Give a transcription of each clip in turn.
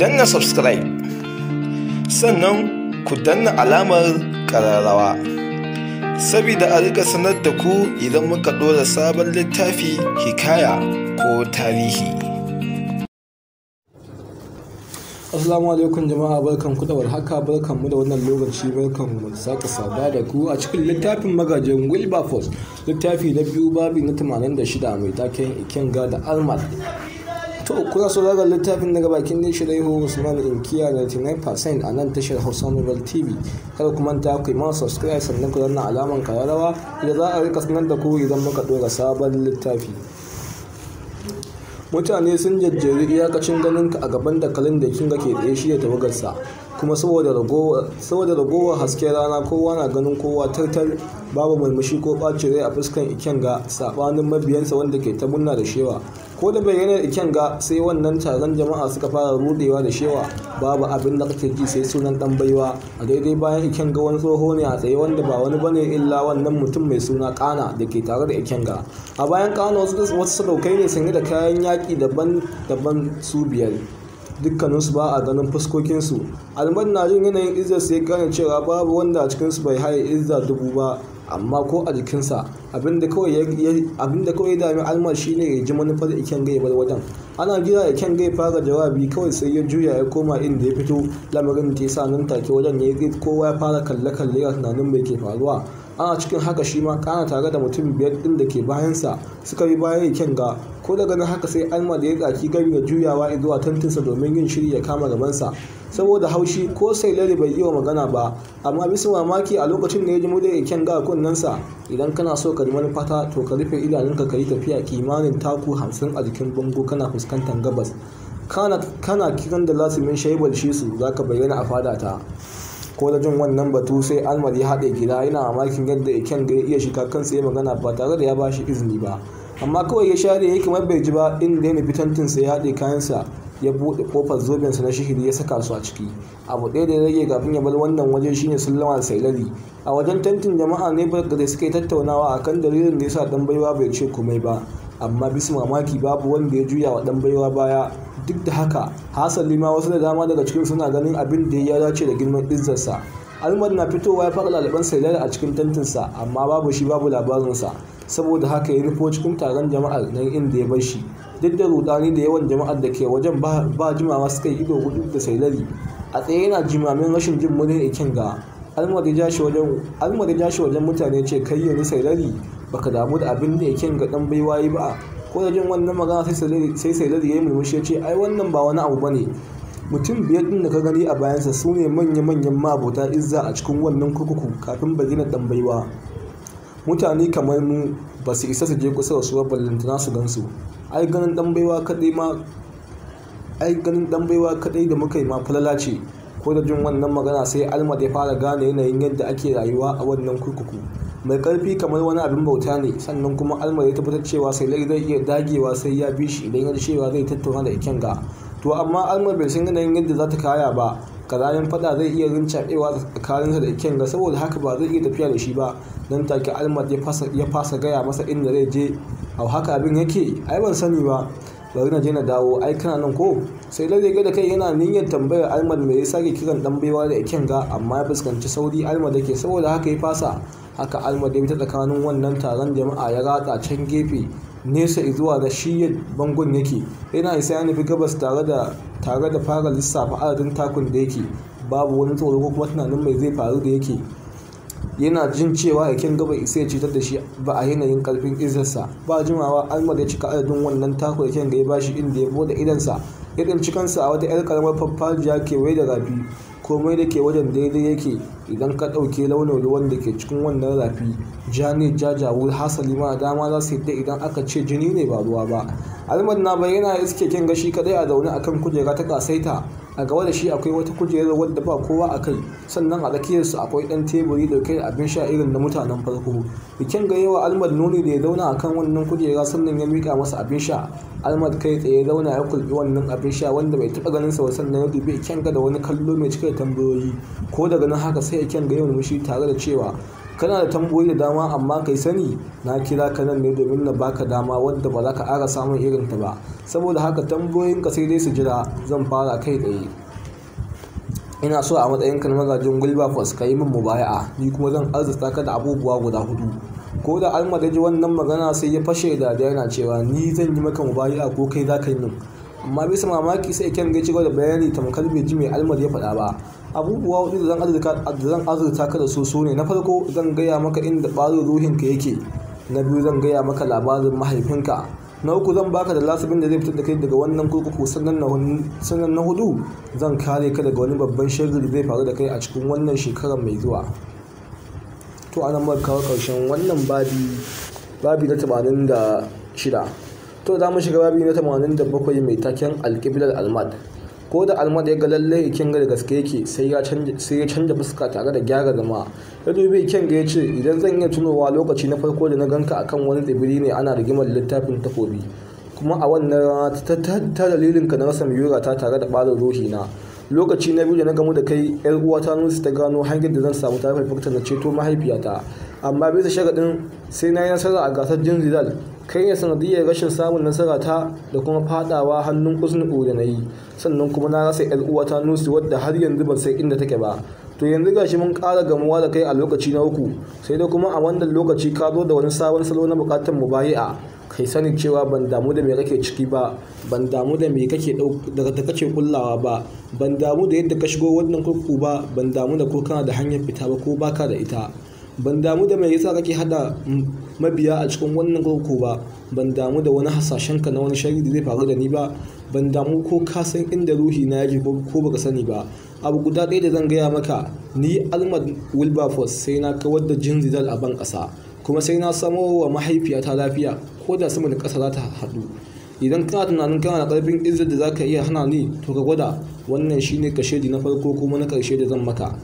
danna subscribe sannan ku danna alamar kararrawa saboda a rika sanar da ku idan muka ɗora sabon littafi hikaya ko tarihi Assalamu alaikum jama'a barkan ku da warhaka barkan mu da wannan lokaci barkan mu da saka sada da ku a cikin littafin magajin Wilberforce littafi na biyu babi na 86 mai taken Ikenga da Almad to kuna so zagar littafin daga bakin ne ho usman inkiya 99% a nan tashar hausa mobile tv kada kuma ta kai ma subscribe sannan ku zanna alaman kararrawa da za a rika sanar da ku idan muka dora sabon littafi mutane sun jajjeri iyakacin ganin ka a gaban dakalin da kinga ke tsaye shi da tawagarsa kuma saboda ragowar hasken rana kowa na ganin kowa tartar babu murmushi ko ɓacin rai a fuskan ikenga saɓanin mabiyansa wanda ke ta murna da shewa ko da bayyanar iken ga sai wannan taron jama'a suka fara rudewa da shewa babu abin da kake ji sai sunan dan baiwa a daidai bayan iken ga wani tsoho ne a tsaye wanda ba wani bane illa wannan mutum mai suna kana da ke tare da iken ga a bayan kana wasu wasu sadaukai ne sanye da kayan yaki daban-daban su biyar dukkaninsu ba a ganin fuskokinsu alman na jin yanayin izza sai gane cewa babu wanda a su bai haye izza dubu ba amma ko a jikinsa abinda kawai ya kawai dami almar shine ya ji manufar iken gai bar wajen ana gida iken gai fara jawabi kawai sai ya juya ya koma inda ya fito lamarin ta ya sa nan take wajen ya yi kowa ya fara kalle kalle ya tunanin mai ke faruwa ana cikin haka shi ma kana tare da mutum biyar din da ke bayansa suka yi bayan iken ga ko daga nan haka sai alma da ya tsaki gami da juyawa zuwa tantinsa domin yin shiri ya kama gabansa saboda haushi ko sai lare bai yi wa magana ba amma bisa mamaki a lokacin da ya ji mudai kyan ga sa idan kana so ka nemi fata to ka rufe idanunka ka yi tafiya kimanin taku hamsin a jikin bango kana fuskantar gabas kana kiran da lasimin shaibal shi su za ka bayyana a fada ta ko da jin wannan batu sai almar ya haɗe gida yana mamakin yadda iken ga ya iya shiga kansa ya magana ba tare da ya ba shi izini ba amma kawai ya share ya kamar bai ji ba inda ya nufi tantinsa ya haɗe kayansa ya buɗe kofar zobensa na shihiri ya saka su a ciki abu ɗaya da ya rage kafin ya bar wannan waje shine sallama da sailari a wajen tantin jama'a ne da suka yi tattaunawa akan dalilin da ya sa ɗan baiwa bai ce komai ba amma bisa mamaki babu wanda ya juya wa ɗan baiwa baya duk da haka hasali ma wasu da dama daga cikin suna ganin abin da ya dace da girman izzarsa almar na fitowa ya faɗa ɗaliban sailari a cikin tantinsa amma babu shi babu labarinsa saboda haka ya rufo cikin taron jama'ar nan inda ya bar shi duk da rudani da yawan jama'ar da ke wajen ba jimawa suka yi ido hudu da sailari a tsaye yana jimamin rashin jin murin ikin ga almar ja shi wajen mutane ce kai yanzu sailari baka damu da abin da ikin ga dan bai yi ba ko da jin wannan magana sai sailari ya yi murmushi ya ce ai wannan ba wani abu bane mutum biyar din da ka gani a bayansa su ne manya-manyan mabota izza a cikin wannan kurkuku kafin bazinar dan baiwa mutane kamar mu ba su isa su je kusa da su ba ballantana su gansu ai ganin dan baiwa kadai ai ganin dan baiwa kadai da muka yi ma falala ce ko da jin wannan magana sai da ya fara gane yanayin yadda ake rayuwa a wannan kurkuku mai karfi kamar wani abin bauta ne sannan kuma alma ya tabbatar cewa sai lai zai iya dagewa sai ya bi shi idan ya cewa zai tattauna da ikenga to amma alma bai san yanayin yadda za ta kaya ba ƙaramin fada zai iya rincaɓewa tsakanin da ikenga saboda haka ba zai iya tafiya da shi ba dan take almat ya fasa gaya masa inda zai je a haka abin yake ai ban sani ba bari na je na dawo ai kana nan ko sai dai ga da kai yana niyyar tambayar almad me yasa ke kiran dan baiwa da ikenga amma ya fuskanci sauri almad yake saboda haka ya fasa haka almad ya bi ta tsakanin wannan taron jama'a ya ratsa can gefe nesa zuwa da shiyar bangon yake yana isa ya nufi gabas tare da fara lissafa adadin takun da yake babu wani tsoro ko kuma tunanin mai zai faru da yake yana jin cewa aikin gaba isa ya cutar da shi ba a yanayin karfin izarsa ba jimawa almar ya cika adadin wannan taku yakin ga ya bashi inda ya bude idansa ya cikansa kansa a wata 'yar karamar farfajiya kewaye da rafi komai da ke wajen daidai yake idan ka ɗauke launin ruwan da ke cikin wannan rafi jani ne hasali ma dama za su yadda idan aka ce jini ne ba ruwa ba almad na bayyana iske kin gashi kadai a zaune akan kujera ta kasaita a gaba da shi akwai wata kujerar wadda ba kowa a kai sannan a su akwai ɗan teburi da kai abin sha irin na mutanen farko bikin ga yawa almad nuni da ya zauna a kan wannan kujera sannan ya miƙa masa abin sha almad kai tsaye zauna ya kulɓi wannan abin sha wanda bai taɓa ganin sa ba sannan ya dubi ga da wani kallo mai cike da tambayoyi ko daga nan haka sai kyan ya mushi tare da cewa kana da tambayoyi da dama amma kai sani na kira ka nan ne domin na baka dama wadda ba za ka ara samun ta ba saboda haka tambayoyin ka sai dai su jira zan fara kai tsaye ina so a matsayin ka na magajin wilberforce ka yi min mubaya'a ni kuma zan arzuta ka da abubuwa guda hudu ko da alma wannan magana sai ya fashe da yana cewa ni zan yi maka mubaya'a ko kai za ka yi min amma bisa mamaki sai kyan ga cigaba da bayani tamkar bai ji mai almar ya faɗa ba abubuwa hudu da zan azurta ka da su ne na farko zan gaya maka inda ɓarin ruhinka yake na biyu zan gaya maka labarin mahaifinka na uku zan baka da lasibin da zai fitar da kai daga wannan kurkuku sannan na hudu zan kare ka daga wani babban shirin zai faru da kai a cikin wannan shekarar mai zuwa to anan muka kawo karshen wannan babi babi na tamanin da shida to za mu shiga babi na tamanin da bakwai mai taken alƙiblar almad ko da almad ya ga lallai kin da gaske yake sai ya canja fuska tare da gyara zama ya dubi kyan ga ya ce idan zan iya tunowa lokaci na farko da na ganka akan wani tsibiri ne ana rigimar littafin takobi kuma a wannan rana ta dalilin ka na rasa miyura ta tare da ɓarin ruhi na lokaci na biyu da na gamu da kai yar uwa ta nusa ta gano hanyar da zan samu ta farfakta na ceto mahaifiyata amma bisa sharaɗin sai na yi nasara a gasar jin zidal kai ne sanadiyar rashin samun nasara ta da kuma fadawa hannun usnu da na yi sannan kuma na rasa yar uwa ta nusa wadda har yanzu ban sai inda take ba to yanzu gashi mun kara gamuwa da kai a lokaci na uku sai dai kuma a wannan lokaci ka zo da wani sabon salo na bayi mubayi'a kai sani cewa ban damu da me kake ciki ba ban damu da me kake daga da kake kullawa ba ban damu da yadda ka shigo wannan kurku ba ban damu da ko kana da hanyar fita ba ko baka da ita ban damu da me yasa kake hada mabiya a cikin wannan gurku ba ban damu da wani hasashen ka na wani shari da zai faru da ni ba ban damu ko ka san inda ruhi na yake ko baka sani ba abu guda ɗaya da zan gaya maka ni almad wilberforce sai na kawar da jin zidal a ban ƙasa kuma sai na samo wa mahaifiyata lafiya ko da sama da ƙasa za ta haɗu idan kana tunanin kana da ƙarfin izzar da za ka iya hana ni to ka gwada wannan shine kashedi na farko kuma na ƙarshe da zan maka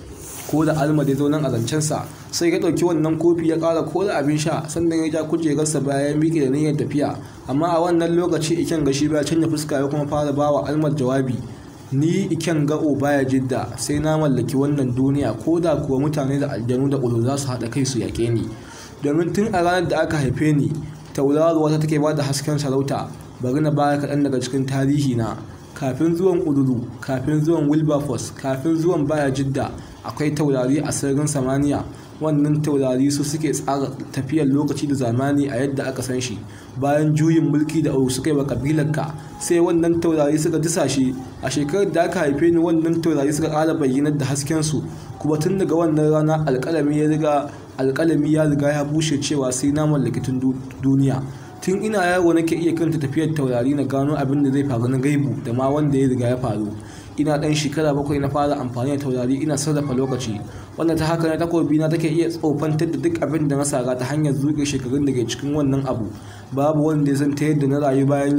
ko da alma da zo nan a zancensa sai ya ɗauki wannan kofi ya ƙara da abin sha sannan ya ja kujerarsa baya ya miƙe da niyyar tafiya amma a wannan lokaci iken ga shi baya canja fuska ya kuma fara bawa almar jawabi ni iken ga baya jidda sai na mallaki wannan duniya ko da kuwa mutane da aljanu da ulu za su haɗa kai su yaƙe ni domin tun a ranar da aka haife ni tauraruwa ta take bada hasken sarauta bari na baya kaɗan daga cikin tarihi na kafin zuwan ƙuduru kafin zuwan wilberforce kafin zuwan baya jidda akwai taurari a sararin samaniya wannan taurari su suke tsara tafiyar lokaci da zamani a yadda aka san shi bayan juyin mulki da uru suka yi wa kabilarka sai wannan taurari suka disa shi a shekarar da aka haife ni wannan taurari suka ƙara bayyanar da haskensu kuma tun daga wannan rana alƙalami ya riga alƙalami ya riga ya bushe cewa sai na mallakitun duniya tun ina yaro nake iya kanta tafiyar taurari na gano abin da zai faru na gaibu da ma wanda ya riga ya faru ina ɗan shekara bakwai na fara amfani da taurari ina sarrafa lokaci wanda ta haka ne takobi na take iya tsofantar da duk abin da na sara ta hanyar zuke shekarun da ke cikin wannan abu babu wanda ya san ta yadda na rayu bayan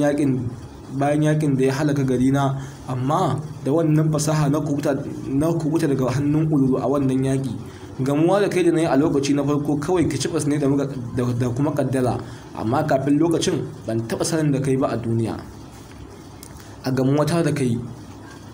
yakin da ya halaka gari na amma da wannan fasaha na kubuta daga hannun ururu a wannan yaki gamuwa da kai da na yi a lokaci na farko kawai ka cibas ne da kuma kaddara amma kafin lokacin ban taɓa sanin da kai ba a duniya a gamuwa ta da kai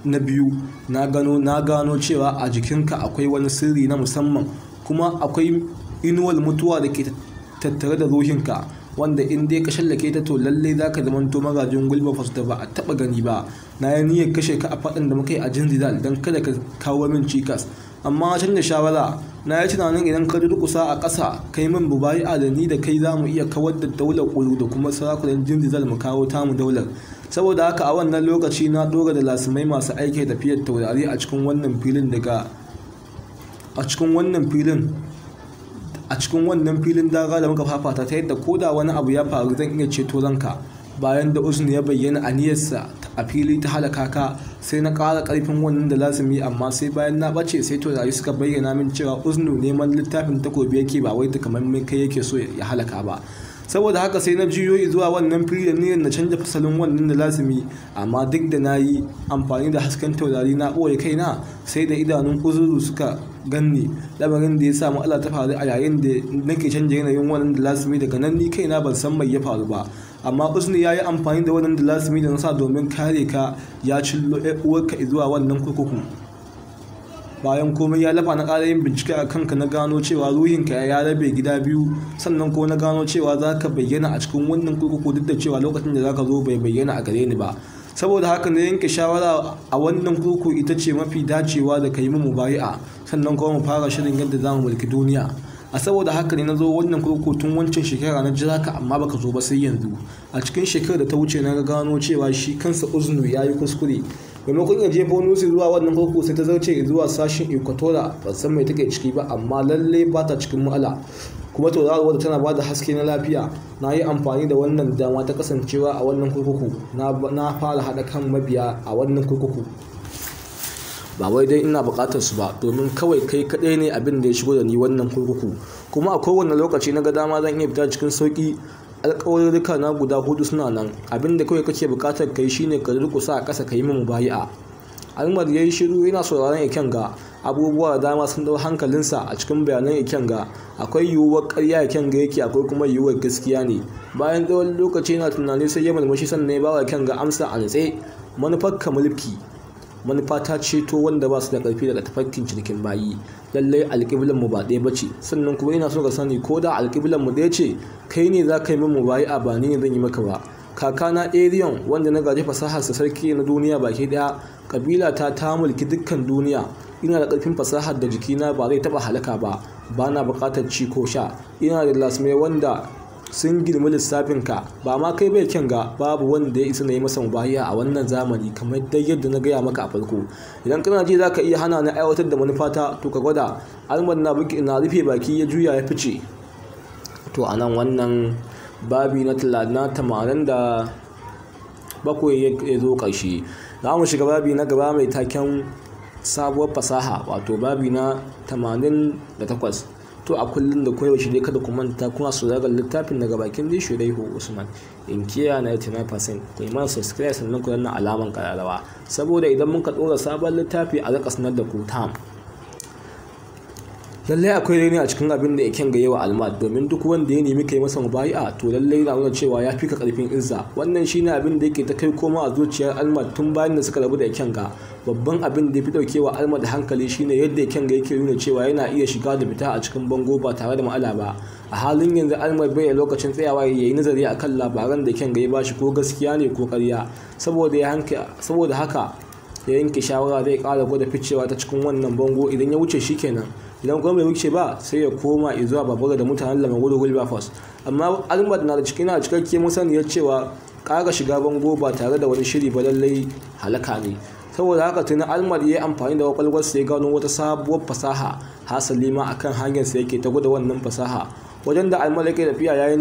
na biyu na gano na gano cewa a jikinka akwai wani sirri na musamman kuma akwai inuwar mutuwa da ke tattare da ruhinka wanda in dai ka shallake ta to lallai za ka zamanto magajin gulba fasu da ba a taba gani ba na yi niyyar kashe ka a faɗin da muka yi a jinzidal don kada ka kawo min cikas amma canza shawara na yi tunanin idan ka durkusa a ƙasa kai min a da ni da kai za mu iya kawar da daular ƙulu da kuma sarakunan jinzidal mu kawo tamu daular saboda haka a wannan lokaci na dora da lasimai masu aiki tafiyar taurari a cikin wannan filin daga a cikin wannan filin a cikin wannan filin daga da muka fafata ta yadda ko da wani abu ya faru zan iya ceto ranka bayan da usni ya bayyana a aniyarsa a fili ta halaka ka sai na kara karfin wannan da lazumi amma sai bayan na bace sai taurari suka bayyana min cewa usnu neman littafin takobi yake ba wai ta kamar mai kai yake so ya halaka ba saboda haka sai na juyo zuwa wannan fili da niyyar na canja fasalin wannan da lasimi amma duk da na yi amfani da hasken taurari na ɓoye kaina sai da idanun kuzuru suka ganni lamarin da ya sa Allah ta faru a yayin da nake canja yanayin wannan da lasimi daga nan ni kaina ban san mai ya faru ba amma usni ya yi amfani da wannan da lasimi da na sa domin kare ka ya cillo uwarka zuwa wannan kurkuku bayan komai ya lafa na ƙara yin bincike a kanka na gano cewa ruhinka ya rabe gida biyu sannan ko na gano cewa za ka bayyana a cikin wannan kurkuku duk da cewa lokacin da za ka zo bai bayyana a gare ni ba saboda haka na yanke shawara a wannan kurkuku ita ce mafi dacewa da ka yi mu bai'a sannan kuma mu fara shirin yadda za mu mulki duniya a saboda haka ne na zo wannan kurkuku tun wancan shekara na jira ka amma baka zo ba sai yanzu a cikin shekarar da ta wuce na gano cewa shi kansa uznu ya yi kuskure maimakon ya je nusi zuwa wannan koko sai ta zauce zuwa sashin ikwatora ba san mai take ciki ba amma lalle ba ta cikin mu'ala kuma wanda tana ba da haske na lafiya na yi amfani da wannan dama ta kasancewa a wannan kurkuku na fara haɗa kan mabiya a wannan kurkuku ba wai dai ina bukatar su ba domin kawai kai kaɗai ne abin da ya shigo da ni wannan kurkuku kuma a kowane lokaci na ga dama zan iya fita cikin sauƙi alƙawarurruka na guda hudu suna nan abinda kawai kake buƙatar kai shine ka durƙusa a ƙasa ka yi min mubayi'a almar ya yi shiru yana sauraron ikenga abubuwa da dama sun dau hankalinsa a cikin bayanan ikenga akwai yiwuwar karya ikenga yake akwai kuma yiwuwar gaskiya ne bayan tsawon lokaci yana tunani sai ya malmashi sannan ya bawa ikenga amsa a nutse manufar ka mulki manufata ta ceto wanda ba su da karfi daga tafarkin cinikin bayi lallai alƙiblan mu ba ɗaya bace sannan kuma ina so ka sani ko da alƙiblan mu ɗaya ce kai ne za ka yi min mu bayi a ba ni ne zan yi maka ba kakana arion wanda na gaji fasahar sa sarki na duniya baki ɗaya. kabila ta ta mulki dukkan duniya ina da karfin fasahar da jikina ba zai taɓa halaka ba Bana na bukatar ci ko sha ina da lasmai wanda sun lissafin ka ba ma kai bai kyan ga babu wanda ya isa na yi masa mubahiya a wannan zamani kamar dai yadda na gaya maka a farko idan kana ji zaka iya hana ni aiwatar da manufa ta to ka gwada alman na rufe baki ya juya ya fice to a nan wannan babi na tamanin da bakwai ya zo karshe za mu shiga babi na gaba mai taken sabuwar fasaha wato babi na 88 to a kullum da koyaushe dai kada ku manta kuna zagar littafin daga bakin dai shuraihu usman in kiya na 99% ku yi subscribe sannan ku danna alaman kararrawa saboda idan muka tsora sabon littafi a zaka sanar da ku tam lallai akwai raini a cikin abin da yake ga yawa almad domin duk wanda ya nemi kai masa mubai'a to lallai na nuna cewa ya fi ka karfin izza wannan shine abin da yake ta kai koma a zuciyar almad tun bayan da suka rabu da yake ga babban abin da ya fi daukewa alma da hankali shine yadda ken ga yake nuna cewa yana iya shiga da fita a cikin bango ba tare da ma'ala ba a halin yanzu alma bai da lokacin tsayawa ya yi nazari a kan labaran da kyan ga ya bashi ko gaskiya ne ko karya saboda haka ya yanke shawara zai kara gwada ficewa ta cikin wannan bango idan ya wuce shi kenan idan kuma bai wuce ba sai ya koma zuwa babura da mutanen lamarin wilberforce amma almad na da cikin na cikakke musaniyar cewa kara shiga bango ba tare da wani shiri ba lallai halaka ne saboda haka tuni almar ya yi amfani da kwakwalwar ya gano wata sabuwar fasaha hasali ma akan hanyarsa yake ta gudu wannan fasaha wajen da almar yake tafiya ya yi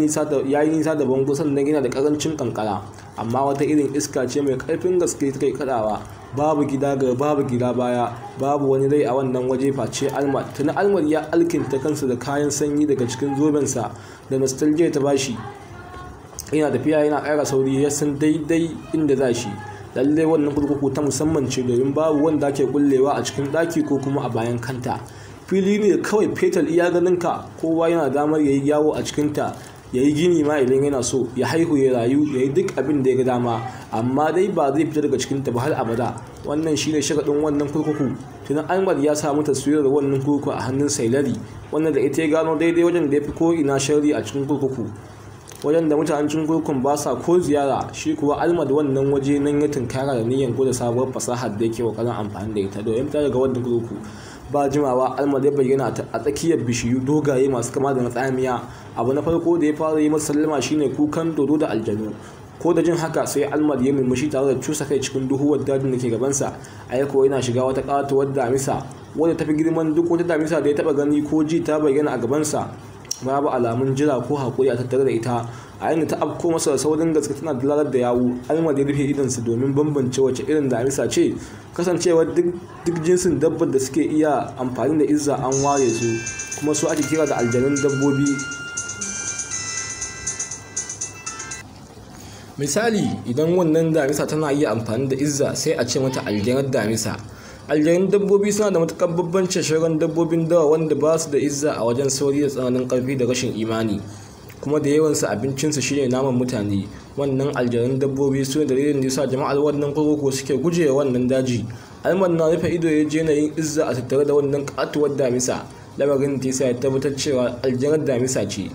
nisa da bango sannan yana da karancin kankara amma wata irin iska ce mai karfin gaske ta kai kadawa babu gida ga babu gida baya babu wani rai a wannan waje face almar tuni almar ya alkinta kansa da kayan sanyi daga cikin zobensa da nostalgia ta bashi yana tafiya yana kara sauri ya san daidai inda za shi lallai wannan kurkuku ta musamman ce domin babu wanda ke kullewa a cikin daki ko kuma a bayan kanta fili ne kawai fetal iya ganinka kowa yana damar ya yi yawo a cikinta ya yi gini ma idan yana so ya haihu ya rayu ya yi duk abin da ya ga dama amma dai ba zai fita daga cikinta ba har abada wannan shi ne shagaɗin wannan kurkuku tunan ahmad ya samu taswirar wannan kurkuku a hannun sailari wannan da ita ya gano daidai wajen da ya fi ko ina shari a cikin kurkuku wajen da mutanen kurkun ba sa ko ziyara shi kuwa almad wannan waje nan ya tunkara da niyyar gwada sabuwar fasahar da yake kokarin amfani da ita domin fita daga wadda kurku ba jimawa almad ya bayyana a tsakiyar bishiyu dogaye masu kama da matsamiya abu na farko da ya fara yi masa shine kukan dodo da aljanu ko da jin haka sai almad ya murmushi tare da cusa kai cikin duhuwar dajin da ke gabansa a yako yana shiga wata katuwar damisa wadda ta fi girman duk wata damisa da ya taba gani ko ji ta bayyana a gabansa babu alamun jira ko haƙuri a tattare da ita a yadda ta afko masa saurin gaske tana dalar da yawo alma da rufe idansu domin bambance wace irin damisa ce kasancewa duk jinsin dabbar da suke iya amfani da izza an ware su kuma su ake kira da aljanun dabbobi misali idan wannan damisa tana iya amfani da izza sai a ce mata aljanar damisa aljihun dabbobi suna da matukar bambancin shirin dabbobin dawa wanda ba su da izza a wajen sauri da tsananin karfi da rashin imani kuma da yawansu abincinsu shine naman mutane wannan aljihun dabbobi su ne dalilin da sa jama'ar wannan kurkuku suke guje wannan daji alman na rufe ido ya je na yin izza a tattare da wannan katuwar damisa lamarin da ya tabbatar cewa aljanar damisa ce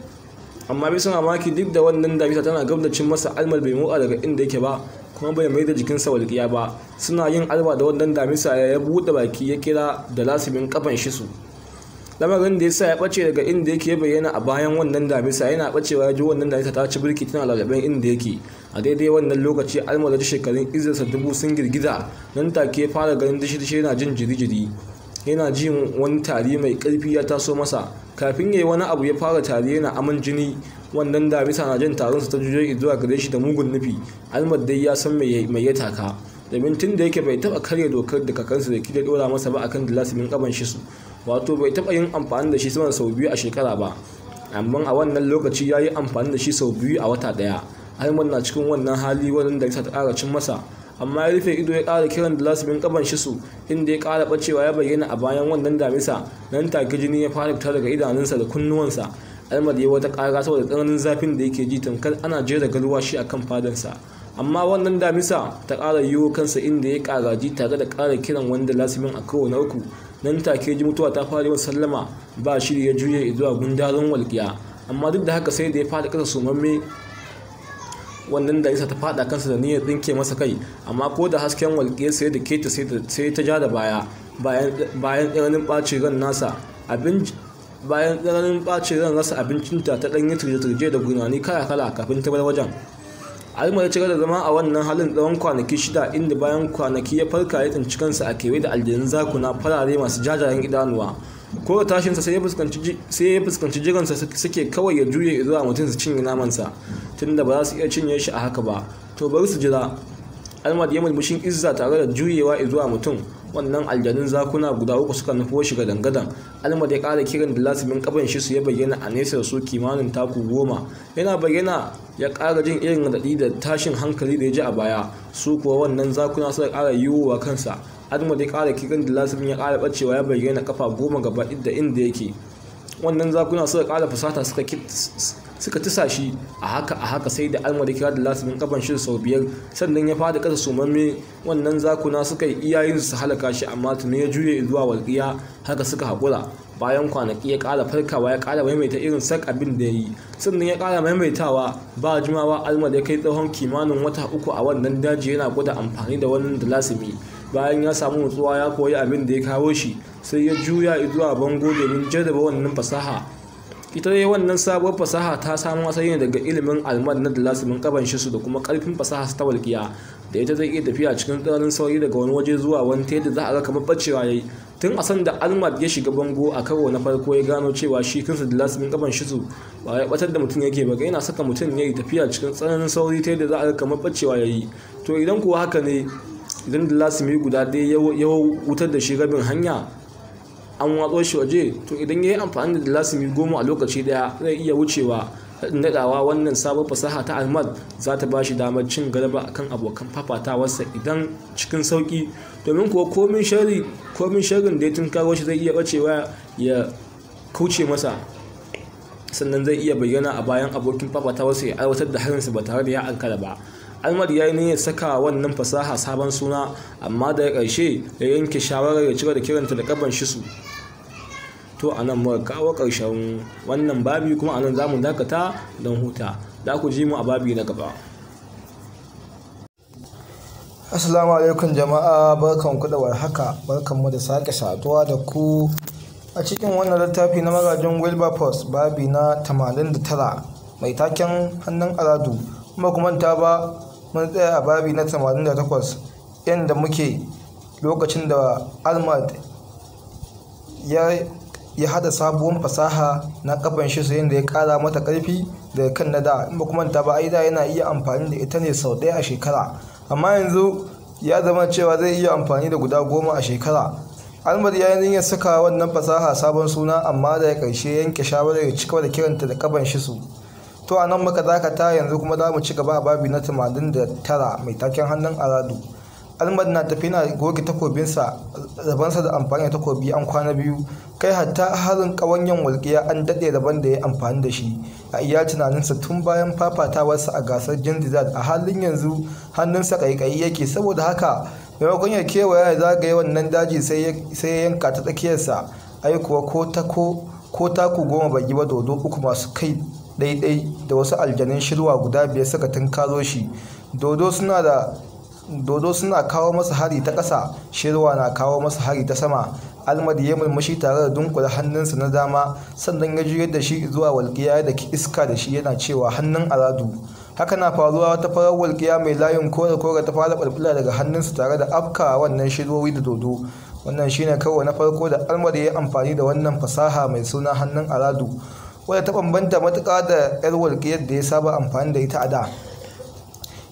amma bisa mamaki duk da wannan damisa tana cin masa almal bai motsa daga inda yake ba kuma bai mai da jikinsa walƙiya ba suna yin alba da wannan damisa ya buɗe baki ya kira da lasimin kafan shi su lamarin da ya sa ya ɓace daga inda yake bayyana a bayan wannan damisa yana ɓacewa ya ji wannan damisa ta ci birki tana lalaben inda yake a daidai wannan lokaci almarar shekarun izarsa dubu sun girgiza nan take fara ganin dishi-dishi yana jin jiri-jiri yana jin wani tari mai ƙarfi ya taso masa kafin ya yi wani abu ya fara tari yana aman jini wannan damisa na jin su ta juyo zuwa gare shi da mugun nufi almad dai ya san mai ya taka domin tun da yake bai taba karya dokar da kakansa da kida dora masa ba akan dilasimin kaban shi su wato bai taba yin amfani da shi sama sau biyu a shekara ba amma a wannan lokaci ya yi amfani da shi sau biyu a wata ɗaya almad na cikin wannan hali wannan da ta ƙara cin masa amma ya rufe ido ya ƙara kiran da lasibin ƙaban shi su inda ya ƙara ɓacewa ya bayyana a bayan wannan damisa nan take jini ya fara fitar daga idanunsa da kunnuwansa almar ya wata ƙara saboda tsananin zafin da yake ji tamkar ana jera shi akan fadansa amma wannan damisa ta ƙara yiwo kansa inda ya ji tare da ƙara kiran wanda lasimin a kowane uku nan take ji mutuwa ta fara yawan sallama ba shiri ya juya zuwa gundarin walƙiya amma duk da haka sai da ya fara kasa sumamme wannan isa ta fada kansa da niyyar dinke masa kai amma ko da hasken walƙe sai da keta sai ta ja da baya bayan tsananin ɓace ran nasa rasa abincinta ta ɗanyi turje-turje da gunani kala-kala kafin ta bar wajen alma ya cigaba da zama a wannan halin tsawon kwanaki shida inda bayan kwanaki ya farka ya tsinci kansa a kewaye da aljanun zakuna farare masu jajayen idanuwa ko da tashinsa sai ya fuskanci jiransa suke kawai ya juye zuwa mutum su cinye namansa tunda ba za su iya cinye shi a haka ba to bari su jira almad ya mulmushin izza tare da juyewa zuwa mutum wannan aljanun zakuna guda uku suka nufo shi ga dangadan almad ya kara kiran da lasimin kaban shi su ya bayyana a nesa da su kimanin taku goma yana bayyana ya kara jin irin radadi da tashin hankali da ya ji a baya su kuwa wannan zakuna suka kara yiwuwa kansa Ahmad ya kara kiran da lasirin ya kara bacewa ya bayyana kafa goma gaba da inda yake wannan zakuna suka kara fusata suka tisa shi a haka a haka sai da almar kira da lasimin kafan shi sau biyar sannan ya fada kasa sumamme wannan zakuna suka yi iyayen su halaka shi amma tuni ya juye zuwa walƙiya haka suka haƙura bayan kwanaki ya kara farkawa ya kara maimaita irin sak abin da ya yi sannan ya kara maimaitawa ba jimawa almar ya kai tsawon kimanin wata uku a wannan daji yana gwada amfani da wannan da lasimi bayan ya samu nutsuwa ya koyi abin da ya kawo shi sai ya juya zuwa bango domin jaddaba wannan fasaha ita dai wannan sabuwar fasaha ta samu asali ne daga ilimin almad na dalasimin kaban shi su da kuma karfin fasaha ta walƙiya da ita zai iya tafiya cikin tsananin sauri daga wani waje zuwa wani ta yadda za a ga kamar bacewa yayi tun a san da almad ya shiga bango a kawo na farko ya gano cewa shi kansa da lasimin kaban ba ya batar da mutum yake ba yana saka mutum ya yi tafiya cikin tsananin sauri ta yadda za a ga kamar bacewa ya yi to idan kuwa haka ne idan da mai guda ɗaya ya wutar da shi rabin hanya an watso shi waje to idan ya yi amfani da mai goma a lokaci daya zai iya wucewa nadawa wannan sabon fasaha ta almad za ta ba shi damar cin galaba kan abokan fafatawarsa idan cikin sauki domin kuwa komin shari komin da ya kawo shi zai iya bacewa ya kauce masa sannan zai iya bayyana a bayan abokin fafatawarsa ya aiwatar da harinsa ba tare da ya ankara ba almar ya yi ya saka wannan fasaha sabon suna amma da ya karshe ya yanke shawarar ya cire da kiranta da kaban shisu to a nan muka kawo ƙarshen wannan babi kuma a nan za mu dakata don huta za ku ji mu a babi na gaba assalamu alaikum jama'a barkan ku da barkan mu da sake saduwa da ku a cikin wannan littafi na magajin wilberforce babi na 89 mai taken hannun aladu kuma ta ba mun tsaya a babi na 88 inda muke lokacin da almad ya ya hada sabuwar fasaha na kafan shi sayin da ya kara mata karfi daga kan na da in ba kuma ta ba da yana iya amfani da ita ne sau ɗaya a shekara amma yanzu ya zama cewa zai iya amfani da guda goma a shekara almar ya yi saka wannan fasaha sabon suna amma da ya karshe yanke shawarar ya cika da kiranta da kaban shi su to a nan muka dakata yanzu kuma za mu ci gaba a babi na tamanin da tara mai taken hannun aradu almad na tafi na goge takobinsa rabansa da amfani da takobi an kwana biyu kai hatta harin kawanyan walƙiya an daɗe daban da ya amfani da shi a iya tunaninsa tun bayan fafatawarsa a gasar jinzizad a halin yanzu hannunsa ƙaiƙayi yake saboda haka maimakon ya kewaya ya zagaye wannan daji sai ya yanka ta tsakiyarsa ai kuwa ko ta ko taku goma bai yi ba dodo uku masu kai ɗaiɗai da wasu aljanin shirwa guda biyar suka tunkaro shi dodo suna kawo masa hari ta ƙasa shirwa na kawo masa hari ta sama almadi ya murmushi tare da dunkula hannunsa na dama sannan ya juyar da shi zuwa walƙiya da iska da shi yana cewa hannun al'adu haka na faruwa ta farar walƙiya mai layin kore kore ta fara ɓalɓula daga hannunsa tare da afka wannan shirwowi da dodo wannan shine kawai na farko da almadi ya yi amfani da wannan fasaha mai suna hannun al'adu wadda ta bambanta matuƙa da yar walƙiyar da ya saba amfani da ita a da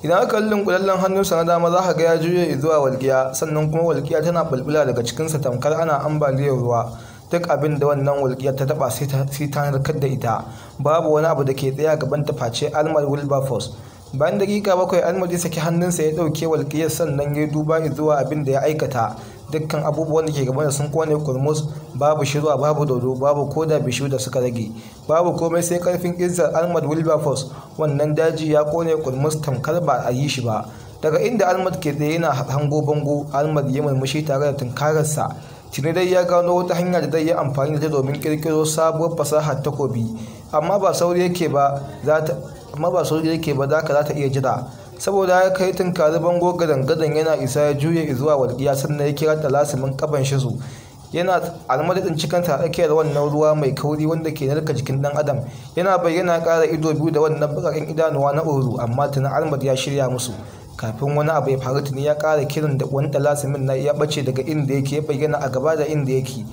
idan aka kallon kulallen hannunsa na dama za ka ga ya juya zuwa walƙiya sannan kuma walƙiya tana bulbula daga cikinsa tamkar ana ambaliyar ruwa duk abin da wannan walƙiyar ta taɓa sai ta narkar da ita babu wani abu da ke tsaya gaban ta face almar wilberforce bayan dakika bakwai almar ya saki hannunsa ya ɗauke walƙiyar sannan ya duba zuwa abin da ya aikata dukkan abubuwan da ke gaba da sun kone kurmus babu shirwa babu dodo babu koda bishiyu da suka rage babu komai sai karfin izzar almad wilberforce wannan daji ya kone kurmus tamkar ba a yi shi ba daga inda almad ke tsaye yana hango bango almad ya murmushi tare da tunkararsa tuni dai ya gano wata hanya da zai yi amfani da ta domin kirkiro sabuwar fasaha takobi amma ba sauri yake ba za ta ba za ka za ta iya jira saboda ya kai tunkari bango gadan-gadan yana isa ya juya zuwa walƙiya sannan ya kira talasimin kaban shi su yana almadadin cikin da wannan ruwa mai kauri wanda ke narka jikin dan adam yana bayyana ƙara ido biyu da wannan bakakin idanuwa na oru amma tana almad ya shirya musu kafin wani abu ya faru tuni ya ƙara kirin da wani talasimin na ya bace daga inda yake ya bayyana a gaba da inda yake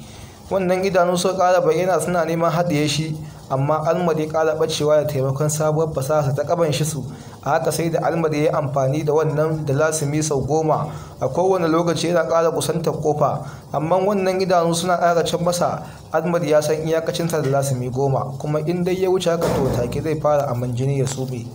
wannan idanu sun ƙara bayyana suna neman haɗiye shi amma almad ya ƙara bacewa da taimakon sabuwar fasaha ta ƙaban shi su a haka sai da almar ya yi amfani da wannan da lasimi sau goma a kowane lokaci yana ƙara kusantar kofa amma wannan idanu suna ƙara can masa almar ya san iyakacinsa da lasimi goma kuma in dai ya wuce haka to take zai fara amman jini ya sube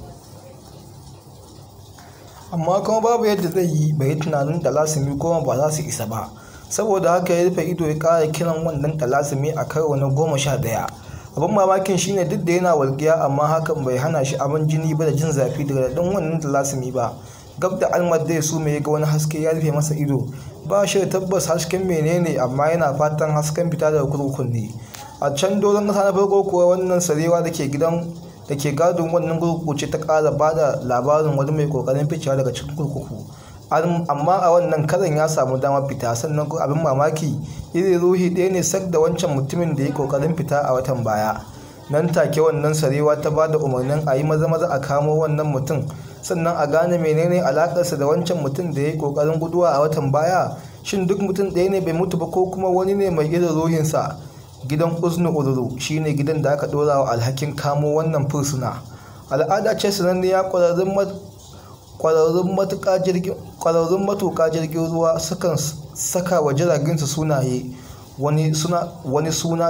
amma kuma babu yadda zai yi bai yi tunanin da lasimi goma ba za su isa ba saboda haka ya rufe ido ya ƙara kiran wannan talasimi a karo na goma sha ɗaya abin mamakin shine duk da yana walgiya amma hakan bai hana shi abin jini ba da jin zafi daga daɗin wannan talasimi ba gab da almad su mai ga wani haske ya rufe masa ido ba shi da tabbas hasken menene amma yana fatan hasken fita daga kurkukun ne a can doron kasa na farko kuwa wannan sarewa da ke gidan da ke gadon wannan kurkuku ce ta kara ba da labarin wani mai kokarin ficewa daga cikin kurkuku amma a wannan karan ya samu dama fita sannan abin mamaki iri ruhi ɗaya ne sak da wancan mutumin da ya kokarin fita a watan baya nan take wannan sarewa ta ba da umarnin a yi maza maza a kamo wannan mutum sannan a gane menene alakarsa da wancan mutum da ya yi kokarin guduwa a watan baya shin duk mutum ɗaya ne bai mutu ba ko kuma wani ne mai irin ruhinsa gidan uznu ururu shine gidan da aka ɗora wa alhakin kamo wannan fursuna al'ada ce sananniya ƙwararrun ƙwararrun matuka jirgin ruwa sukan saka wa su sunaye wani suna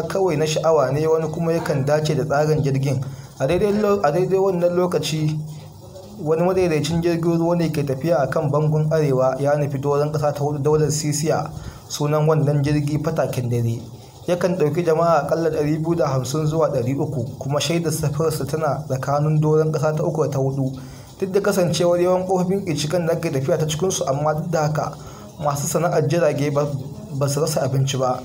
kawai na sha'awa ne wani kuma yakan dace da tsarin jirgin a daidai wannan lokaci wani madaidaicin jirgin ruwa ne ke tafiya a kan bangon arewa ya nufi doron ƙasa ta hudu daular sisiya sunan wannan jirgi fatakin dare yakan ɗauki jama'a akalla 250 zuwa 300 kuma shaidar safarsa tana tsakanin doron ƙasa ta uku da ta hudu duk da kasancewar yawan kofofin ishikan da ke tafiya ta cikinsu amma duk da haka masu sana'ar jirage ba su rasa abinci ba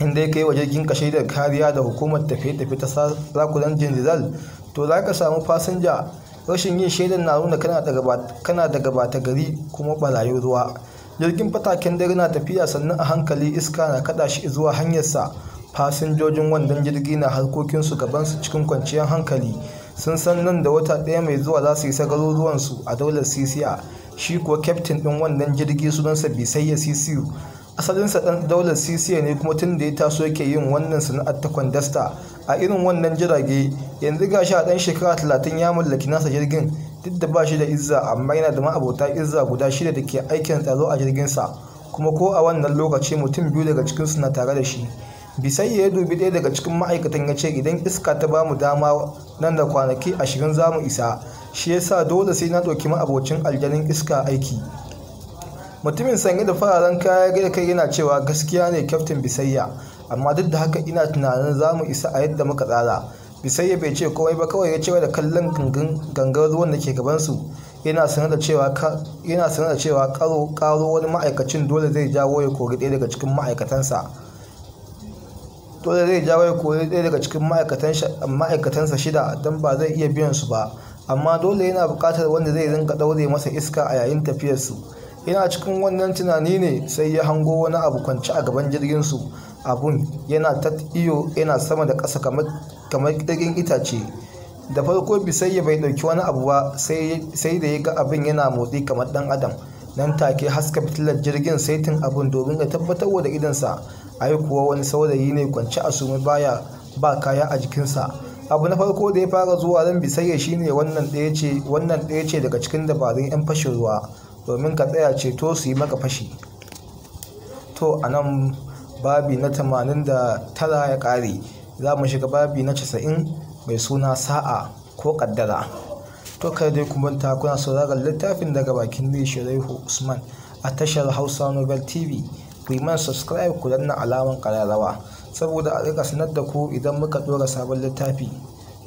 inda ya kai wa jirgin kashe da kariya da hukumar tafiye-tafiye ta sarakunan jinjizal to za ka samu fasinja rashin yin shaidar na nuna kana da gabata gari kuma barayu ruwa jirgin fataken dare na tafiya sannan a hankali iska na kada shi zuwa hanyarsa fasinjojin wandon jirgi na harkokinsu gabansu cikin kwanciyar hankali sun san nan da wata ɗaya mai zuwa za su isa garuruwansu a daular sisiya shi kuwa kyaftin ɗin wannan jirgi sunansa bisayya sisiyu asalinsa ɗan daular sisiya ne kuma tun da ya taso yake yin wannan sana'ar ta kwandasta a irin wannan jirage yanzu ga a ɗan shekara talatin ya mallaki nasa jirgin duk da ba shi da izza amma yana da ma'abota izza guda shida da ke aikin tsaro a jirginsa kuma ko a wannan lokaci mutum biyu daga cikinsu na tare da shi bisayya ya dubi daya daga cikin ma'aikatan ya ce idan iska ta bamu dama nan da kwanaki ashirin za mu isa shi yasa dole sai na ɗauki ma'abocin aljanin iska aiki mutumin sanye da fararen kaya gida kai yana cewa gaskiya ne kyaftin bisayya amma duk da haka ina tunanin za mu isa a yadda muka tsara bisayya bai ce komai ba kawai ya cewa da kallon gangar ruwan da ke gabansu yana sanar da cewa karo wani ma'aikacin dole zai jawo ya kori ɗaya daga cikin ma'aikatansa dole zai jawo ya kori ɗaya daga cikin ma'aikatansa shida don ba zai iya biyan su ba amma dole yana buƙatar wanda zai rinka ɗaure masa iska a yayin tafiyarsu yana cikin wannan tunani ne sai ya hango wani abu kwanci a gaban jirgin su abun yana ta iyo yana sama da ƙasa kamar ƙirgin itace da farko ya bai ɗauki wani abu ba sai da ya ga abin yana motsi kamar ɗan adam nan take haska fitilar jirgin saitin abin domin ya tabbatar da idansa ai kuwa wani saurayi ne kwance a sumi baya ba kaya a jikinsa abu na farko da ya fara zuwa ran bisayya shine wannan ɗaya ce wannan ɗaya ce daga cikin dabarun 'yan fashin ruwa domin ka tsaya ceto su yi maka fashi to a nan babi na tamanin da tara ya ƙare za mu shiga babi na casa'in mai suna sa'a ko ƙaddara to kai dai kuma ta kuna sauraron littafin daga bakin ne shirai usman a tashar hausa novel tv ku yi mana subscribe ku danna alaman kararrawa saboda a rika sanar da ku idan muka dora sabon littafi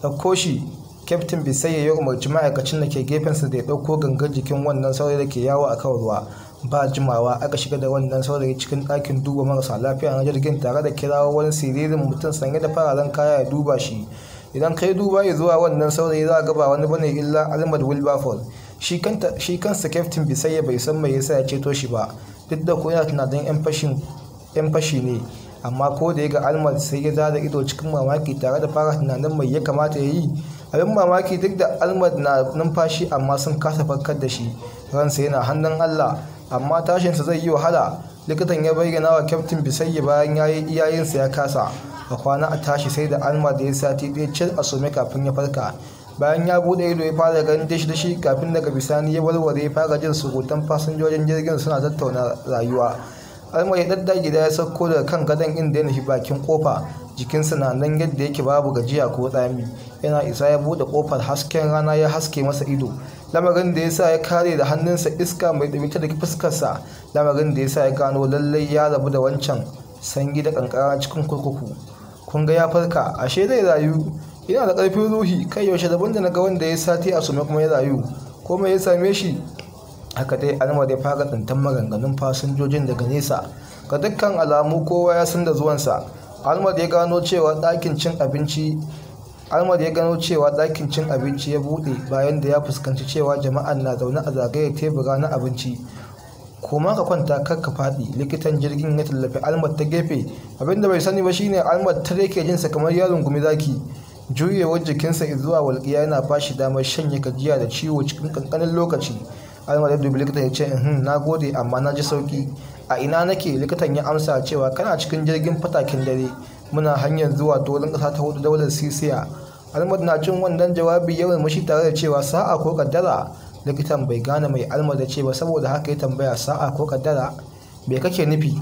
Da koshi, kyaftin bisayya ya umarci ma'aikacin da ke gefensa da ya ɗauko gangan jikin wannan saurayi da ke yawo a kan ruwa ba jimawa aka shiga da wannan saurayi cikin ɗakin duba marasa lafiya na jirgin tare da kirawo wani siririn mutum sanye da fararen kaya ya duba shi idan kai duba ya zuwa wannan saurayi za a gaba wani bane illa almad wilberforce shi kansa kyaftin bisayya bai san mai yasa ya ceto shi ba duk da ko yana tunanin 'yan fashi ne amma ko da ya ga almar sai ya zada ido cikin mamaki tare da fara tunanin mai ya kamata ya yi abin mamaki duk da almar na numfashi amma sun kasa farkar da shi ransa yana hannun allah amma tashinsa zai yi wahala likitan ya bayyana wa kyaftin bisayya bayan yayi iyayensa ya kasa a kwana a tashi sai da almar da ya sati ɗaya cir a some kafin ya farka bayan ya bude ido ya fara ganin dashi dashi kafin daga bisani ya warware ya fara jin surutan fasinjojin jirgin suna tattauna rayuwa almar ya dadda gida ya sauko daga kan gadon inda ya nufi bakin kofa jikinsa na nan yadda yake babu gajiya ko tsami yana isa ya bude kofar hasken rana ya haske masa ido lamarin da ya sa ya kare da hannunsa iska mai dumi ta daga fuskarsa lamarin da ya sa ya gano lallai ya rabu da wancan sanyi da kankara cikin kurkuku kun ga ya farka ashe zai rayu Ina da ƙarfin ruhi kai yaushe daban da na ga wanda ya sati a sume kuma ya rayu ko mai ya same shi haka dai alma ya fara tantan maganganun fasinjojin daga nesa ga dukkan alamu kowa ya san da zuwansa almad ya gano cewa ɗakin cin abinci ya gano cewa ɗakin cin abinci ya buɗe bayan da ya fuskanci cewa jama'a na zaune a zagayar tebura na abinci kuma ka kwanta kar ka faɗi likitan jirgin ya tallafi almar ta gefe abinda bai sani ba shine almar ta rike jinsa kamar yaron gumi zaki juyewar jikinsa zuwa walƙiya yana ba shi damar shanye gajiya da ciwo cikin kankanin lokaci almar yadda likitan ya ce in uhm, na gode amma na ji sauki a ina nake likitan ya amsa cewa kana cikin jirgin fatakin dare muna hanyar zuwa doron ƙasa ta hudu daular sisiya almar na cin wannan jawabi yawan mashi tare da cewa sa'a ko kaddara likitan bai gane mai almar da ce ba saboda haka ya tambaya sa'a ko kaddara me kake nufi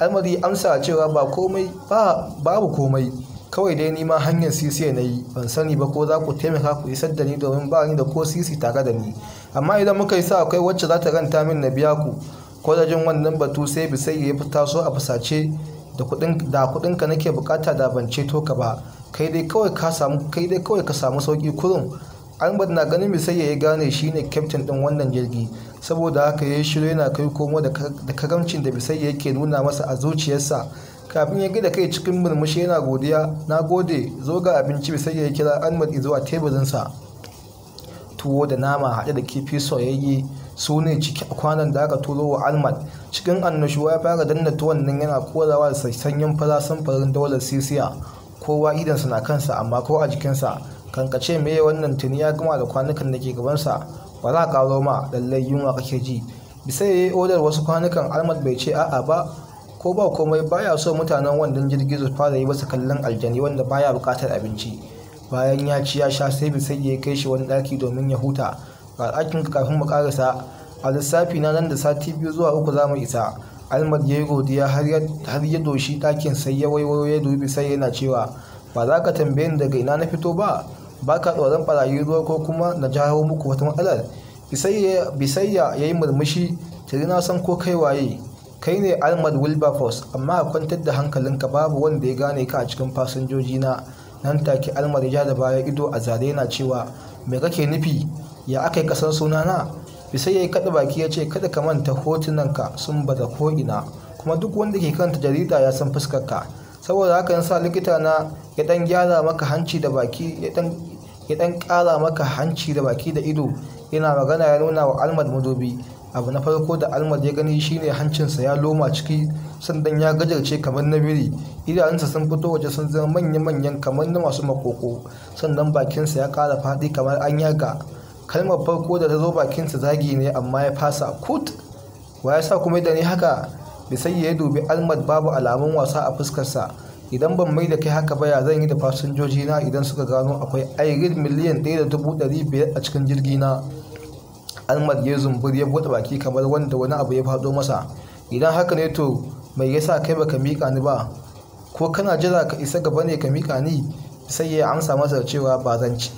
almar ya amsa cewa ba komai ba babu komai kawai dai nima hanyar sisi na yi ban sani ba ko za ku taimaka ku isar da ni domin ba ni da ko sisi tare da ni amma idan muka yi sa akwai wacce za ta ranta min na biya ku ko da jin wannan batu sai sai ya fi so a fusace da kuɗinka nake bukata da ban ceto ka ba kai dai kawai ka samu kai dai kawai ka samu sauki kurum albert na ganin sai ya gane shine kyaftin din wannan jirgi saboda haka ya shiru yana kai komo da karamcin da bisai yake nuna masa a zuciyarsa kafin ya gida kai cikin murmushi yana godiya na gode zo ga abinci sai ya kira ahmad zuwa teburinsa tuwo da nama haɗe da kifi soyayye su ne ciki a kwanan da aka turo wa ahmad cikin annashuwa ya fara danna tuwon nan yana korawa da sanyin fara samfarin daular sisiya kowa idansa na kansa amma ko a jikinsa kankace me wannan tuni ya gama da kwanukan da ke gabansa ba za ka ma lallai yunwa kake ji bisa ya yi odar wasu kwanukan ahmad bai ce a'a ba ko ba komai baya so mutanen wannan jirgin su fara yi masa kallon aljani wanda baya bukatar abinci bayan ya ci ya sha sai bisai ya kai shi wani ɗaki domin ya huta ga ɗakin kafin mu karasa a lissafi na nan da sati biyu zuwa uku za mu isa almad ya yi godiya har ya doshi ɗakin sai ya waiwayo ya dubi sai yana cewa ba za ka tambaye ni daga ina na fito ba ba ka tsoron ɓarayi ruwa ko kuma na jawo muku wata matsalar bisayya ya yi murmushi 'Tiri na san ko kai waye kai ne almad wilberforce amma a kwantar da hankalinka babu wanda ya gane ka a cikin fasinjoji na nan take almad ya da baya ido a zare na cewa me kake nufi ya aka yi kasan sunana bisa ya yi kaɗa baki ya ce kada ka manta hotunanka sun bada ko'ina kuma duk wanda ke kanta jarida ya san fuskar ka saboda haka sa likita na ya dan gyara maka hanci da baki ya dan ƙara maka hanci da baki da ido yana magana ya nuna wa almad madubi. abu na farko da almad ya gani shine hancinsa ya loma ciki sandan ya gajarce kamar na biri idanunsa sun fito waje sun zama manya-manyan kamar na masu makoko sannan bakinsa ya kara faɗi kamar an yaga kalmar farko da ta zo bakinsa zagi ne amma ya fasa kut wa ya sa kuma da ni haka bisai ya dubi almad babu alamun wasa a fuskarsa idan ban mai da kai haka ba ya zan yi da fasinjoji na idan suka gano akwai ayyukan miliyan ɗaya da dubu ɗari biyar a cikin jirgi na. almar ya zumbur ya buɗe baki kamar wanda wani abu ya fado masa idan haka ne to mai yasa kai baka miƙa ni ba ko kana jira ka isa gaba ne ka mika ni sai ya amsa masa cewa ba zan ci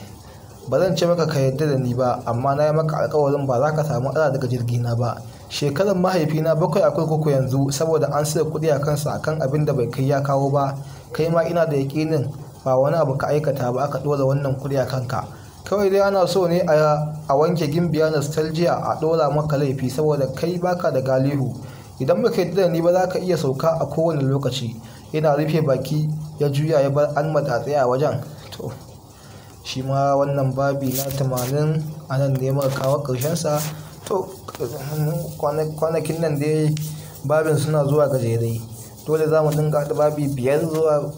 ba zan ce maka ka yarda da ni ba amma na yi maka alkawarin ba za ka samu ala daga jirgina ba shekarar mahaifina bakwai a kurkuku yanzu saboda an sayar kuɗi a kansa akan abin da bai kai ya kawo ba kai ma ina da yaƙinin ba wani abu ka aikata ba aka ɗora wannan kuɗi a kanka kawai dai ana so ne a wanke gimbiya nostalgia a ɗora maka laifi saboda kai baka da galihu idan baka yi da ni ba za ka iya sauka a kowane lokaci yana rufe baki ya juya ya bar an matatse a wajen to shi ma wannan babi na tamanin a nan ne muka kawo ƙarshensa to kwanakin nan dai babin suna zuwa gajere dole za mu dinga haɗa babi biyar zuwa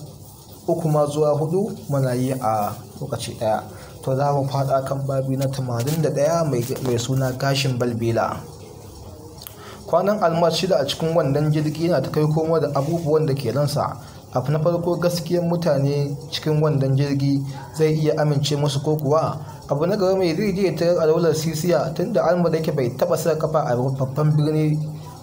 uku ma zuwa hudu muna yi a lokaci ɗaya to za mu faɗa kan babi na 81 mai suna gashin balbela kwanan almas shida a cikin wandon jirgi na ta kai komo da abubuwan da ke ransa abu na farko gaskiyar mutane cikin wandon jirgi zai iya amince musu ko kuwa abu na gaba mai zai ta alwalar sisiya tunda almar yake bai taba sa kafa a babban birni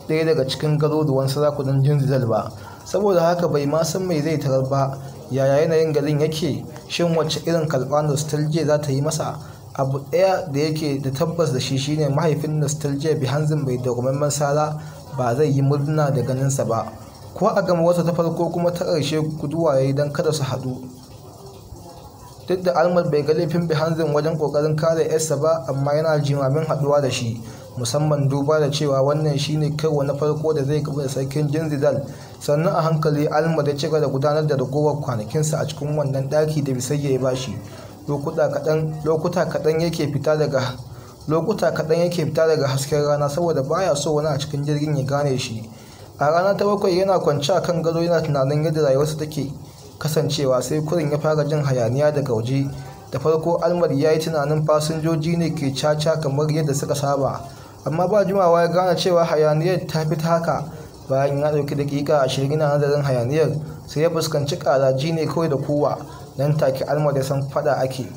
ɗaya daga cikin garuruwan sarakunan jinzizal ba saboda haka bai ma san mai zai tarar ba yaya yanayin garin yake shin wacce irin karɓa nostalgia za ta yi masa abu ɗaya da yake da tabbas da shi shine mahaifin nostalgia bihanzin bai dogamammen sara ba zai yi murna da ganinsa ba ko a gama wasu ta farko kuma ta ƙarshe guduwa ya yi don kada su haɗu duk da almar bai ga laifin bihanzin wajen ƙoƙarin kare yarsa ba amma yana jimamin haɗuwa da shi musamman duba da cewa wannan shine karo na farko da zai gaba da sarkin jinzidal sannan a hankali alma ya cigaba da gudanar da ragowar kwanakinsa a cikin wannan daki da bisayya ya bashi lokuta kaɗan yake fita daga lokuta kaɗan yake fita daga hasken rana saboda baya so wani a cikin jirgin ya gane shi a rana ta bakwai yana kwance a kan gado yana tunanin yadda rayuwarsa take kasancewa sai kurin ya fara jin hayaniya daga waje da farko almar ya yi tunanin fasinjoji ne ke caca kamar yadda suka saba amma ba jimawa ya gane cewa hayaniyar ta fi ta haka bayan ya ɗauki dakika ashirin yana nazarin hayaniyar sai ya fuskanci ƙaraji ne kawai da kowa nan take alma ya san faɗa ake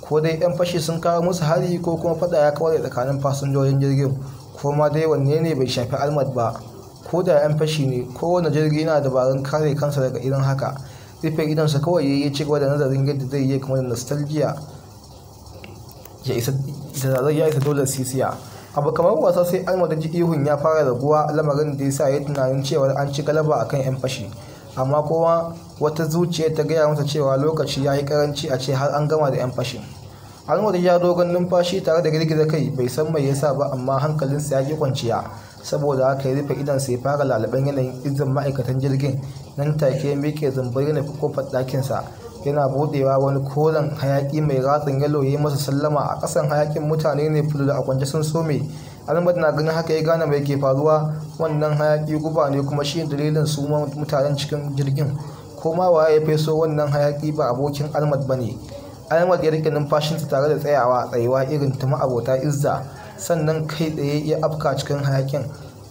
ko dai 'yan fashi sun kawo musu hari ko kuma fada ya kawar tsakanin fasinjojin jirgin ko ma dai wanne ne bai shafi almad ba ko da 'yan fashi ne kowane jirgi yana dabarun kare kansa daga irin haka rufe idonsa kawai ya yi cigaba da nazarin yadda zai yi kuma da nostalgia ya isa dole sisiya abu kamar wasa sai almadin ji ihun ya fara raguwa lamarin da ya sa ya tunanin cewa an ci galaba akan yan fashi amma kowa wata zuciya ta gaya masa cewa lokaci ya yi karanci a ce har an gama da yan fashi almadin ya dogon numfashi tare da girgiza kai bai san mai yasa ba amma hankalinsa ya ki kwanciya saboda haka ya rufe idan ya fara lalaban yanayin izin ma'aikatan jirgin nan take ya miƙe na fi kofar ɗakinsa yana budewa wani koren hayaki mai ratsin yalo ya masa sallama a kasan hayakin mutane ne fulu da akwance sun so me. almad na ganin haka ya gane mai ke faruwa wannan hayaki guba ne kuma shi dalilin su mutanen cikin jirgin ko ma waye ya feso wannan hayaki ba abokin almad ba ne almad ya rike numfashinsa tare da tsayawa tsayuwa irin ta ma'abota izza sannan kai tsaye ya afka cikin hayakin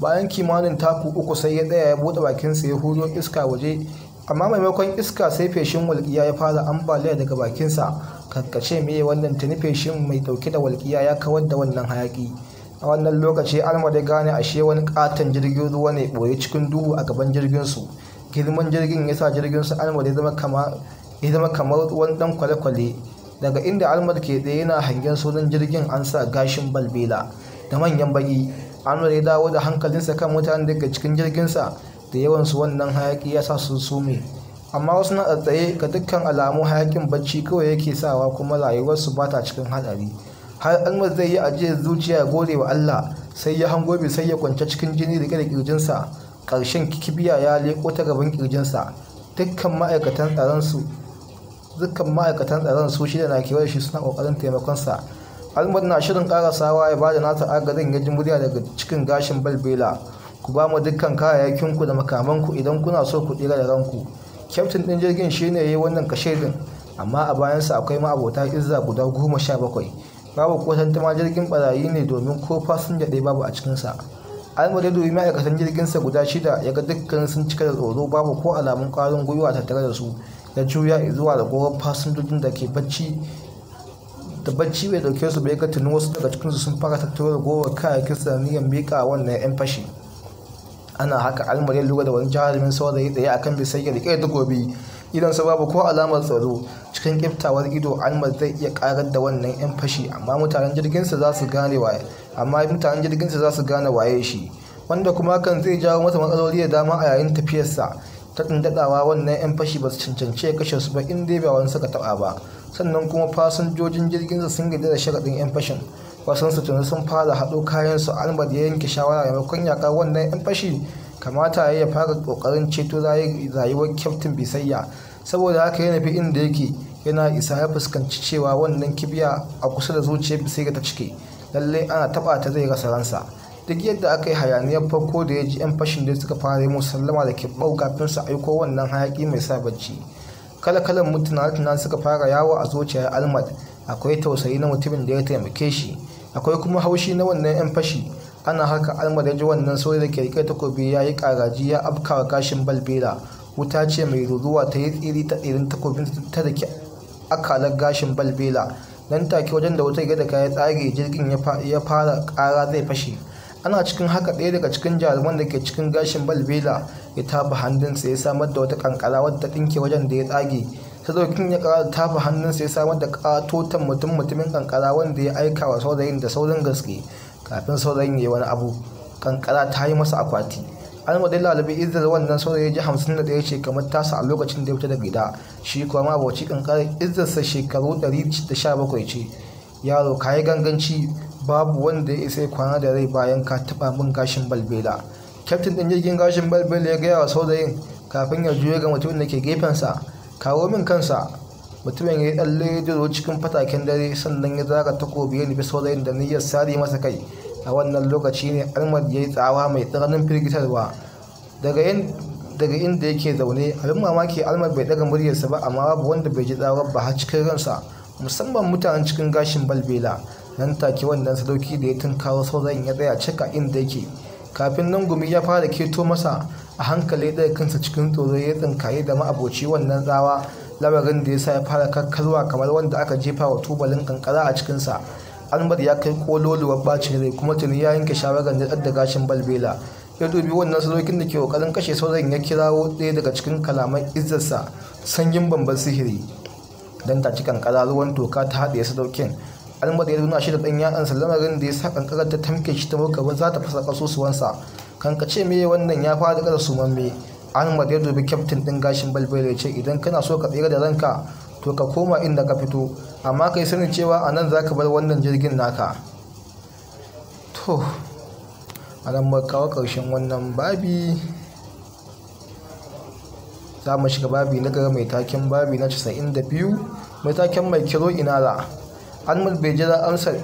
bayan kimanin taku uku sai ya tsaya ya buɗe bakinsa ya huro iska waje amma maimakon iska sai feshin walƙiya ya fara ambaliya daga bakinsa karkace mai wannan tuni feshin mai ɗauke da walƙiya ya kawar da wannan hayaƙi a wannan lokaci alma da gane ashe wani katon jirgin ruwa ne ɓoye cikin duhu a gaban jirginsu girman jirgin ya sa jirginsu alma da ya zama kamar ruwan dan kwale-kwale daga inda almar ke tsaye yana hangen sunan jirgin an sa gashin balbela da manyan baki almar ya dawo da hankalinsa kan mutanen daga cikin jirginsa da yawansu wannan hayaki ya sa su sume amma wasu na tsaye ga dukkan alamu hayakin bacci kawai yake sawa kuma rayuwarsu ba ta cikin haɗari har almas zai yi ajiye zuciya ya gode wa allah sai ya hango bi sai ya kwance cikin jini riƙe da kirjinsa ƙarshen kibiya ya leƙo ta gaban kirjinsa dukkan ma'aikatan tsaron su dukkan ma'aikatan tsaron su shida na kewaye shi suna ƙoƙarin taimakonsa almas na shirin ƙarasawa ya ba da nata agazin ya ji murya daga cikin gashin balbela ku ba mu dukkan ku da makamanku idan kuna so ku tsira da ranku kyaftin ɗin jirgin shine ya yi wannan kashe din amma a bayansa akwai ma'abota izza guda goma sha bakwai babu ko tantama jirgin barayi ne domin ko fasinja ɗaya babu a cikinsa almari dubi ma'aikatan jirginsa guda shida ya ga dukkan sun cika da tsoro babu ko alamun ƙwarin gwiwa tattare da su ya juya zuwa da goron fasinjojin da ke bacci da bacci bai dauke su bai ga tuni wasu daga cikinsu sun fara tattaro da gowar kayayyakin sanadiyyar miƙa wannan 'yan fashi ana haka almar ya lura da wani jarumin saurayi tsaye akan bisai ya rike da gobe idan sa babu ko alamar tsaro cikin kiftawar ido almar zai iya karar da wannan yan fashi amma mutanen jirginsa za su gane waye amma mutanen sa za su gane waye shi wanda kuma kan zai jawo masa matsaloli da dama a yayin tafiyarsa ta daɗawa wannan 'yan fashi ba su cancance kashe su ba in dai ba wani suka taɓa ba sannan kuma fasinjojin jirgin sun yarda da sharaɗin 'yan fashin wasan su tuni sun fara haɗo kayan su almad ya yanke shawara maimakon yakar wannan yan fashi kamata ya ya fara kokarin ceto rayuwar kyaftin bisayya saboda haka yana fi inda yake yana isa ya fuskanci cewa wannan kibiya a kusa da zuciyar bisayya ta cike lallai ana taɓa ta zai rasa ransa duk yadda aka yi hayaniyar farko da ya ji 'yan fashin da suka fara yi musallama da kibbau kafin su aiko wannan hayaki mai sa bacci kalakalan mutuna suka fara yawo a zuciyar almad akwai tausayi na mutumin da ya taimake shi akwai kuma haushi na wannan 'yan fashi ana haka almar ji wannan saurin da ke rike takobi ya yi karaji ya afkawa gashin balbera wuta ce mai ruruwa ta yi tsiri ta tsirin takobin ta da akalar gashin balbela nan take wajen da wutar gada ya tsage jirgin ya fara kara zai fashe ana cikin haka ɗaya daga cikin jaruman da ke cikin gashin balbela ya taba hannunsa ya samar da wata kankara wadda ta ɗinke wajen da ya tsage Ta zaukin ya kara tafa hannunsa ya samar da katotan mutum mutumin kankara wanda ya aika wa saurayin da saurin gaske kafin saurayin ya yi wani abu kankara ta yi masa akwati an wadai lalabi izar wannan saurayi ji hamsin da ɗaya ce kamar tasa a lokacin da ya fita da gida shi kuma kankara kankarar sa shekaru ɗari da sha bakwai ce yaro ka yi ganganci babu wanda ya isa kwana da rai bayan ka taɓa min gashin balbela kyaftin ɗin jirgin gashin balbela ya gaya wa saurayin kafin ya juya ga mutumin da ke gefensa kawo min kansa mutumin ya tsalle diro cikin fataken dare sannan ya zaga takobi ya nufi saurayin da niyyar sare masa kai a wannan lokaci ne almar ya yi tsawa mai tsananin firgitarwa daga inda yake zaune abin mamaki almar bai daga muryarsa ba amma babu wanda bai ji tsawar ba har cikin ransa musamman mutanen cikin gashin balbela nan take wannan sadauki da ya tun kawo saurayin ya tsaya cika inda yake kafin nan gumi ya fara keto masa a hankali ɗaya kansa cikin tsoro ya tsinkaye da ma'aboci wannan tsawa lamarin da ya sa ya fara kakkarwa kamar wanda aka jefa wa tubalin kankara a cikinsa Ahmad ya kai kololuwar bacin rai kuma tuni ya yanke shawarar da da gashin balbela ya dubi wannan sarokin da ke kokarin kashe sauran ya kirawo ɗaya daga cikin kalaman izzarsa sanyin bamban sihiri dan ci kankara ruwan toka ta haɗe sadaukin almar ya nuna shi da ɗan yatsansa lamarin da ya sa kankarar ta tamke shi ta murkaba za ta fasa ƙasusuwansa kan ka ce me wannan ya fara kada sumamme Ahmad ya dubi kyaftin din gashin balbele ce idan kana so ka tsira da ranka to ka koma inda ka fito amma kai sanin cewa a nan zaka bar wannan jirgin naka to a nan kawo ƙarshen wannan babi za mu shiga babi na mai taken babi na 92 mai taken mai kiro inara ahmad bai jira amsar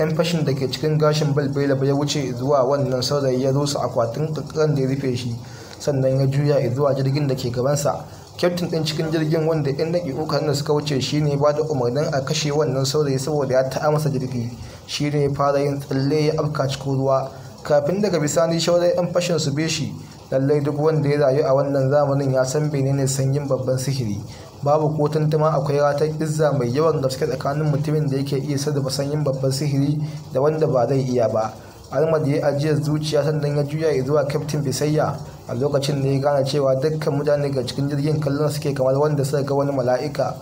'yan fashin da ke cikin gashin balbela ya wuce zuwa wannan saurayi ya zo rusa akwatin kankan da ya rufe shi sannan ya juya zuwa jirgin da ke gabansa kyaftin ɗin cikin jirgin wanda 'yan ukan da suka wuce shi ne ba da umarnin a kashe wannan saurayi saboda ya ta'a masa jirgi shi ne fara yin tsalle ya afka cikin ruwa kafin daga bisani shaurayi 'yan fashin su be shi lallai duk wanda ya rayu a wannan zamanin ya san menene sanyin babban sihiri babu ko tantama akwai ratar izza mai yawan gaske tsakanin mutumin da yake iya sada sanyin babban sihiri da wanda ba zai iya ba almad ya ajiyar zuciya sannan ya juya zuwa kyaftin bisayya a lokacin da ya gane cewa dukkan mutane ga cikin jirgin kallon suke kamar wanda suka ga wani mala'ika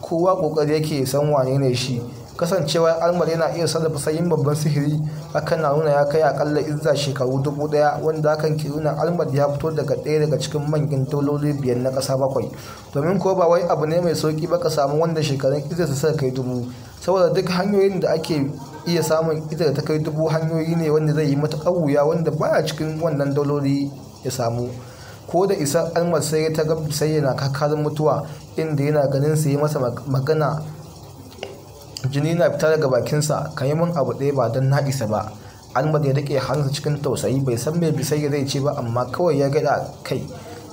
kowa kokari yake san wane ne shi kasancewa almar yana iya sarrafa sayin babban sihiri hakan na nuna ya kai akalla izza shekaru dubu daya wanda hakan ke nuna almar ya fito daga ɗaya daga cikin manyan tauloli biyar na ƙasa bakwai domin ko ba wai abu ne mai sauki ba ka samu wanda shekarun izza su kai dubu saboda duk hanyoyin da ake iya samun ita ta kai dubu hanyoyi ne wanda zai yi mata wuya wanda baya cikin wannan daloli ya samu ko da isa almar sai ta ga sai yana kakarin mutuwa inda yana ganin yi masa magana jini na fita daga bakinsa ka yi min abu ɗaya ba don na isa ba ahmad ya rike hannunsa cikin tausayi bai san mai ya zai ce ba amma kawai ya gada kai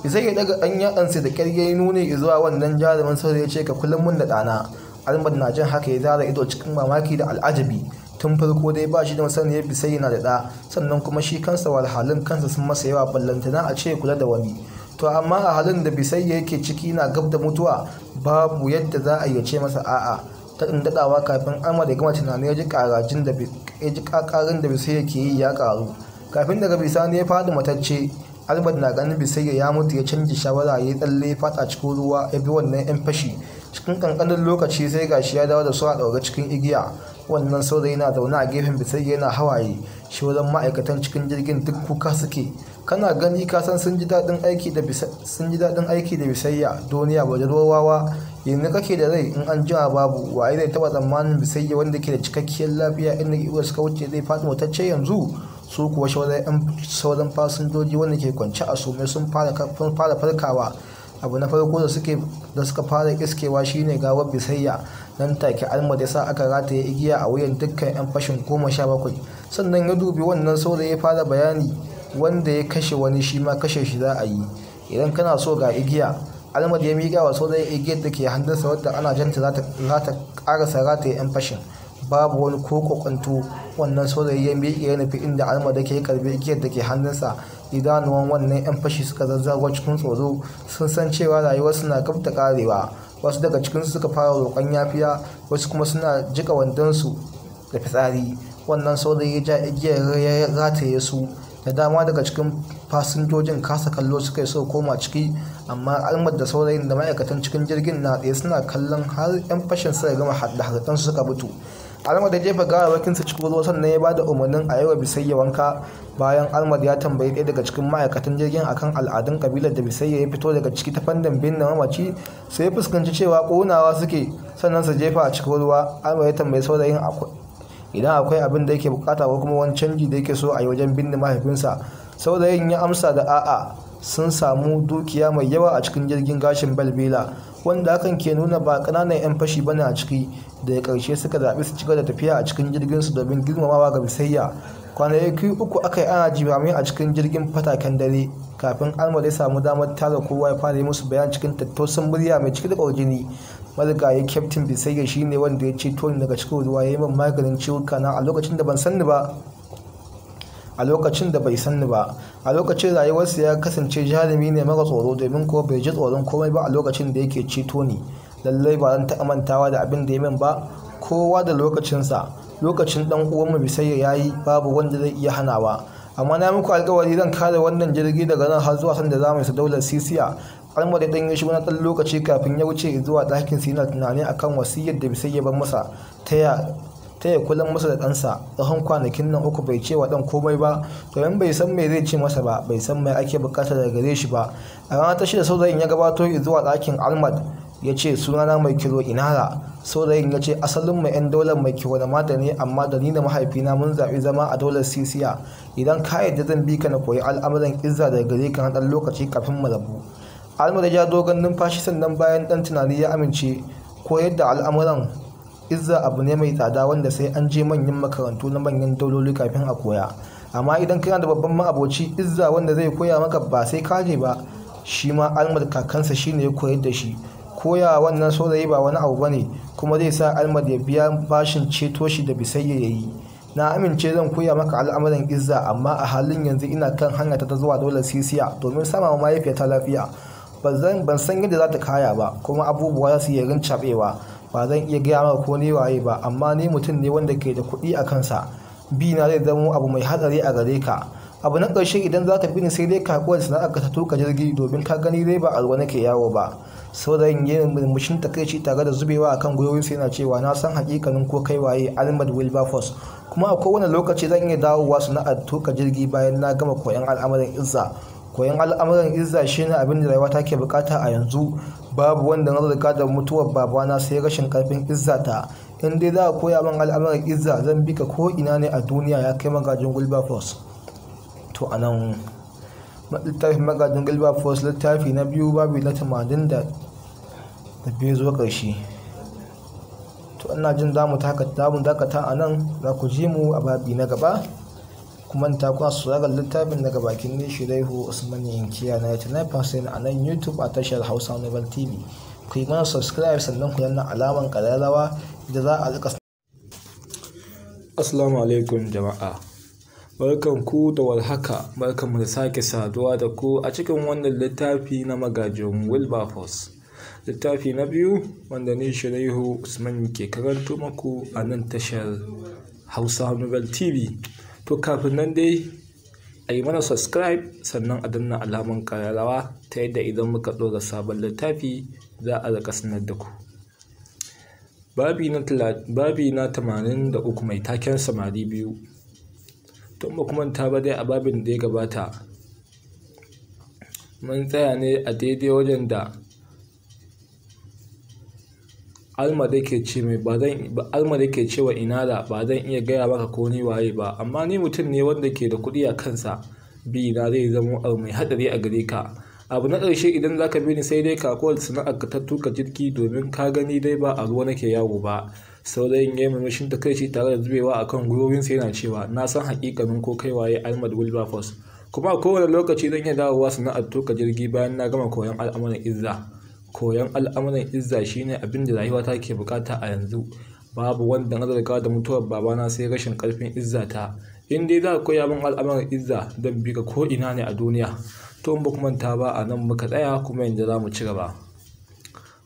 bisai ya daga ɗan yaɗansa da ƙyar ya nuni zuwa wannan jarumin sauri ya ce ka kullum mun da ɗana ahmad na jin haka ya zara ido cikin mamaki da al'ajabi tun farko dai ba shi da masaniyar bisai na da ɗa sannan kuma shi kansa walhalin kansa sun masa yawa ballantana a ce kula da wani to amma a halin da bisayya yake ciki na gab da mutuwa babu yadda za a yi ce masa a'a ta daɗawa kafin ahmad ya gama tunanin ya ji ƙarajin da ya ji ƙaƙarin da bisai yake yi ya ƙaru kafin daga bisani ya faɗi matacce albert na ganin bisai ya mutu ya canji shawara ya tsalle ya fata cikin ruwa ya bi wannan yan fashi cikin kankanin lokaci sai gashi ya dawo da su a ɗaure cikin igiya wannan saurayi na zaune a gefen bisayya yana hawaye shi wajen ma'aikatan cikin jirgin duk kuka suke kana gani ka san sun ji daɗin aiki da bisayya duniya ruwa wawa yanzu kake da rai in an jima babu waye zai taba tsammanin bisayya wanda ke da cikakkiyar lafiya inda iya suka wuce zai fadi mutacce yanzu su kuwa shawarar 'yan sauran fasinjoji wanda ke kwance a sume sun fara farkawa abu na farko da suke da suka fara iskewa shine gawar bisayya nan take alma da sa aka rataye igiya a wuyan dukkan yan fashin goma sha bakwai sannan ya dubi wannan saurayi ya fara bayani wanda ya kashe wani shi ma kashe shi za a yi idan kana so ga igiya Almadu ya miƙa wa sojan igiyar da ke hannunsa wadda ana janta za ta sara rataye 'yan fashin babu wani ko kokwanto wannan sojan ya miƙa ya nufi inda Almadu ke karbi igiyar da ke hannunsa idanuwan wannan 'yan fashi suka zazzagwa cikin tsoro sun san cewa suna suna kafta karewa wasu daga cikinsu suka fara roƙon yafiya wasu kuma suna jika wandonsu da fitsari wannan sojan ya ja igiyar ya rataye su da dama daga cikin fasinjojin kasa kallo suka yi suka koma ciki amma almar da saurayin da ma'aikatan cikin jirgin na tsaye suna kallon har 'yan fashin suka gama da su suka mutu almar da jefa gawarwakinsa cikin ruwa sannan ya ba da umarnin a yawa bisai ya wanka bayan almar ya tambayi ɗaya daga cikin ma'aikatan jirgin akan al'adun kabilar da bisai ya fito daga ciki ta fannin bin na mamaci sai ya fuskanci cewa ƙonawa suke sannan su jefa a cikin ruwa almar ya tambayi saurayin idan akwai abin da yake bukata ko kuma wani canji da yake so a yi wajen binne mahaifinsa saurayin ya amsa da a'a sun samu dukiya mai yawa a cikin jirgin gashin balbela wanda hakan ke nuna ba kananan 'yan fashi bane a ciki da karshe suka zaɓi su cigaba da tafiya a cikin jirginsu domin girmamawa ga bisayya kwanaki uku aka yi ana jimami a cikin jirgin fataken dare kafin almar ya samu damar tara kowa ya fara yi musu bayan cikin tattausan murya mai cike da ƙwarjini marigayi kyaftin bisayya shine wanda ya ceto ni daga cikin ruwa ya yi min maganin ciwuka na a lokacin da ban sanni ba a lokacin da bai sanni ba a lokacin rayuwarsa ya kasance jarumi ne mara tsoro domin kuma bai ji tsoron komai ba a lokacin da yake ceto ni lallai ba zan taɓa mantawa da abin da ya min ba kowa da lokacinsa lokacin dan uwanmu bisayya ya yi babu wanda zai iya hanawa amma na muku alkawari zan kare wannan jirgi daga nan har zuwa sanda za mu isa daular sisiya almar dan ya shigo na ɗan lokaci kafin ya wuce zuwa ɗakin sinar tunani akan wasiyar da bisai ya bar masa taya taya kulan masa da ɗansa tsawon kwanakin nan uku bai ce wa komai ba domin bai san me zai ce masa ba bai san mai ake bukata daga gare shi ba a ranar ta shida saurayin ya gabato zuwa ɗakin almad ya ce sunana mai kiro inara saurayin ya ce asalin mai 'yan daular mai kiro da mata ne amma da ni da mahaifina mun zaɓi zama a daular sisiya idan ka yadda zan bi ka na koyi al'amuran izza daga gare ka na ɗan lokaci kafin mu rabu da ya dogon numfashi sannan bayan dan tunani ya amince koyar da al'amuran izza abu ne mai tsada wanda sai an je manyan makarantu na manyan dauloli kafin a koya amma idan kana da babban ma'aboci izza wanda zai koya maka ba sai ka je ba shi ma almar kakansa shine ya koyar da shi koya wannan saurayi ba wani abu bane kuma zai sa almar ya biya bashin ceto shi da bisayya ya yi na amince zan koya maka al'amuran izza amma a halin yanzu ina kan hanya ta zuwa dole sisiya domin sama ta lafiya ban san yadda za ta kaya ba kuma abubuwa za su iya rincaɓewa ba zan iya gaya maka ko ne waye ba amma ni mutum ne wanda ke da kuɗi a kansa bi na zai zamo abu mai hatsari a gare ka abu na ƙarshe idan za ka bi ni sai dai ka kuwa sana'a ka ta tuka jirgi domin ka gani dai ba a ruwa nake yawo ba da yin murmushin takaici tare da zubewa akan gwiwoyin sai yana cewa na san hakikanin ko kai waye almad wilberforce kuma a kowane lokaci zan iya dawowa sana'ar tuka jirgi bayan na gama koyon al'amarin izza koyon al'amuran izza shi ne abin da rayuwa take bukata a yanzu babu wanda na riga da mutuwar babana sai rashin karfin izza ta in dai za a koya min al'amuran izza zan bi ka ko ina ne a duniya ya kai magajin gulbafos to a nan littafin magajin gulbafos littafi na biyu babu na tamanin da biyu zuwa ƙarshe to ina jin za mu dakata a nan za ku ji mu a babi na gaba kuma ku ta ku sauraron littafin daga bakin ne shiraihu usman yankiya na 99% a nan youtube a tashar hausa nobel tv ku yi mana subscribe sannan ku danna alaman kararrawa da za a rika assalamu alaikum jama'a barkan ku da walhaka barkan mu da sake saduwa da ku a cikin wannan littafi na magajin wilberforce littafi na biyu wanda ne shiraihu usman ke karanto maku a nan tashar hausa nobel tv to kafin nan dai a yi mana subscribe sannan a danna alaman kararrawa ta yadda idan muka ɗora sabon littafi za a zaka sanar da ku babi na tamanin da uku mai taken samari biyu tun ba kuma ta ba dai a babin da ya gabata mun tsaya ne a daidai wajen da almada ke ce mai ba ke cewa da ba zan iya gaya maka ko ni waye ba amma ni mutum ne wanda ke da kuɗi a kansa bi na zai zama abu mai hadari a gare ka abu na ƙarshe idan zaka bi ni sai dai ka kowal sana'ar ka ta tuka jirgi domin ka gani dai ba a ruwa nake yawo ba saurayin yamma mashin ta kai shi tare da zubewa a kan akan sai yana cewa na san hakikanin ko kai waye almad wilberforce kuma a kowane lokaci zan iya dawowa sana'ar tuka jirgi bayan na gama koyon al'amuran izza koyon al'amuran izza shine abin da ta ke bukata a yanzu babu wanda na zarga da mutuwar babana sai rashin karfin ta in dai za ka koya min al'amuran izza don bi ga ko ina ne a duniya to in ba manta ba a nan muka tsaya kuma yanzu za mu ci gaba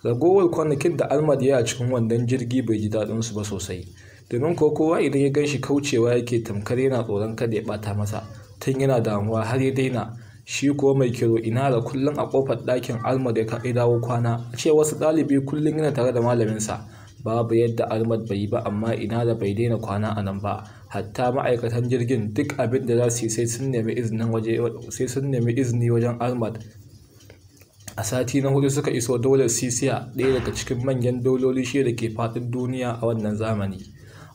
ragowar kwanakin da almad ya cikin wandon jirgi bai ji daɗin su ba sosai domin ko kowa idan ya gan shi kaucewa yake tamkar yana tsoron kada ya ɓata masa tun yana damuwa har ya daina shi ko mai kiro ina da kullum a kofar ɗakin Ahmad ya kaɗai dawo kwana a ce wasu ɗalibi kullun yana tare da malaminsa babu yadda Ahmad bai yi ba amma ina da bai daina kwana a nan ba hatta ma'aikatan jirgin duk abin da za su yi sai sun nemi izini wajen Ahmad a sati na hudu suka iso dole sisiya ɗaya daga cikin manyan dololi shi da ke faɗin duniya a wannan zamani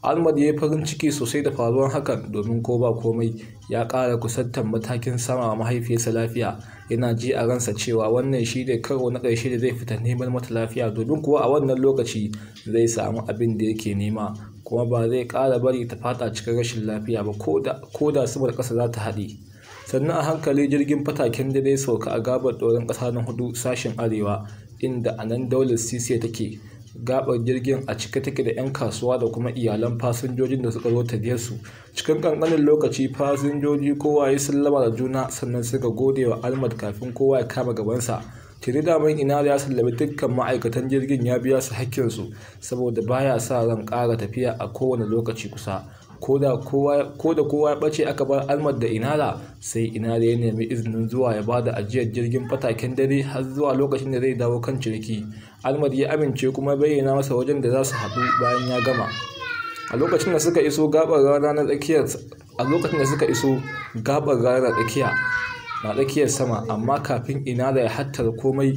ahmad ya yi farin ciki sosai da faruwar hakan domin ko ba komai ya ƙara kusantar matakin sama a mahaifiyarsa lafiya yana ji a ransa cewa wannan shi ne karo na ƙarshe da zai fita neman mata lafiya domin kuwa a wannan lokaci zai samu abin da yake nema kuma ba zai ƙara bari ta fata cikin rashin lafiya ba ko da sumar ƙasa za ta haɗe sannan a hankali jirgin fatakin da zai sauka a gabar doron ƙasa na hudu sashen arewa inda a nan daular sisiya take gaɓar jirgin a cike take da 'yan kasuwa da kuma iyalan fasinjojin da suka zo ta su cikin kankanin lokaci fasinjoji kowa ya sallama da juna sannan suka gode wa almad kafin kowa ya kama gabansa tuni daman ina ya sallami dukkan ma'aikatan jirgin ya biya su hakkinsu saboda baya sa ran ƙara tafiya a kowane lokaci kusa ko da kowa ya ɓace aka bar almad da inala sai inala ya nemi izinin zuwa ya bada ajiyar jirgin fataken dare har zuwa lokacin da zai dawo kan ciniki almad ya amince kuma bayyana masa wajen da za su haɗu bayan ya gama. A lokacin da suka iso gaɓar rana na tsakiyar tsakiya na tsakiyar sama amma kafin ina da ya hattar komai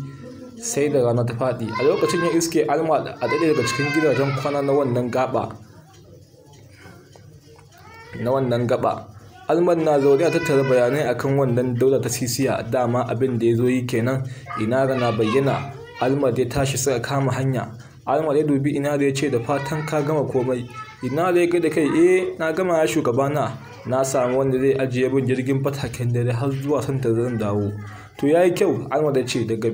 sai da rana ta faɗi a lokacin ya iske alma a ɗaya daga cikin gidajen kwana na wannan gaɓa na wannan gaba alman na zaune a tattara bayanai akan wannan daular ta sisiya dama abin da ya zo yi kenan ina rana bayyana almad ya tashi suka kama hanya Ahmad ya dubi ina da ya ce da fatan ka gama komai ina da ya kai da kai eh na gama ya shugabana na samu wanda zai ajiye bin jirgin fataken dare har zuwa san ta zan dawo to yayi kyau Ahmad ya ce daga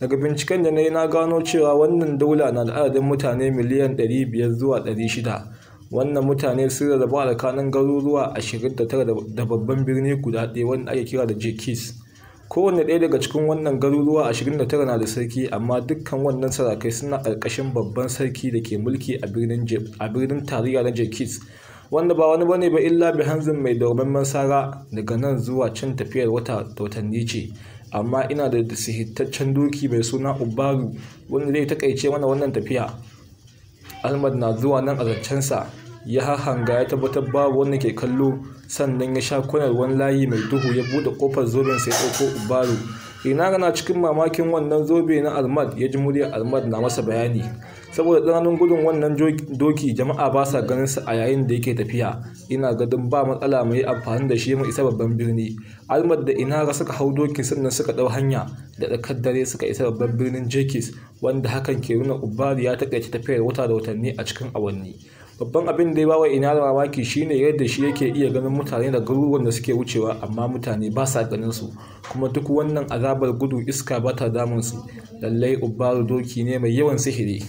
daga binciken da na yi na gano cewa wannan daula na da adadin mutane miliyan 500 zuwa 600 wannan mutane sun rarraba da kanin garuruwa 29 da babban birni guda ɗaya wanda ake kira da jekis kowane ɗaya daga cikin wannan garuruwa 29 na da sarki amma dukkan wannan sarakai suna ƙarƙashin babban sarki da ke mulki a birnin tarayya na jekis wanda ba wani bane ba illa bi bihanzin mai daurabammen sara daga nan zuwa can tafiyar wata watanni ce amma ina da sihitaccen doki mai suna ubaru wanda zai takaice mana wannan tafiya almad na zuwa nan a zancensa ya hanga ya tabbatar babu wanda ke kallo sannan ya sha kunar wani layi mai duhu ya buɗe kofar zoben sai ɗauko ubaru ina eh, gana cikin mamakin wannan zobe na almad ya ji muryar almad na masa bayani saboda tsananin gudun wannan doki jama'a ba sa ganin sa a yayin da yake tafiya ina gadin ba matsala mu yi amfani da shi mu isa babban birni almad da inaga suka hau doki sannan suka dau hanya da tsakar dare suka isa babban birnin jekis wanda hakan ke nuna ubari ya taƙaice tafiyar wata da watanni a cikin awanni babban abin da ya bawa ina da mamaki shine yadda shi yake iya ganin mutane da garuruwan da suke wucewa amma mutane ba sa ganin su kuma duk wannan azabar gudu iska ba ta damun su lallai ubbar doki ne mai yawan sihiri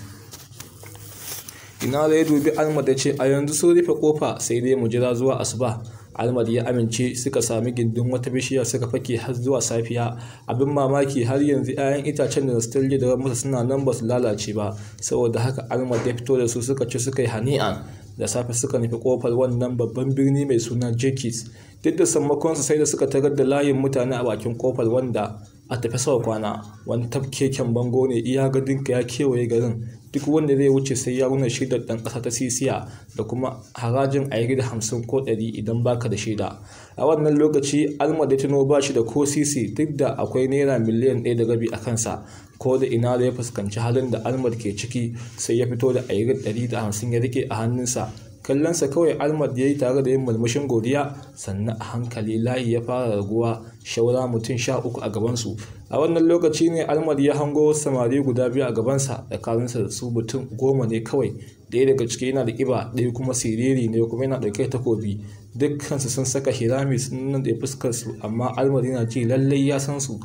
ina da ya dubi alma da ce a yanzu sun rufe kofa sai dai mu jira zuwa asuba Ahmad ya amince suka sami gindin wata bishiya suka fake har zuwa safiya abin mamaki har yanzu 'ya'yan itacen da su da masa suna nan ba su lalace ba saboda haka Ahmad ya fito da su suka ci suka yi hani'an da safe suka nufi kofar wannan babban birni mai suna Jekis duk da sammakonsu sai da suka tarar da layin mutane a bakin kofar wanda a tafi sau kwana wani tafkeken bango ne iya gadinka ya kewaye garin duk wanda zai wuce sai ya nuna shaidar ɗan ƙasa ta sisiya da kuma harajin ayyari da hamsin ko ɗari idan baka da shaida a wannan lokaci tuno ba shi da ko sisi duk da akwai naira miliyan ɗaya da rabi a kansa ko da ina da ya fuskanci halin da almad ke ciki sai ya fito da ayyari ɗari da hamsin ya rike a hannunsa kallonsa kawai almad ya yi tare da yin mulmushin godiya sannan a hankali layi ya fara raguwa shaura mutum sha uku a gabansu a wannan lokaci ne almar ya hango samari guda biyu a gabansa tsakaninsa da su mutum goma ne kawai ɗaya daga ciki yana da ƙiba ɗaya kuma siriri ne kuma yana ɗauke takobi dukkansu sun saka hirami sun nan da fuskarsu amma almar yana ji lallai ya san su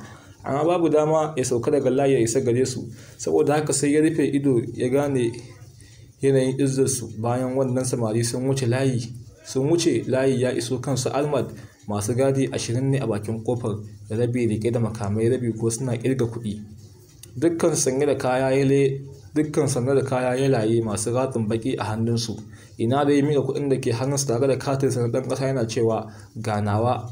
amma babu dama ya sauka daga layi ya isa gare su saboda haka sai ya rufe ido ya gane yanayin izzarsu bayan wannan samari sun wuce layi sun wuce layi ya iso kansu almad masu gadi ashirin ne a bakin kofar da rabi riƙe da makamai rabi ko suna kirga kuɗi dukkan sanye da kaya dukkan sanye da kaya yalaye masu ratsin baki a hannunsu ina da ya mika kuɗin da ke hannunsu tare da katin na ɗan ƙasa yana cewa ganawa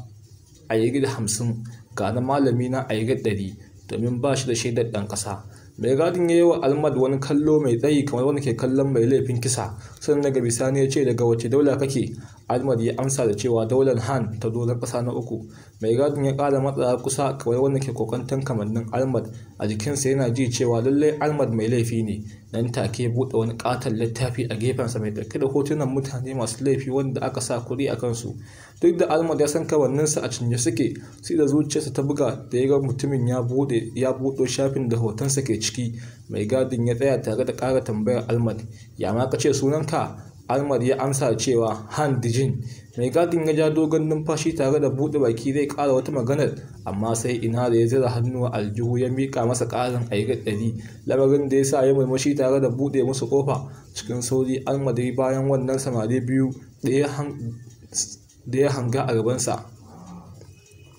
a yi gida hamsin ga na malami na a yi ɗari domin ba shi da shaidar ɗan ƙasa mai gadin ya yi wa almad wani kallo mai tsayi kamar wani ke kallon mai laifin kisa sannan daga bisani ya ce daga wace daula kake almad ya amsa da cewa daular han ta doron kasa na uku mai gadin ya ƙara matsa kusa kawai wanda ke kokantan kamannin almad a jikinsa yana ji cewa lallai almad mai laifi ne nan take buɗe wani ƙaton littafi a gefensa mai dauke da hotunan mutane masu laifi wanda aka sa kuɗi a kansu duk da almad ya san kamanninsa a cinye suke sai da zuciyarsa ta buga da ya ga mutumin ya buɗe ya buɗo shafin da hotonsa ke ciki mai gadin ya tsaya tare da ƙara tambayar almad ya ma ka ce sunanka almad ya amsa cewa han dijin mai gadin ya ja dogon numfashi tare da buɗe baki zai ƙara wata maganar amma sai ina da ya zira hannu aljihu ya mika masa ƙarin ayyukan ɗari lamarin da ya sa ya murmushi tare da buɗe musu ƙofa cikin sauri almad bayan wannan samari biyu da ya hanga a gabansa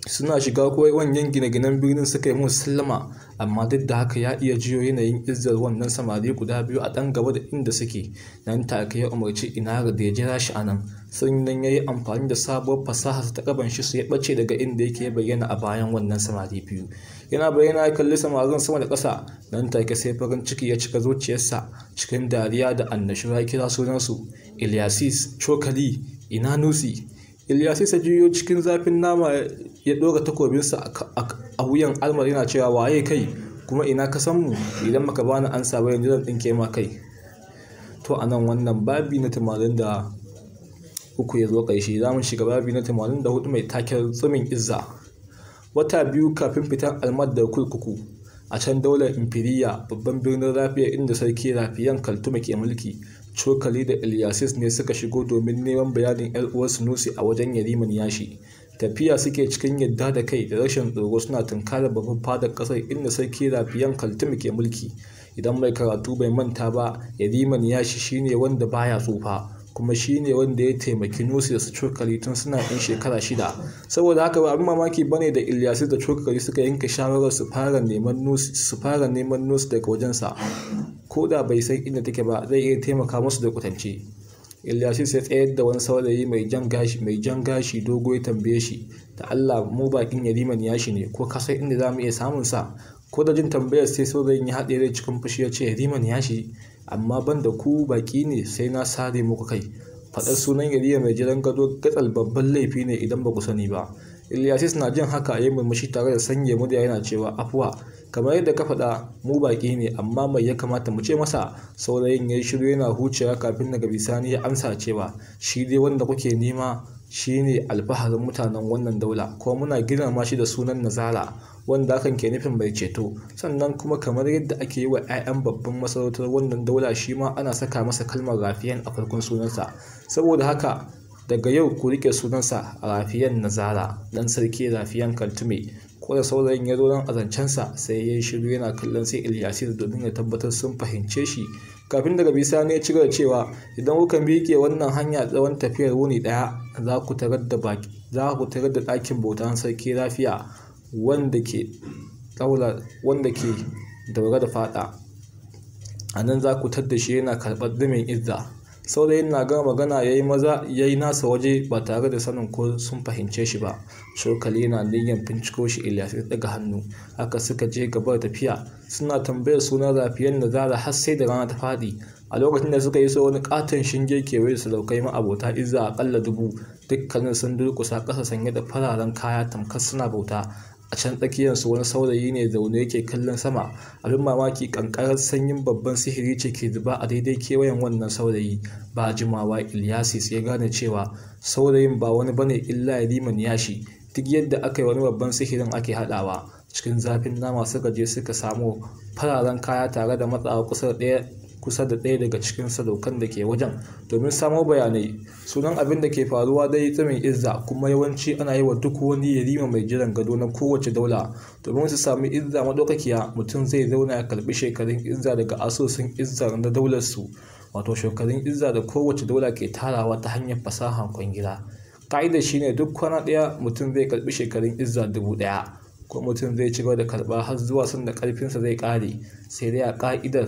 suna shiga kawai wanyan gine-ginen birnin suka yi musu sallama amma duk da haka ya iya jiyo yanayin izzar wannan samari guda biyu a ɗan gaba da inda suke nan take ya umarci inara da ya jira shi a nan sannan ya yi amfani da sabuwar fasaha ta kaban shi su ya ɓace daga inda yake ya bayyana a bayan wannan samari biyu yana bayyana ya kalli samarin sama da ƙasa nan take sai farin ciki ya cika zuciyarsa cikin dariya da annashuwa ya kira sunansu Ilyasis Cokali ina Nusi Ilyasis ya juyo cikin zafin nama ya ɗora takobinsa a wuyan almar yana cewa waye kai kuma ina ka san mu idan maka bani an saba yanzu zan tsinke ma kai to a nan wannan babi na tamanin da uku ya zo ƙarshe za mu shiga babi na tamanin da hudu mai taken tsumin izza wata biyu kafin fitan almar da kurkuku a can daular impiriya babban birnin rafiya inda sarki rafiyan kaltuma ke mulki cokali da ilyasis ne suka shigo domin neman bayanin yar uwar Nusi a wajen yariman yashi tafiya suke cikin yadda da kai da rashin tsoro suna tunkarar babban fadar kasar inda sarki rafiyan kaltum ke mulki idan mai karatu bai manta ba yariman yashi shine wanda baya tsufa kuma shine wanda ya taimaki nusi da su cokali tun suna ɗan shekara shida saboda haka ba abin mamaki ne da ilyasi da cokali suka yanke shawarar su fara neman nusi daga wajensa ko da bai san inda take ba zai iya taimaka musu da kwatance Ilyashin sai tsayar da wani saurayi mai jan gashi mai jan gashi dogo ya tambaye shi ta Allah mu bakin yariman yashi ne ko ka inda zamu iya samun sa ko da jin tambayar sai saurayin ya haɗe rai cikin fushi ya ce yariman yashi amma ban da ku baki ne sai na sare muku kai faɗar sunan yariya mai jiran gado gatsal babban laifi ne idan ba ku sani ba Ilyasis na jin haka yi murmushi tare da sanya murya yana cewa afuwa kamar yadda ka faɗa mu baƙi ne amma mai ya kamata mu ce masa saurayin ya yi shiru yana hucewa kafin daga bisani ya amsa cewa shi dai wanda kuke nema shine alfaharin mutanen wannan daula kuma muna gina shi da sunan nazara wanda hakan ke nufin mai ceto sannan kuma kamar yadda ake yi wa 'ya'yan babban masarautar wannan daula shi ma ana saka masa kalmar rafiyan a farkon sunansa saboda haka daga yau ku rike sunansa a rafiyan nazara dan sarki rafiyan kaltume ko da saurayin ya zo nan a zancensa sai ya yi shiru yana kallon sai ilyasir domin ya tabbatar sun fahimce shi kafin daga bisa ne ya gaba cewa idan kuka miƙe wannan hanya tsawon tafiyar wuni ɗaya za ku tarar da ɗakin bautan sarki rafiya. wanda ke daura da fada a nan za ku tadda shi yana karɓar dumin izza saurayin na gama magana ya yi maza ya yi nasa waje ba tare da sanin ko sun fahimce shi ba shokali yana niyyar binciko shi ilyas ya daga hannu haka suka je gabar tafiya suna tambayar suna rafiyar da zara har sai da rana ta faɗi a lokacin da suka yi so wani katon shinge kewaye da sadaukai ma'abota izza akalla dubu dukkanin sun durkusa ƙasa sanye da fararen kaya tamkar suna bauta a can tsakiyar su wani saurayi ne da zaune yake kallon sama abin mamaki kankarar sanyin babban sihiri ce ke zuba a daidai kewayen wannan saurayi ba jimawa ilyasis ya gane cewa saurayin ba wani ba ne illa ya yashi duk yadda aka yi wani babban sihirin ake haɗawa cikin zafin nama suka je suka samu fararen kaya tare da matsawa kusa ɗaya kusa da ɗaya daga cikin sadaukan da ke wajen domin samo bayanai sunan abin da ke faruwa da dai tsamin izza kuma yawanci ana yi wa duk wani yarima mai jiran gado na kowace daula domin su sami izza madaukakiya mutum zai zauna ya karɓi shekarun izza daga asusun izza na daular wato shekarun izza da kowace daula ke tarawa ta hanyar fasaha kwangila ka'idar shine duk kwana ɗaya mutum zai karbi shekarun izza dubu ɗaya ko mutum zai ci gaba da karɓa har zuwa sanda ƙarfinsa zai ƙare sai dai a ƙa'idar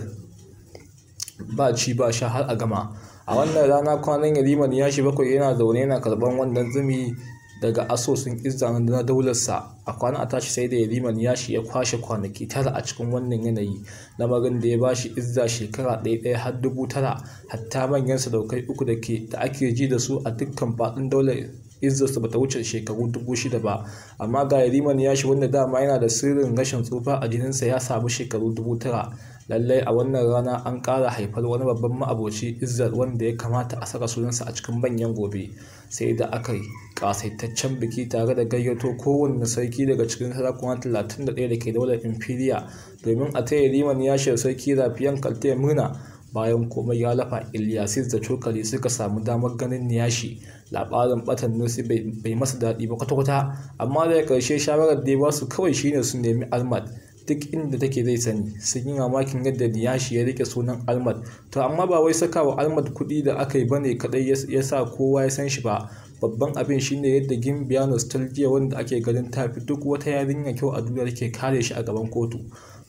ba ci ba sha har a gama a wannan rana kwanan yariman ya shi bakwai yana zaune yana karban wannan zumi daga asusun izza na daularsa a kwana a tashi sai da yariman ya shi ya kwashe kwanaki tara a cikin wannan yanayi lamarin da ya ba shi izza shekara ɗaya ɗaya har dubu tara hatta manyan sadaukai uku da ke da ake ji da su a dukkan faɗin daular izzarsa bata wuce shekaru dubu shida ba amma ga yariman ya shi wanda dama yana da sirrin rashin tsufa a jininsa ya samu shekaru dubu tara lallai a wannan rana an ƙara haifar wani babban ma'aboci izzar wanda ya kamata a saka sunansa a cikin manyan gobe sai da aka yi ƙasaitaccen biki tare da gayyato kowanne sarki daga cikin sarakuna talatin da ɗaya da ke daular imperia domin a taya riman yashir sarki rafiyan kalte murna bayan komai ya lafa iliyasis da cokali suka samu damar ganin niyashi labarin batan nusi bai masa daɗi ba kwata-kwata amma daga ƙarshe shawarar da ya ba su kawai shine su nemi almad duk inda take zai sani sun yi mamakin yadda niyashi ya rike sunan Almad to amma ba wai wa Almad kuɗi da aka yi bane kadai ya sa kowa ya san shi ba babban abin shine yadda Gimbiya Nostalgia wanda ake ganin ta fi duk wata yarinya kyau a duniya take kare shi a gaban kotu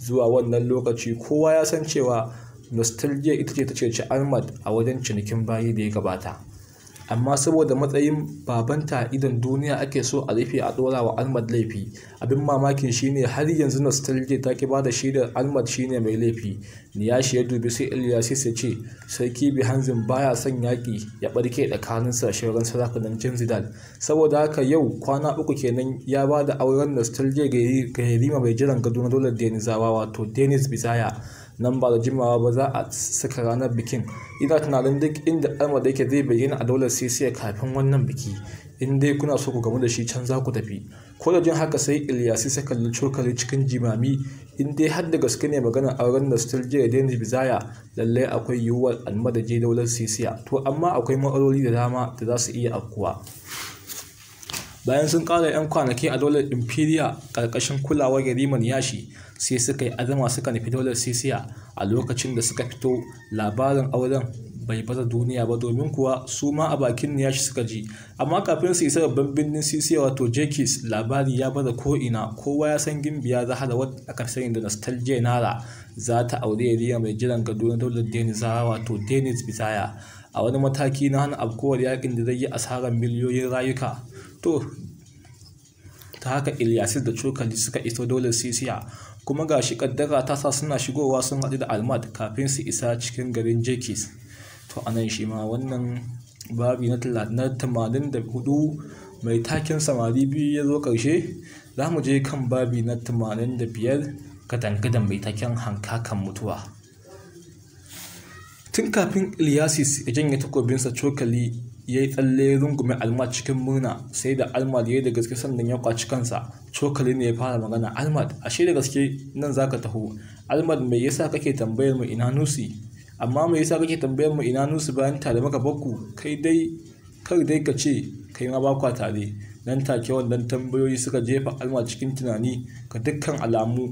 zuwa wannan lokaci kowa ya san cewa Nostalgia ita ce ta ci Almad a wajen cinikin bayi da ya gabata amma saboda matsayin babanta idan idon duniya ake so a rufe a dora wa almad laifi abin mamakin shine har yanzu na Nostalgia ta ki bada shaidar almad shine mai laifi ni ya dubi sai Ilyas sai ce sarki bi hanzin baya son yaki ya barke tsakanin shirin sarakunan Jinzidal saboda haka yau kwana uku kenan ya bada auren na Nostalgia ga Yarima mai jiran gado na dole Denizawa wato Denis bizaya nan ba da jimawa ba za a saka ranar bikin ina tunanin duk inda alma da yake zai bayyana a daular sisiya kafin wannan biki in dai kuna so ku gamu da shi can za ku tafi ko da jin haka sai ilyasi sai kalli cokali cikin jimami in dai har da gaske ne maganar auren nostalgia da yanzu bizaya lallai akwai yiwuwar alma da daular sisiya to amma akwai matsaloli da dama da za su iya afkuwa bayan sun kara 'yan kwanaki a daular imperial ƙarƙashin kulawar yariman yashi sai suka yi azama suka nufi daular sisiya a lokacin da suka fito labarin auren bai baza duniya ba domin kuwa su ma a bakin yashi suka ji amma kafin su isa babban birnin sisiya wato jekis labari ya baza ko'ina kowa ya san gimbiya zahara wata aka sani da nostalgia nara za ta aure riya mai jiran gado na daular denizawa wato denis bisaya a wani mataki na hana afkowar yakin da zai yi asarar miliyoyin rayuka to ta haka ilyasis da cokali suka iso daular sisiya kuma ga shi kaddara ta sa suna shigowa sun haɗu da almat kafin su isa cikin garin jekis to anan shi ma wannan babi na tamanin da hudu mai taken samari biyu ya zo ƙarshe za mu je kan babi na tamanin da ka katangadan mai taken hankakan mutuwa tun kafin Iliyasis ya janye takobinsa cokali ya yi tsalle ya rungume alma cikin murna sai da almad ya yi da gaske sannan ya kwaci kansa cokali ne ya fara magana almad ashe da gaske nan zaka taho almad me yasa kake tambayar mu ina nusi amma me yasa kake tambayar mu ina nusi bayan tare maka bakku kai dai kar dai ka ce kai ma ba tare nan take wannan tambayoyi suka jefa alma cikin tunani ga dukkan alamu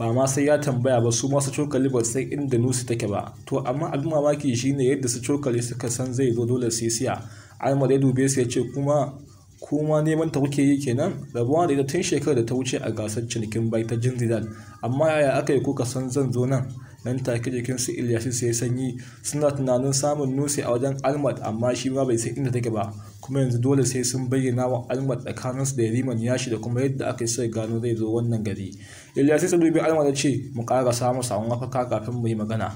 ba ma sai ya tambaya ba su masu cokali ba sai inda nusi take ba to amma abin mamaki shine yadda su cokali suka san zai zo dole sai siya almar ya dube su ya ce kuma kuma neman ta kuke yi kenan rabuwa da ita tun shekarar da ta wuce a gasar cinikin bai ta jin jinzidal amma yaya aka yi kuka san zan zo nan nan take jikin su ilyasi sai sanyi suna tunanin samun nusi a wajen Almat amma shi ma bai sai inda take ba kuma yanzu dole sai sun bayyana wa Almat tsakaninsu da Yariman yashi da kuma yadda aka yi sai gano zai zo wannan gari Ilyas sun dubi Alma da ce mu ƙara samu samu mafaka kafin mu yi magana.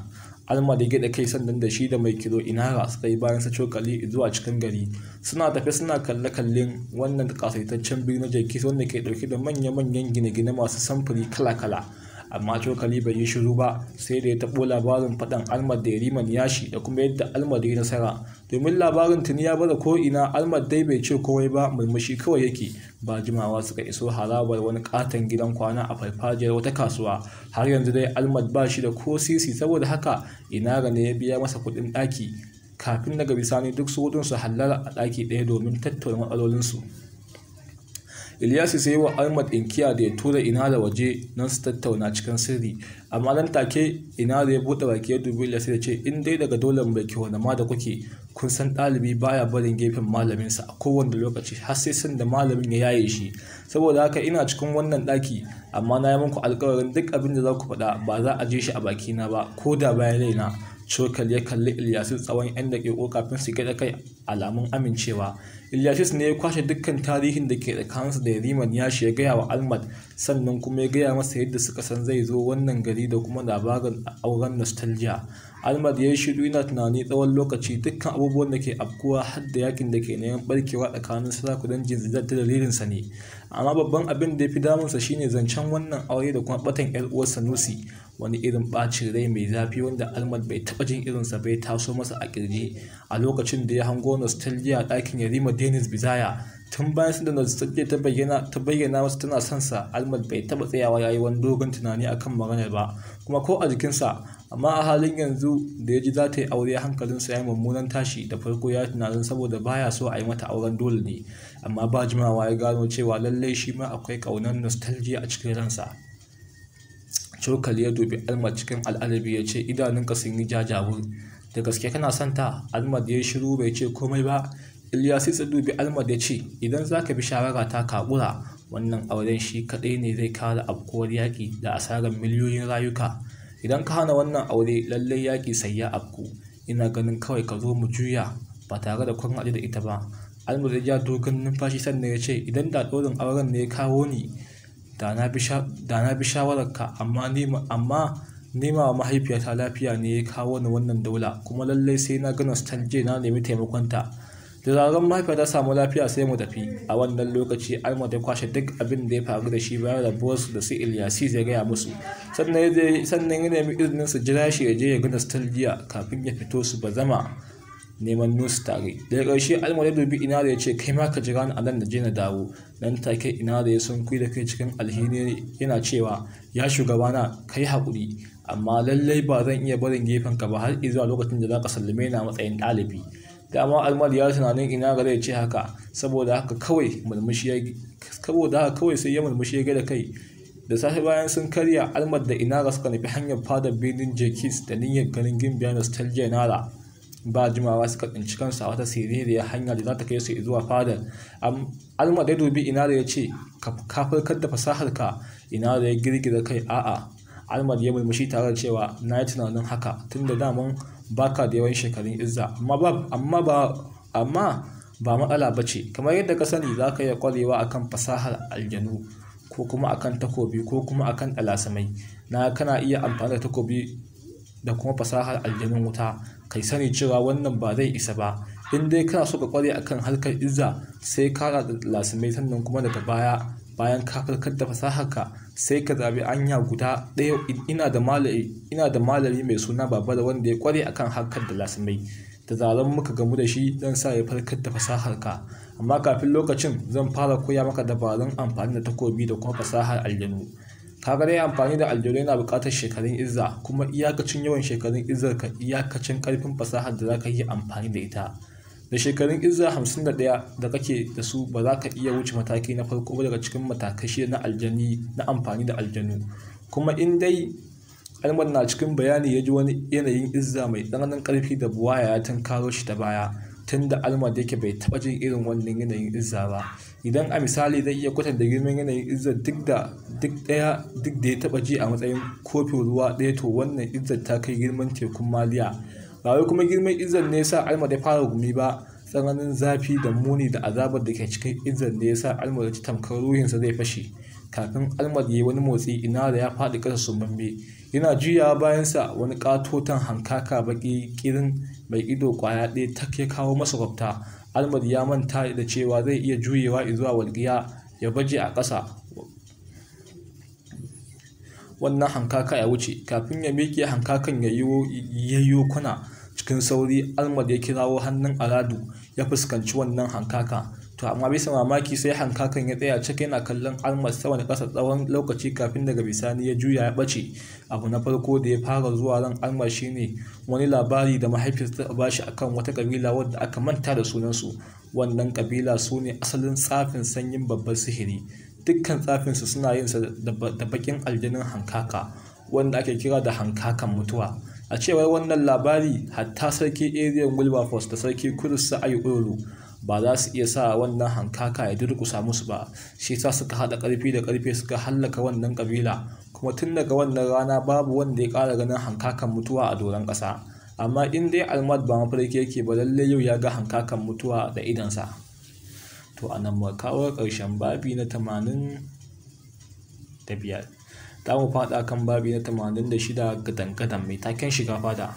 Alma da gida kai sandan da shi da mai kilo inara suka yi bayan sa cokali zuwa cikin gari. Suna tafe suna kalle-kallen wannan kasaitaccen birnin Jakis wanda ke ɗauke da manya-manyan gine-gine masu samfuri kala-kala. amma cokali bai yi shiru ba sai da ya taɓo labarin faɗan almar da yariman yashi da kuma yadda almar da ya nasara domin labarin tuni ya bada ina almar dai bai ce komai ba murmushi kawai yake ba jimawa suka iso harabar wani katon gidan kwana a farfajiyar wata kasuwa har yanzu dai almar ba shi da ko sisi saboda haka ga ne ya biya masa kuɗin ɗaki kafin daga bisani duk su hudun su halar a ɗaki ɗaya domin tattauna matsalolinsu Ilyasu sai yi wa Ahmad inkiya da ya tura ina da waje nan su tattauna cikin sirri amma nan take ina da ya buɗe baki ya dubi Ilyasu da ce in dai daga dole bai ki da ma da kuke kun san ɗalibi baya barin gefen malaminsa a kowane lokaci har sai san da malamin ya yaye shi saboda haka ina cikin wannan ɗaki amma na yi muku alkawarin duk abin da za ku faɗa ba za a je shi a baki na ba ko da bayan raina cokal ya kalli ilyasus tsawon 'yan daƙiƙo kafin su gaɗa kai alamun amincewa ilyasus ne ya kwashe dukkan tarihin da ke tsakaninsa da yariman ya shi ya gaya wa almad sannan kuma ya gaya masa yadda suka san zai zo wannan gari da kuma labarin auren nostalgia almad ya yi shiru yana tunani tsawon lokaci dukkan abubuwan da ke afkuwa har da yakin da ke neman barkewa tsakanin sarakunan jinzidar ta dalilinsa ne. Amma babban abin da ya fi damunsa shine zancen wannan aure da kuma batan 'yar uwarsa Nusi wani irin bacin rai mai zafi wanda almad bai taba jin irinsa bai taso masa a kirji a lokacin da ya hango nostalgia ɗakin Yarima Denis Bizaya tun bayan sun da nostalgia ta bayyana ta bayyana masa tana son sa almad bai taba tsayawa yayi wani dogon tunani akan maganar ba kuma ko a jikinsa amma a halin yanzu da ya ji za ta yi aure hankalinsa ya yi mummunan tashi da farko ya tunanin saboda baya so a yi mata auren dole ne amma ba jimawa ya gano cewa lallai shi ma akwai ƙaunar nostalgia a cikin ransa cokali ya dubi alma cikin al'adabi ya ce idanunka sun yi jajawur da gaske kana son ta da ya shiru bai ce komai ba ilyasi ya dubi alma ya ce idan za ka bi shawara ta kakura wannan auren shi kaɗai ne zai kare afkuwar yaƙi da asarar miliyoyin rayuka idan ka hana wannan aure lallai yaƙi sai ya afku ina ganin kawai ka zo mu juya ba tare da kun haɗu da ita ba almir ya dogon numfashi sannan ya ce idan da ɗaurin auren ne ya kawo ni da na bi shawararka amma amma nema wa mahaifiyata lafiya ne ya kawo ni wannan daula kuma lallai sai na gana stanje na nemi taimakonta da zarar ta samu lafiya sai mu tafi a wannan lokaci alma ta kwashe duk abin da ya faru da shi bayan rabuwarsu da su ilyasi zai gaya musu sannan ya nemi izinin su jira shi ya je ya gina nostalgia kafin ya fito su ba zama neman nusu tare daga ƙarshe alma ya dubi ina da ya ce kai ma ka jira ni a nan da je na dawo nan take ina da ya sun da kai cikin alhini yana cewa ya shugabana kai haƙuri amma lallai ba zan iya barin gefen ka ba har zuwa lokacin da za ka sallame na matsayin ɗalibi dama almal ya tunanin ina ga zai ce haka saboda haka kawai mulmushi ya saboda haka kawai sai ya murmushi ya gada kai da safe bayan sun karya almal da ina ga suka nufi hanyar fadar birnin jekis da niyyar ganin gimbiya nostalgia nara ba jimawa suka tsinci kansa wata siririya hanya da za ta kai su zuwa fadar almar ya dubi ina da ya ce ka farkar da fasaharka ina da ya girgiza kai a'a almar ya murmushi tare da cewa na yi tunanin haka tun da daman baka da yawan shekarun izza amma ba matsala ba ce kamar yadda ka sani za ka iya kwarewa akan fasahar aljanu ko kuma akan takobi ko kuma akan alasamai na kana iya amfani da takobi da kuma fasahar aljanun wuta kai sani cewa wannan ba zai isa ba in dai kana so ka kware akan harkar izza sai ka da ɗalasamai sannan kuma daga baya bayan ka farkar da fasaharka sai ka zabi anya guda ɗaya ina da malami mai suna babara wanda ya kware akan harkar da lasmai da zaran muka gamu da shi zan sa ya farkar da fasahar ka amma kafin lokacin zan fara koya maka dabarun amfani da takobi da kuma fasahar aljanu kaga dai amfani da aljanu yana buƙatar shekarun izza kuma iyakacin yawan shekarun izzar ka iyakacin ƙarfin fasahar da zaka yi amfani da ita da shekarun izza 51 da kake da su ba za ka iya wuce mataki na farko ba daga cikin matakai shida na aljani na amfani da aljanu kuma in dai almar na cikin bayani ya ji wani yanayin izza mai tsananin karfi da buwaya ya karo shi ta baya tunda da da yake bai taba jin irin wannan yanayin izza ba idan a misali zai iya kwatanta girman yanayin izza duk da daya duk ya taba ji a matsayin kofin ruwa ɗaya to wannan izzar ta kai girman tekun maliya ba wai kuma girman izan ne sa alma ya fara gumi ba tsananin zafi da muni da azabar da ke cikin izan ne yasa almar ci tamkar ruhinsa zai fashe kafin alma ya yi wani motsi ina da ya faɗi ƙasa sumbambe yana juyawa bayansa wani katotan hankaka baƙi ƙirin mai ido ƙwaya ɗaya ta ke kawo masa kwafta almar ya manta da cewa zai iya juyewa zuwa walgiya ya baje a ƙasa wannan hankaka ya wuce kafin ya miƙe hankakan ya yi kuna cikin sauri Ahmad ya kirawo hannun al'adu, ya fuskanci wannan hankaka. To amma bisa mamaki sai hankakan ya tsaya cikin yana kallon Ahmad sama da ƙasa tsawon lokaci kafin daga bisani ya juya ya ɓace. Abu na farko da ya fara zuwa ran Ahmad shine wani labari da mahaifiyarsa ta bashi akan wata kabila wadda aka manta da sunansu. Wannan kabila su ne asalin tsafin sanyin babban sihiri. Dukkan tsafinsu suna yin sa da bakin aljanin hankaka wanda ake kira da hankakan mutuwa. a cewar wannan labari hatta sarki ariel wilberforce da sarki kudus sa'ayi oro ba za su iya sa wannan hankaka ya durkusa musu ba shi sa suka haɗa ƙarfi da karfe suka hallaka wannan kabila kuma tun daga wannan rana babu wanda ya ƙara ganin hankakan mutuwa a doron ƙasa amma in dai almad ba mafarki yake ba lallai yau ya ga hankakan mutuwa da idansa to a nan kawo ƙarshen babi na tamanin Ta mu faɗa kan babi na 86 da shida gadan-gadan mai taken shiga fada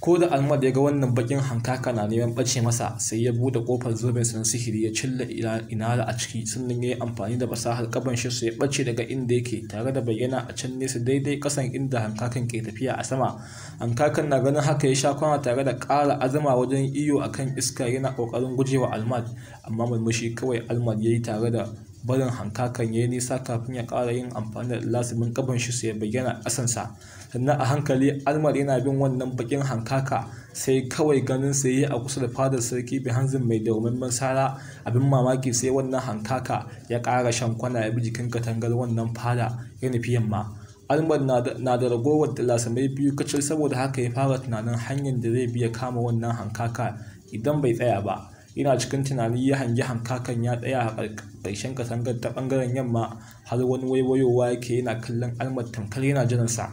ko da almad ya ga wannan bakin hankaka na neman ɓace masa sai ya buɗe ƙofar zoben na sihiri ya cilla inala a ciki sannan ya yi amfani da fasahar kaban shi su ya ɓace daga inda yake tare da bayyana a can nesa daidai kasan inda hankakan ke tafiya a sama hankakan na ganin haka ya sha kwana tare da ƙara azama wajen iyo akan iska yana ƙoƙarin gujewa almad amma murmushi kawai almad ya yi tare da barin hankakan ya nisa kafin ya ƙara yin amfani da lasimin kafan shi sai bayyana ƙasansa sannan a hankali almar yana bin wannan bakin hankaka sai kawai ganin sai yi a kusa da fadar sarki hanzin mai daumaimman sara abin mamaki sai wannan hankaka ya ƙara shan kwana ya bi jikin katangar wannan fada ya nufi yamma almar na da ragowar da lasamai biyu kacal saboda haka ya fara tunanin hanyar da zai biya kama wannan hankaka idan bai tsaya ba yana cikin tunani ya hangi hankakan ya tsaya a ƙarshen katangar ta ɓangaren yamma har wani waiwayowa yake yana kallon almar tamkar yana jiransa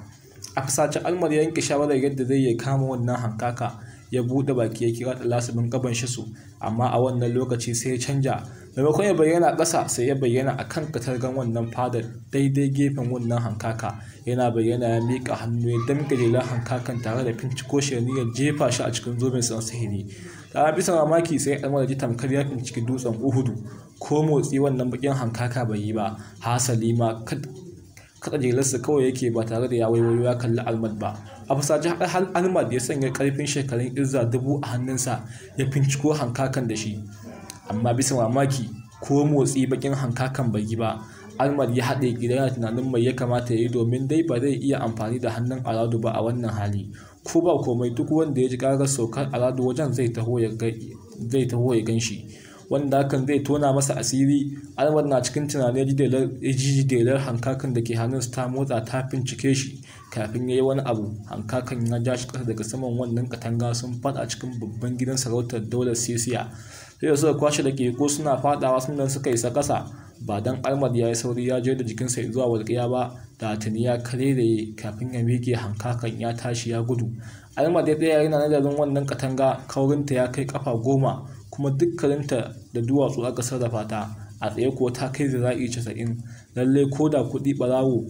a kasace almar ya yanke shawarar yadda zai iya kama wannan hankaka ya buɗe baki ya kira ta lasibin gaban shi su amma a wannan lokaci sai ya canja maimakon ya bayyana ƙasa sai ya bayyana a kan katargan wannan fadar daidai gefen wannan hankaka yana bayyana ya miƙa hannu ya damga jelar hankakan tare da finciko shi ya jefa shi a cikin zoben san sihiri ta bisa mamaki sai ya da ji tamkar ya finciki dutsen uhudu ko motsi wannan bakin hankaka bai yi ba hasali ma kada jelarsa kawai yake ba tare da ya waiwayo ya kalli almad ba a fasaji har almad ya sanya karfin shekarun izza dubu a hannunsa ya finciko hankakan da shi amma bisa mamaki ko motsi bakin hankakan bai yi ba almar ya haɗe gida yana tunanin mai ya kamata ya yi domin dai ba zai iya amfani da hannun aladu ba a wannan hali ko ba komai duk wanda ya ji karar saukar aladu wajen zai taho ya gan shi wanda hakan zai tona masa asiri almar na cikin tunanin ya ji jidelar hankakan da ke hannun su ta motsa ta cike shi kafin ya yi wani abu hankakan ya ja shi ƙasa daga saman wannan katanga sun faɗa cikin babban gidan sarautar daular sisiya sai suka kwashe da ke ko suna fadawa sannan suka isa kasa ba dan almad ya yi sauri ya je da jikinsa zuwa walƙiya ba da tuni ya kareraye kafin ya miƙe hankakan ya tashi ya gudu almad ya tsaya yana nazarin wannan katanga kaurinta ya kai kafa goma kuma dukkaninta da duwatsu aka sarrafa ta a tsaye kuwa ta kai zira'i casa'in lalle ko da kuɗi ɓarawo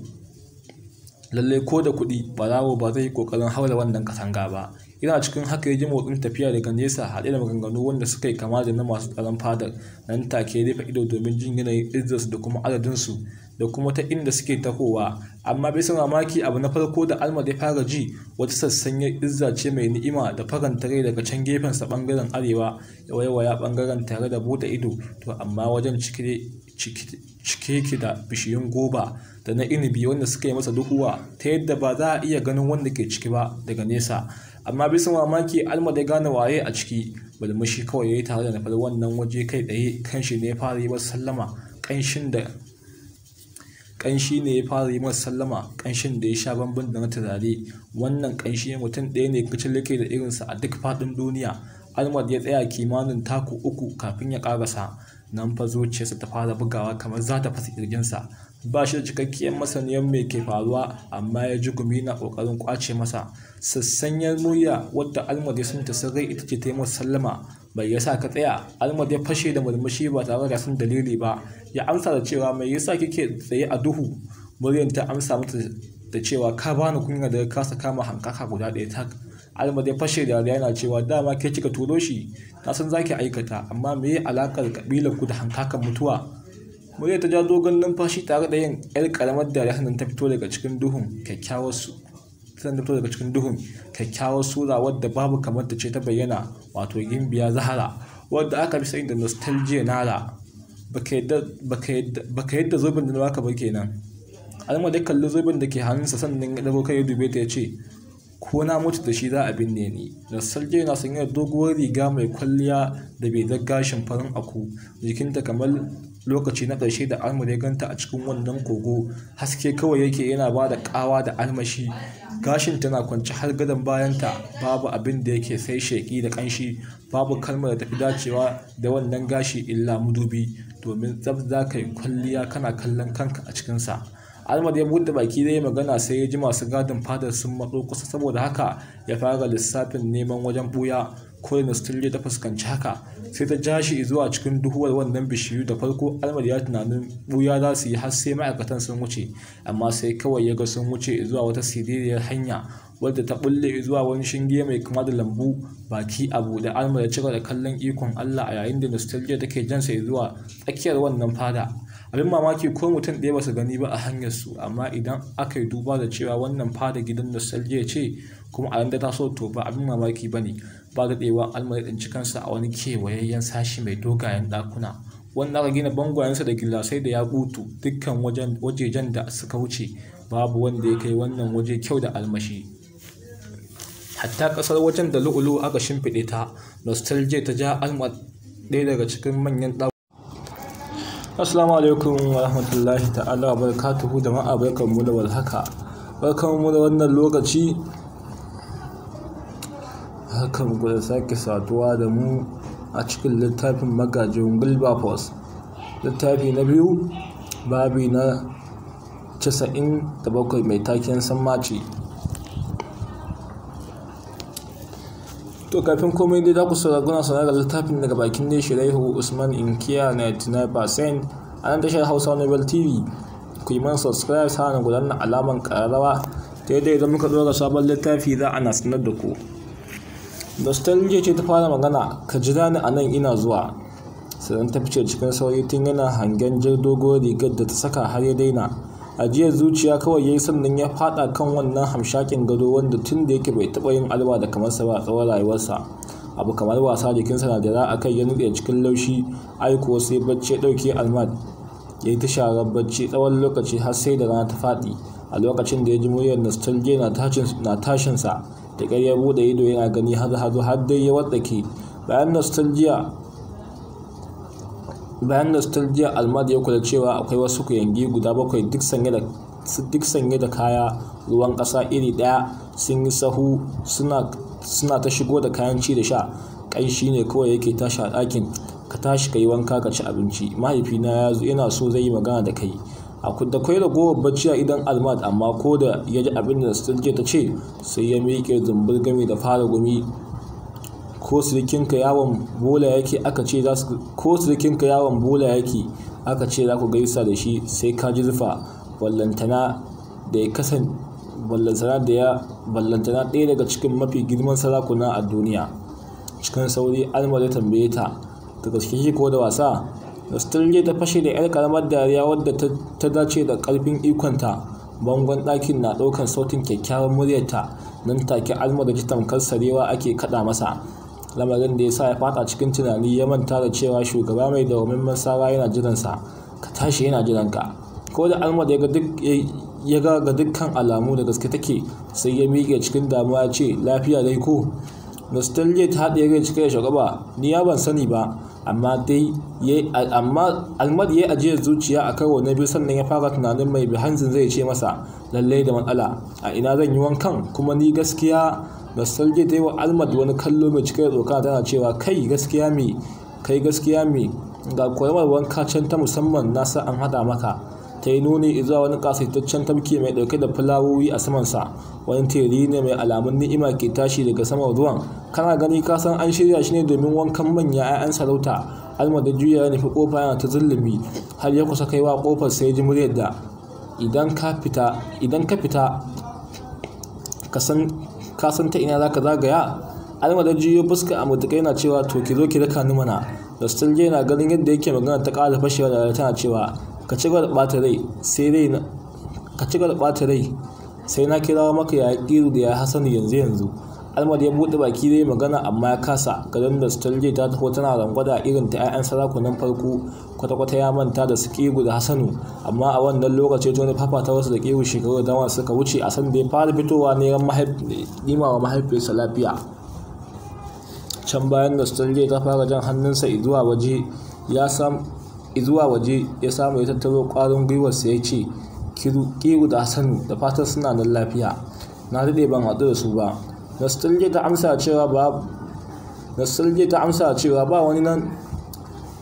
lalle ko da kuɗi ɓarawo ba zai yi ƙoƙarin haura wannan katanga ba ina cikin haka ya ji motsin tafiya daga nesa haɗe da maganganu wanda suka yi kama da na masu tsaron fadar nan take rufe ido domin jin yanayin izzarsu da kuma adadinsu da kuma ta inda suke tahowa amma bai san mamaki abu na farko da alma ya fara ji wata sassanyar izza ce mai ni'ima da faranta rai daga can gefensa bangaren arewa ya waiwaya bangaren tare da bude ido to amma wajen cike ki da bishiyun goba da na inibi wanda suka yi masa duhuwa ta yadda ba za a iya ganin wanda ke ciki ba daga nesa amma bisa mamaki alma da gane waye a ciki balmushi kawai ya yi tare da nafar wannan waje kai tsaye kanshi ne fara yi masa sallama kanshin da kanshi ne ya fara yi masa sallama kanshin da ya sha bambam da na turare wannan kanshi mutum ɗaya ne kacin lake da irinsa a duk faɗin duniya almad ya tsaya kimanin taku uku kafin ya ƙarasa nan fa zuciyarsa ta fara bugawa kamar za ta fasa ƙirjinsa ba shi da cikakkiyar masaniyar mai ke faruwa amma ya ji gumi na ƙoƙarin kwace masa sassanyar murya wadda almad ya sunta sarrai ita ce ta yi sallama bai yasa ka tsaya almad ya fashe da murmushi ba tare da sun dalili ba ya amsa da cewa mai yasa kike tsaye a duhu muryan ta amsa mata da cewa ka bani kunya da ka kasa kama hankaka guda ɗaya tak ya fashe da yana cewa dama ke kika turo shi ta san zaki aikata amma me ya alakar kabilar ku da hankakan mutuwa murya ta ja dogon numfashi tare da yin yar karamar da ta fito daga cikin duhun kyakkyawar su zan fito daga cikin duhun kyakkyawar sura wadda babu kamar ta ce ta bayyana wato gimbiya zahara wadda aka fi sani da nostalgia nara baka yadda zobin da baka ba kenan alma da kalli zobin da ke hannunsa sannan ya dago kai ya dube ta ya ce ko na mutu da shi za a binne ni nostalgia na sanya da doguwar riga mai kwalliya da bai gashin farin aku jikinta kamar lokaci na ƙarshe da Ahmad ya ganta a cikin wannan kogo haske kawai yake yana ba da ƙawa da almashi gashin tana kwanci har gadon bayanta babu abin da yake sai sheƙi da ƙanshi babu kalmar da tafi dacewa da wannan gashi illa mudubi domin tsaf za ka yi kwalliya kana kallon kanka a cikinsa almar ya buɗe baki zai magana sai ya ji masu gadin fadar sun matso kusa saboda haka ya fara lissafin neman wajen ɓuya su Tilly ta fuskanci haka sai ta ja shi zuwa cikin duhuwar wannan bishiyu da farko almar ya tunanin buya za su yi har sai ma'aikatan sun wuce amma sai kawai ya ga sun wuce zuwa wata siririyar hanya wadda ta bulle zuwa wani shinge mai kama da lambu baki abu da almar ya cika da kallon ikon Allah a yayin da nostalgia take jansa zuwa tsakiyar wannan fada abin mamaki ko mutum ɗaya ba su gani ba a hanyar su amma idan aka yi duba da cewa wannan fada gidan nostalgia ce kuma a ta so to ba abin mamaki ba ne ba daɗewa almar tsinci kansa a wani kewayayyen sashi mai dogayen ɗakuna wanda aka gina bangoyensa da gilasai da ya yakutu dukkan wajejen da suka wuce babu wanda ya kai wannan waje kyau da almashi hatta ƙasar wajen da lu'ulu aka shimfiɗe ta nostalgia ta ja almar ɗaya daga cikin manyan ɗakuna Assalamu alaikum wa rahmatullahi ta'ala wa barakatuhu da ma'a mu da warhaka. Barkan mu da wannan lokaci hakan ku da sake saduwa da mu a cikin littafin magajin wilberforce littafi na biyu babi na 97 mai taken sammaci to kafin komai dai za ku sauraguna sanar da littafin daga bakin ne shiraihu usman inkiya 99% a nan tashar hausa nobel tv ku yi man subscribe na gudanar alamar kararrawa daidai idan muka ɗora sabon littafi za a na sanar da ku nostalgia ce ta fara magana ka ji ni a nan ina zuwa sannan ta fice cikin sauri tun yana hangen jar dogon rigar da ta saka har ya daina ajiyar zuciya kawai ya yi sannan ya fada kan wannan hamshakin gado wanda tun da yake bai taba yin alba da kamarsa ba tsawon rayuwarsa abu kamar wasa jikinsa na dara a kai ya nutse cikin laushi aiko sai bacci ya ɗauke almad ya yi ta sharar bacci tsawon lokaci har sai da rana ta faɗi a lokacin da ya ji muryar nostalgia na tashinsa da ƙyar ya bude ido yana gani har hazo har dai ya watsake bayan nostalgia bayan nostalgia almad ya kula cewa akwai wasu kuyangi guda bakwai duk sanye da duk sanye da kaya ruwan ƙasa iri ɗaya sun yi sahu suna ta shigo da kayan ci da sha kai ne kawai yake tashi a ɗakin ka tashi ka yi wanka ka ci abinci mahaifina ya zo yana so zai yi magana da kai da kwai ragowar bacci a idan almat amma ko da ya ji abin da stilje ta ce sai ya miƙe zumbur gami da fara gumi ko sirikinka yawon bola yake aka ce yawon bola yake aka ce za ku gaisa da shi sai ka ji zufa ballantana da ya kasan ballantana da ya ballantana ɗaya daga cikin mafi girman sarakuna a duniya cikin sauri almar ya tambaye ta daga cikin shi ko da wasa Stanley ta fashe da 'yar karamar dariya wadda ta dace da ƙarfin ikonta. Bangon ɗakin na ɗaukar sautin kyakkyawar muryarta, nan take Alma da jitan karsarewa sarewa ake kaɗa masa. Lamarin da ya sa ya fata cikin tunani ya manta da cewa shugaba mai domin masara yana jiransa, ka tashi yana jiranka. Ko da Alma da ya ga ga dukkan alamu da gaske take sai ya miƙe cikin damuwa ya ce lafiya dai ko? Nostalgia ta haɗe rai cike da shagaba, ni ya ban sani ba, amma dai amma ya ajiyar zuciya a karo na biyu sannan ya fara tunanin mai bi hanzin zai ce masa lallai da matsala a ina zan yi wankan kuma ni gaskiya nostalgia ta yi wa almad wani kallo mai cikin da tsokana tana cewa kai gaskiya mi kai gaskiya mi ga koyarwar wanka can ta musamman na sa an hada maka ta yi nuni zuwa wani kasaitaccen tafki mai dauke da fulawowi a saman sa wani teri ne mai alamun ni'ima ke tashi daga saman ruwan kana gani ka san an shirya shi ne domin wankan manya 'ya'yan sarauta alma da juya ya nufi kofa yana ta zulumi har ya kusa kaiwa kofar sai ji muryar da idan ka fita idan ka fita ka san ta ina zaka zagaya alma da juya fuska a mutukai na cewa to ki zo ki raka ni mana da stilje na ganin yadda yake magana ta kala fashewa da tana cewa ka ci gaba da ɓata rai sai na ka ci maka ya da ya hasanu yanzu yanzu almar ya buɗe baki zai magana amma ya kasa garin da stalje ta taho tana rangwada irin ta 'ya'yan sarakunan farko kwata-kwata ya manta da su kiru da hasanu amma a wannan lokacin tuni ta wasu da kiru shekaru da suka wuce a san da ya fara fitowa ne wa mahaifiyarsa lafiya can bayan da stalje ta fara jan hannunsa zuwa waje ya samu. zuwa waje ya samu ya tattaro ƙwarin gwiwarsa ya ce ki da sanu da fatar suna nan lafiya na daɗe ban haɗu da su ba nastalje ta amsa cewa ba ta amsa cewa ba wani nan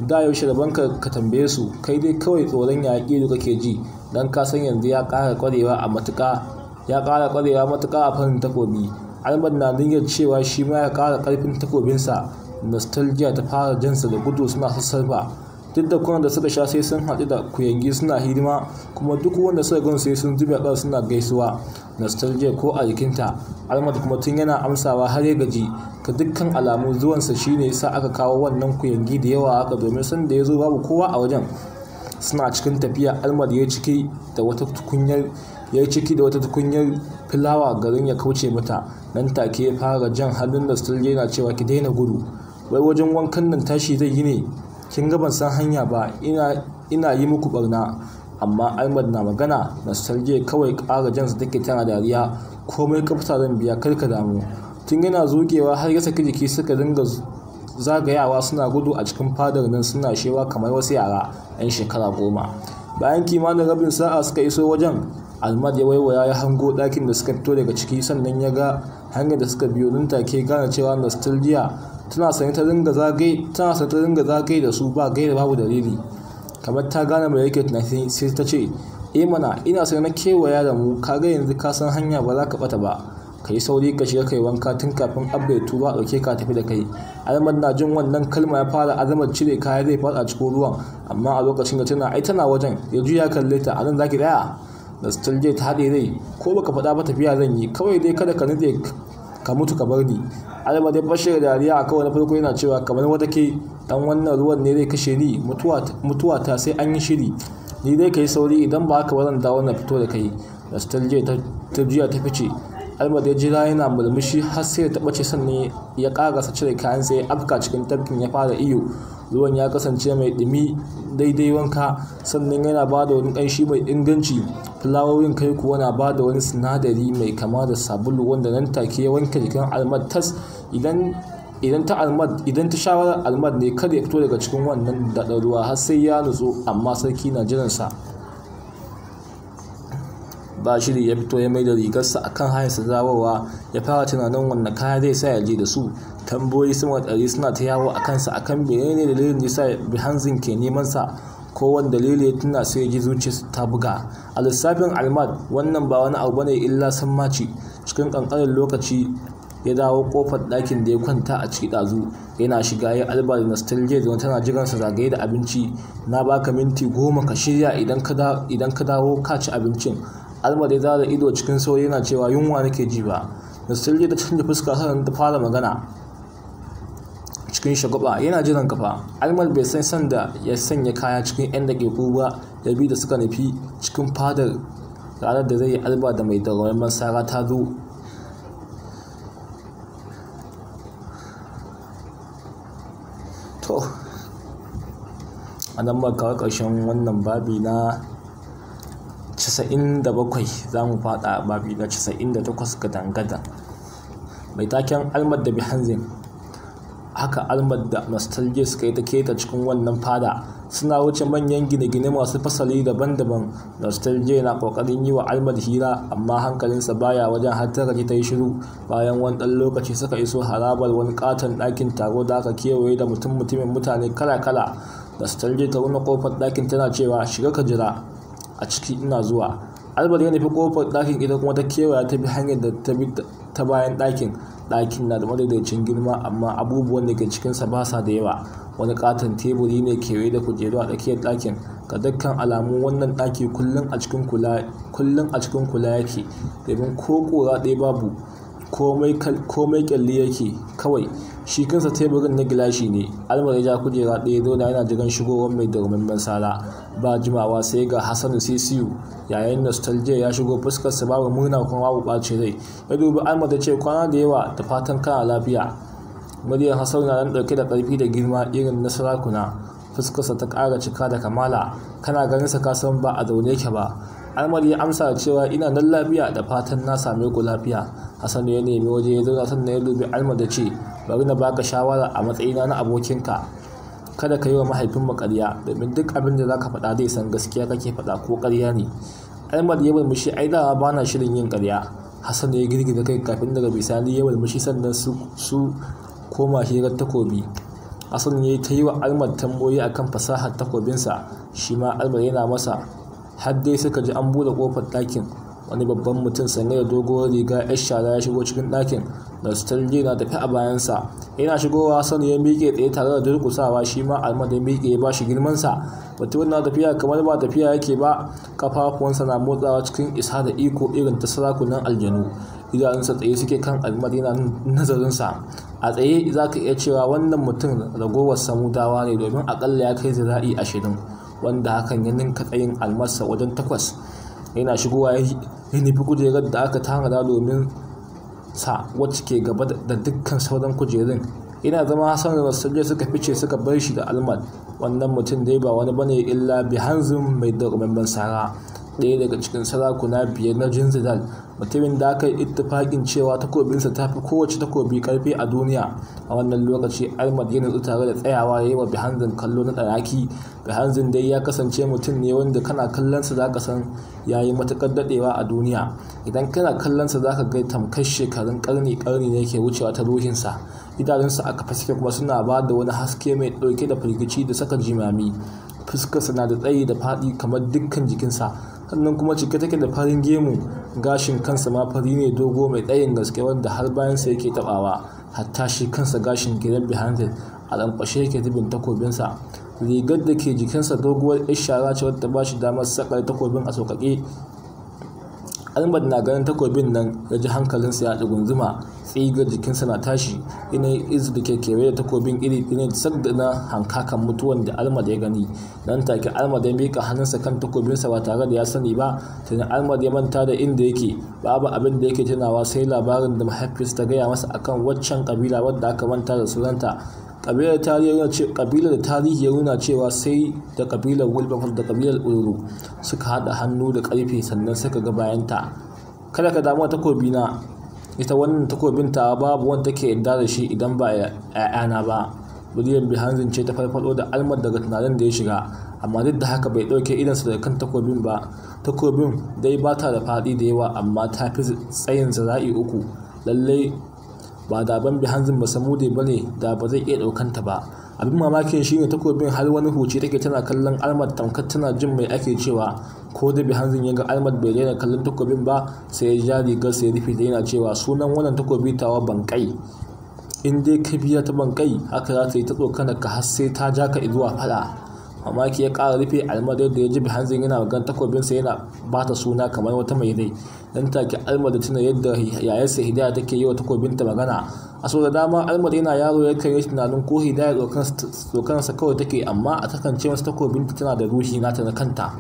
da yaushe da banka ka tambaye su kai dai kawai tsoron ya kiru kake ji dan ka san yanzu ya ƙara kwarewa a matuƙa ya ƙara ƙwarewa matuƙa a fannin takobi alban na dingar cewa shi ma ya kara ƙarfin takobinsa nostalgia ta fara jinsa da gudu suna sassarfa duk da kwanan da suka sha sai sun haɗu da kuyangi suna hidima kuma duk wanda suka gan sai sun zube a suna gaisuwa nostalgia ko a jikinta almadu kuma tun yana amsawa har ya gaji ka dukkan alamu zuwansa shine sa aka kawo wannan kuyangi da yawa haka domin san da ya zo babu kowa a wajen suna cikin tafiya almadu ya ciki da wata tukunyar ya yi ciki da wata tukunyar filawa garin ya kauce mata nan take ya fara jan hannun nostalgia yana cewa ki daina gudu wai wajen wankan nan tashi zai yi ne kin ga ban san hanya ba ina yi muku barna amma Ahmad na magana Nostalgia kawai ƙara jansa take tana dariya komai kafta zan biya kar ka damu tun yana zogewa har ya saki jiki suka dinga zagayawa suna gudu a cikin fadar nan suna shewa kamar wasu yara 'yan shekara goma bayan kimanin rabin sa'a suka iso wajen almad ya waiwaya ya hango ɗakin da suka fito daga ciki sannan ya ga hanyar da suka biyo nan take gane cewa nostalgia tana sanye ta ringa zagaye tana sanye ta ringa zagaye da su ba gaira babu dalili kamar ta gane mai yake tunani sai ta ce eh mana ina sanye na kewaya da mu ka ga yanzu ka san hanya ba za ka bata ba ka yi sauri ka shiga kai wanka tun kafin abba ya tuba ɗauke ka tafi da kai almar na jin wannan kalma ya fara azamar cire kaya zai a cikin ruwan amma a lokacin da tana ai tana wajen ya juya kalle ta a nan zaki daya da ta haɗe rai ko baka faɗa ba tafiya zan yi kawai dai kada ka nutse ka mutu ka bar ni alma dai da dariya a kawai na farko yana cewa kamar wata ke dan wannan ruwan ne zai kashe ni mutuwa ta sai an yi shiri ni dai ka yi sauri idan ba haka ba zan dawo na fito da kai nostalgia ta ta fice albert ya jira yana murmushi har sai ya taɓa ce sannan ya karasa cire kayan sai ya afka cikin tafkin ya fara iyo ruwan ya kasance mai ɗumi daidai wanka sannan yana ba da wani kanshi mai inganci fulawoyin kai kuwa na ba da wani sinadari mai kama da sabulu wanda nan take ya wanke jikin almad tas idan ta almad idan ta shawarar almad ne kada ya fito daga cikin wannan daɗa har sai ya nutsu amma sarki na jiransa ba shiri ya fito ya mai da rigarsa a kan hanyarsa dawowa ya fara tunanin wanne kaya zai sa ya je da su tamboyi sama da ɗari suna ta yawo a kansa a kan menene dalilin da sa hanzin ke neman sa ko wani dalili ya tuna sai ya ji zuciya ta buga a lissafin almad wannan ba wani abu bane illa maci cikin kankanin lokaci ya dawo kofar dakin da ya kwanta a ciki ɗazu yana shiga ya alba da nostalgia da tana sa zagaye da abinci na baka minti goma ka shirya idan ka dawo ka ci abincin alma ya zara ido cikin sauri yana cewa yunwa nake ji ba da sirri ta canza fuska sannan ta fara magana cikin shagwaba yana jiran kafa almar bai san sanda ya sanya kaya cikin 'yan daƙiƙu ba da bi da suka nufi cikin fadar ranar da zai yi alba da mai dalolin masara ta zo to a nan ba ƙarshen wannan babi na 97 za mu fada babi na 98 ga dangada mai taken almar da bihanzin haka almar da nostalgia suka yi ta keta cikin wannan fada suna wuce manyan gine-gine masu fasali daban-daban nostalgia na kokarin yi wa almar hira amma hankalinsa baya wajen hattara ta yi shiru bayan wani ɗan lokaci suka iso harabar wani katon dakin taro da aka kewaye da mutum-mutumin mutane kala-kala nostalgia ta wani kofar ɗakin tana cewa shiga ka jira a ciki ina zuwa albert ya nufi kofar ɗakin ita kuma ta kewaya ta bi hanyar da ta bi ta bayan ɗakin ɗakin na da madaidaicin girma amma abubuwan da ke cikinsa ba sa da yawa wani katon teburi ne kewaye da kujeru a tsakiyar ɗakin ga dukkan alamu wannan ɗaki kullum a cikin kula yake domin ko ƙura ɗaya babu komai kyalli yake kawai shi kansa teburin na gilashi ne almar ja kujera ɗaya zauna yana jiran shigowar mai dormammen sala ba jimawa sai ga hassanu sisiyu yayin nostalgia ya shigo fuskarsa babu murna kuma babu ɓace rai ya dubi almar ta ce kwana da yawa da fatan kana lafiya muryar hassanu na nan ɗauke da ƙarfi da girma irin na sarakuna fuskarsa ta ƙara cika da kamala kana ganin sa ka san ba a zaune ke ba almar ya amsa cewa ina nan lafiya da fatan na same ku lafiya hassan ya nemi waje ya zauna sannan ya dubi almar da ce bari na baka shawara a matsayina na abokinka kada ka yi wa mahaifinmu karya, domin duk abin da zaka faɗa zai san gaskiya kake faɗa ko karya ne almar ya murmushi ai da ba na shirin yin karya. hassan ya girgiza kai kafin daga bisani ya murmushi sannan su koma hirar takobi hassan ya yi ta yi wa almar tamboyi akan fasahar takobinsa shi ma almar yana masa har dai suka ji an bude kofar ɗakin wani babban mutum sanye da doguwar riga yar shara ya shigo cikin ɗakin da na tafi a bayansa yana shigowa sani ya miƙe tsaye tare da durƙusawa shi ma almad ya miƙe ya bashi girmansa mutumin na tafiya kamar ba tafiya yake ba kafafuwansa na motsawa cikin isa da iko irin ta sarakunan aljanu idanunsa tsaye suke kan almad yana nazarinsa a tsaye za ka iya cewa wannan mutum ragowar samu dawa ne domin akalla ya kai zira'i ashirin wanda hakan ya ninka tsayin almasa wajen takwas yana shigowa ya nufi kujerar da aka tanada domin sa wacce ke gaba da dukkan sauran kujerun yana zama hassan da wasu suka fice suka bar shi da almat wannan mutum dai ba wani bane illa bihanzin mai dogamman sara ɗaya daga cikin sarakuna biyar na jinzidal mutumin da aka yi ittifakin cewa takobinsa ta fi kowace takobi karfi a duniya a wannan lokaci Ahmad ya nutsu tare da tsayawa ya yi wa bihanzin kallo na tsaraki Hanzin dai ya kasance mutum ne wanda kana kallonsa za ka san ya yi matuƙar daɗewa a duniya idan kana kallonsa za ka gai tamkar shekarun ƙarni ƙarni ne ke wucewa ta ruhinsa idanunsa aka fasike kuma suna ba da wani haske mai ɗauke da firgici da saka jimami fuskarsa na da tsayi da faɗi kamar dukkan jikinsa sannan kuma cike take da farin gemu gashin kansa ma fari ne dogo mai tsayin gaske wanda har bayansa yake taɓawa hatta shi kansa gashin gidan bihanzin a ɗanfashe yake zubin takobinsa rigar da ke jikinsa doguwar ishara ce wadda ba shi damar sakar takobin a sauƙaƙe albert na ganin takobin nan ya ji hankalinsa ya ɗigunzuma tsigar jikinsa na tashi ina izu da ke kewaye da takobin iri ina sak da na hankakan mutuwan da almad ya gani nan take almad ya miƙa hannunsa kan takobinsa ba tare da ya sani ba tunan almad ya manta da inda yake babu abin da yake tunawa sai labarin da mahaifis ta gaya masa akan waccan kabila wadda aka manta da sunanta kabilar da tarihi ya nuna cewa sai da kabilar wilbur da kabilar uru suka haɗa hannu da ƙarfe sannan suka ga bayanta kada ka damu takobi na ita wannan takobin ta babu wanda take yadda da shi idan ba ‘ya'yana ba william bihanzin ce ta farfado da almar daga tunanin da ya shiga amma duk da haka bai ɗauke idansa daga kan takobin ba takobin dai ba ta da faɗi da yawa amma ta fi tsayin zira'i uku lallai ba daban bi hanzin ba samude ba ne da ba zai iya ɗaukanta ba abin mamakin shine takobin har wani huce take tana kallon almad tamkar tana jin mai ake cewa ko da bi hanzin ya ga almar bai daina kallon takobin ba sai ya ja rigar sai ya rufe da yana cewa sunan wannan takobi tawa bankai in dai ka biya ta bankai haka za ta yi ta tsokana ka har sai ta ja ka zuwa fada mamaki ya kara rufe almar da ya jibi hanzin yana takobin sa yana bata suna kamar wata mai rai dan take almar da tuna yadda yayarsa hidaya take yi wa ta magana a so da dama almar yana yaro ya kai tunanin ko hidaya tsokansa kawai take amma a takance masa takobinta tana da ruhi nata na kanta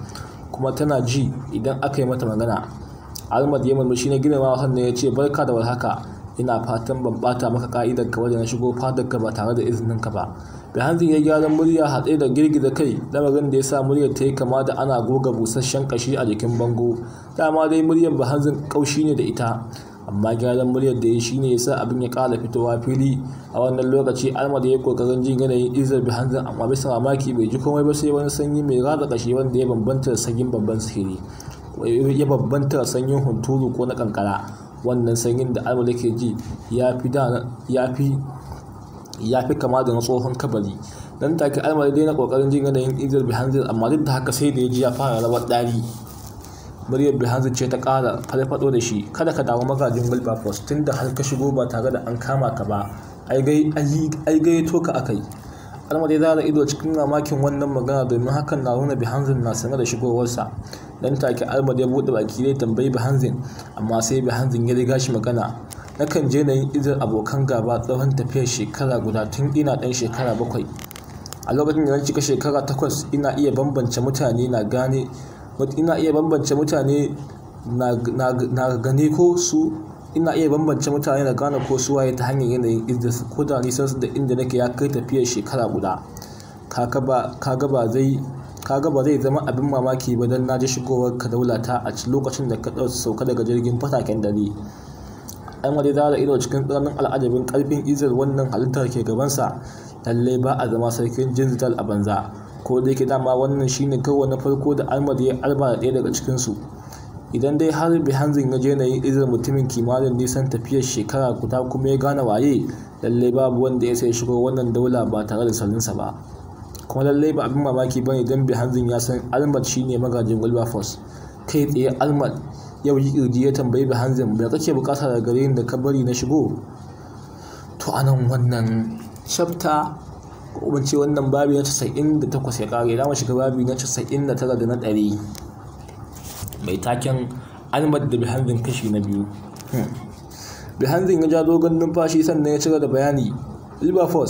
kuma tana ji idan aka yi mata magana almar ya murmushi na girma ya ce barka da warhaka ina fatan ban bata maka ka'idar ka wajen shigo fadar ka ba tare da izinin ka ba da ya ya gyaran murya haɗe da girgiza kai lamarin da ya sa muryar ta yi kama da ana goga busasshen kashi a jikin bango dama dai muryar ba kaushi ne da ita amma gyaran muryar da ya shi ne ya sa abin ya kara fitowa fili a wannan lokaci almad ya kokarin jin yanayin izar bi hanzin amma bisa mamaki bai ji komai ba sai wani sanyi mai ratsa kashi wanda ya bambanta da sanyin babban sihiri ya bambanta sanyin hunturu ko na kankara wannan sanyin da ya ke ji ya fi ya fi kama da na tsohon kabari dan take almar dai na kokarin jin yanayin izar bihanzir amma duk da haka sai da ya ji ya fara raba dari muryar bihanzir ce ta kara farfado da shi kada ka damu magajin post tun da har ka shigo ba tare da an kama ka ba ai to ka akai almar dai zara ido cikin mamakin wannan magana domin hakan na nuna bihanzir na sanar da shigowarsa dan take almar ya buɗe baki zai tambayi bihanzir amma sai bihanzir ya riga shi magana nakan je na yin izar abokan gaba tsawon tafiyar shekara guda tun ina ɗan shekara bakwai a lokacin da na cika shekara takwas ina iya bambance mutane na gane ina iya bambance mutane na gane ko su ina iya bambance mutane na gane ko su waye ta hanyar yanayin su ko da nisan su da inda nake ya kai tafiyar shekara guda kaga ba zai kaga ba zai zama abin mamaki ba don na ji shigowar ka ta a lokacin da ka sauka daga jirgin fataken dare an wani zara ido cikin tsananin al'ajabin karfin izar wannan halittar ke gabansa lallai ba a zama sarkin jinzital a banza ko da yake dama wannan shine kawo na farko da almar ya alba da ɗaya daga cikinsu idan dai har bihanzin ya je na yin izar mutumin kimanin nisan tafiyar shekara guda kuma ya gane waye lallai babu wanda ya sai shigo wannan daula ba tare da saninsa ba kuma lallai ba abin mamaki bane don bihanzin ya san almar shine magajin Gulba force kai tsaye almar ya bugi kirji ya tambayi Bihanzin me kake bukata daga gare da ka bari na shigo to anan wannan shafta ko kuma ce wannan babi na 98 ya kare dama mu shiga babi na 99 da na 100 mai taken almad da Bihanzin kashi na biyu hmm. Bihanzin ya ja dogon numfashi sannan ya cigaba da bayani liverpool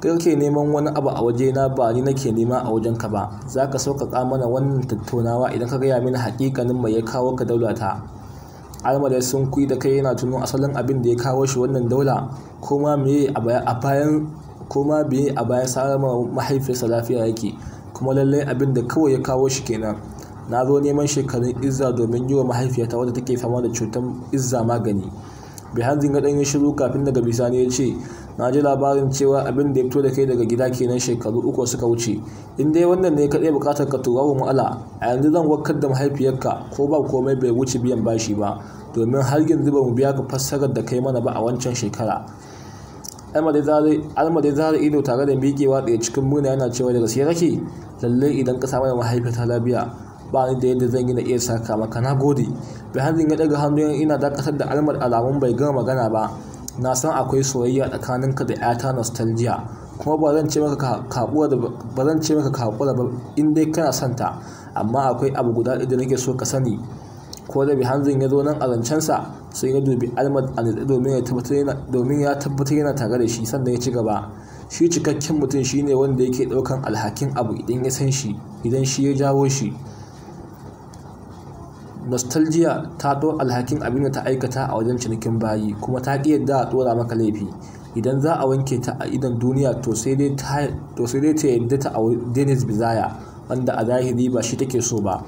kai kake neman wani abu a waje na ba ni nake nema a wajen ka ba za ka sauƙaƙa mana wannan tattaunawa idan ka gaya mini haƙiƙanin mai ya kawo ka daulata alma da sun kuyi da kai yana tuno asalin abin da ya kawo shi wannan daula ko ma a bayan ko ma biye a bayan sarama mahaifiyarsa lafiya yake kuma lallai abin da kawai ya kawo shi kenan na zo neman shekarun izza domin yi wa mahaifiyata wadda take fama da cutar izza magani bai hanzin ga shiru kafin daga bisani ya ce na ji labarin cewa abin da ya fito da kai daga gida kenan shekaru uku suka wuce in dai wannan ne kaɗai buƙatar ka turawa ala a yanzu zan wakar da mahaifiyarka ko ba komai bai wuce biyan bashi ba domin har yanzu ba mu biya ka fassarar da kai mana ba a wancan shekara alma dai zara ido tare da miƙewa ɗaya cikin muna yana cewa da gaske kake lallai idan ka samu ta labiya ba ni da yadda zan yi iya saka maka na gode bai hanzin ya ɗaga hannu ina dakatar da almar alamun bai gama magana ba na san akwai soyayya tsakaninka da ta Nostalgia kuma ba zan ce maka da ba in dai kana son amma akwai abu guda ɗaya da nake so ka sani ko da hanzin ya zo nan a zancensa sai ya dubi almad a domin ya tabbatar yana tare da shi sannan ya ci gaba shi cikakken mutum shine wanda yake ɗaukan alhakin abu idan ya san shi idan shi ya jawo shi nostalgia ta ɗau alhakin abin da ta aikata a wajen cinikin bayi kuma ta ƙi yadda a ɗora maka laifi idan za a wanke ta a idon duniya to sai dai ta yadda ta aure denis bizaya wanda a zahiri ba shi take so ba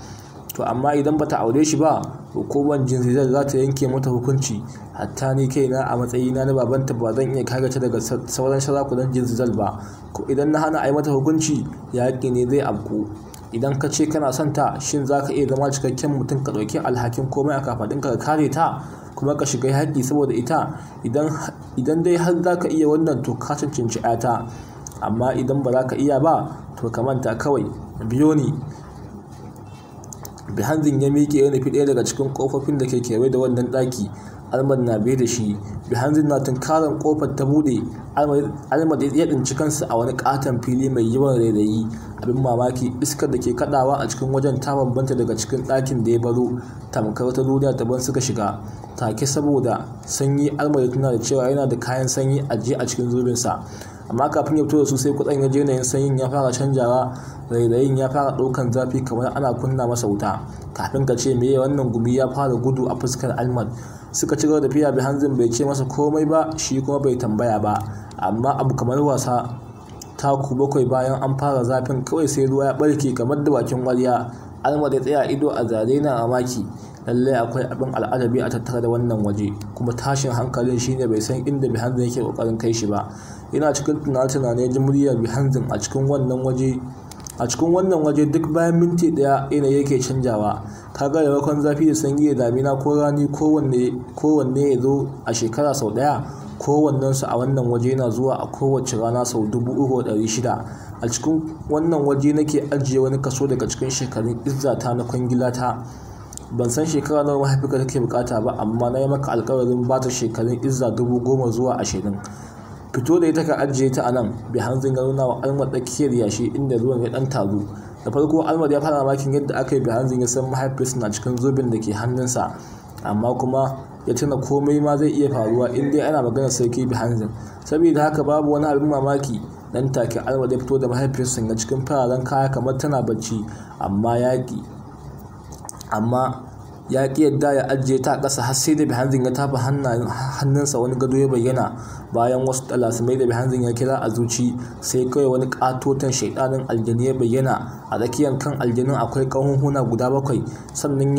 to amma idan ba ta aure shi ba hukumar jinsi za ta yanke mata hukunci hatta ni kai na a matsayina na babanta ba zan iya kare ta daga sauran sharakunan jinsi ba ko idan na hana a yi mata hukunci yaƙi ne zai abku idan ka ce kana son ta shin za ka iya zama cikakken mutum ka ɗauki alhakin komai a kafaɗin ka kare ta kuma ka shiga haƙƙi saboda ita idan dai har za ka iya wannan to ka cancanci ta amma idan ba za ka iya ba to ka manta kawai biyo ni bihanzin ya miƙe ya nufi ɗaya daga cikin ƙofofin da ke kewaye da wannan ɗaki almad na bai da shi johannes na tunkarar kofar ta bude almad ya tsinci kansa a wani katon fili mai yawan rairayi abin mamaki iskar da ke kadawa a cikin wajen ta bambanta daga cikin ɗakin da ya baro tamkar ta duniya ta ban suka shiga take saboda sanyi almad ya tuna da cewa yana da kayan sanyi a ajiye a cikin zubinsa amma kafin ya fito da su sai kutsan ya je yanayin sanyin ya fara canjawa rairayin ya fara ɗaukan zafi kamar ana kunna masa wuta kafin ka ce meye wannan gumi ya fara gudu a fuskar almad suka ci gaba da tafiya bi hanzin bai ce masa komai ba shi kuma bai tambaya ba amma abu kamar wasa ta taku bakwai bayan an fara zafin kawai sai ruwa ya barke kamar da bakin kwarya alma ya tsaya ido a zare na mamaki lallai akwai abin al'adabi a tattare da wannan waje kuma tashin hankalin shine bai san inda bihanzin yake kokarin kai shi ba yana cikin tunane tunane jin muryar bihanzin a cikin wannan waje a cikin wannan waje duk bayan minti daya yanayi yake canjawa kaga maimakon zafi da sanyi da damina ko rani kowanne ya zo a shekara sau daya kowannensu a wannan waje yana zuwa a kowace rana sau dubu uku da ɗari shida a cikin wannan waje nake ajiye wani kaso daga cikin shekarun izzata na kwangilata ban san shekara nawa mahaifinka take bukata ba amma na yi maka alkawarin ba ta shekarun izza dubu goma zuwa ashirin fito da ita ka ajiye ta a nan bi hanzin ga nuna wa almar tsakiyar yashi inda ruwan ya dan taru da farko almar ya fara makin yadda aka yi bi hanzin ya san mahaifinsa na cikin zubin da ke hannunsa amma kuma ya tuna komai ma zai iya faruwa in dai ana maganar sarki bi hanzin saboda haka babu wani abin mamaki nan take almar ya fito da mahaifinsa na cikin fararen kaya kamar tana bacci amma yaƙi amma ya ki yadda ya ajiye ta kasa har sai da bihanzin ya tafi hannunsa wani gado ya bayyana bayan wasu talasimai da bihanzin ya kira a zuci sai kawai wani katotan shaidanin aljani ya bayyana a tsakiyar kan aljanin akwai huna guda bakwai sannan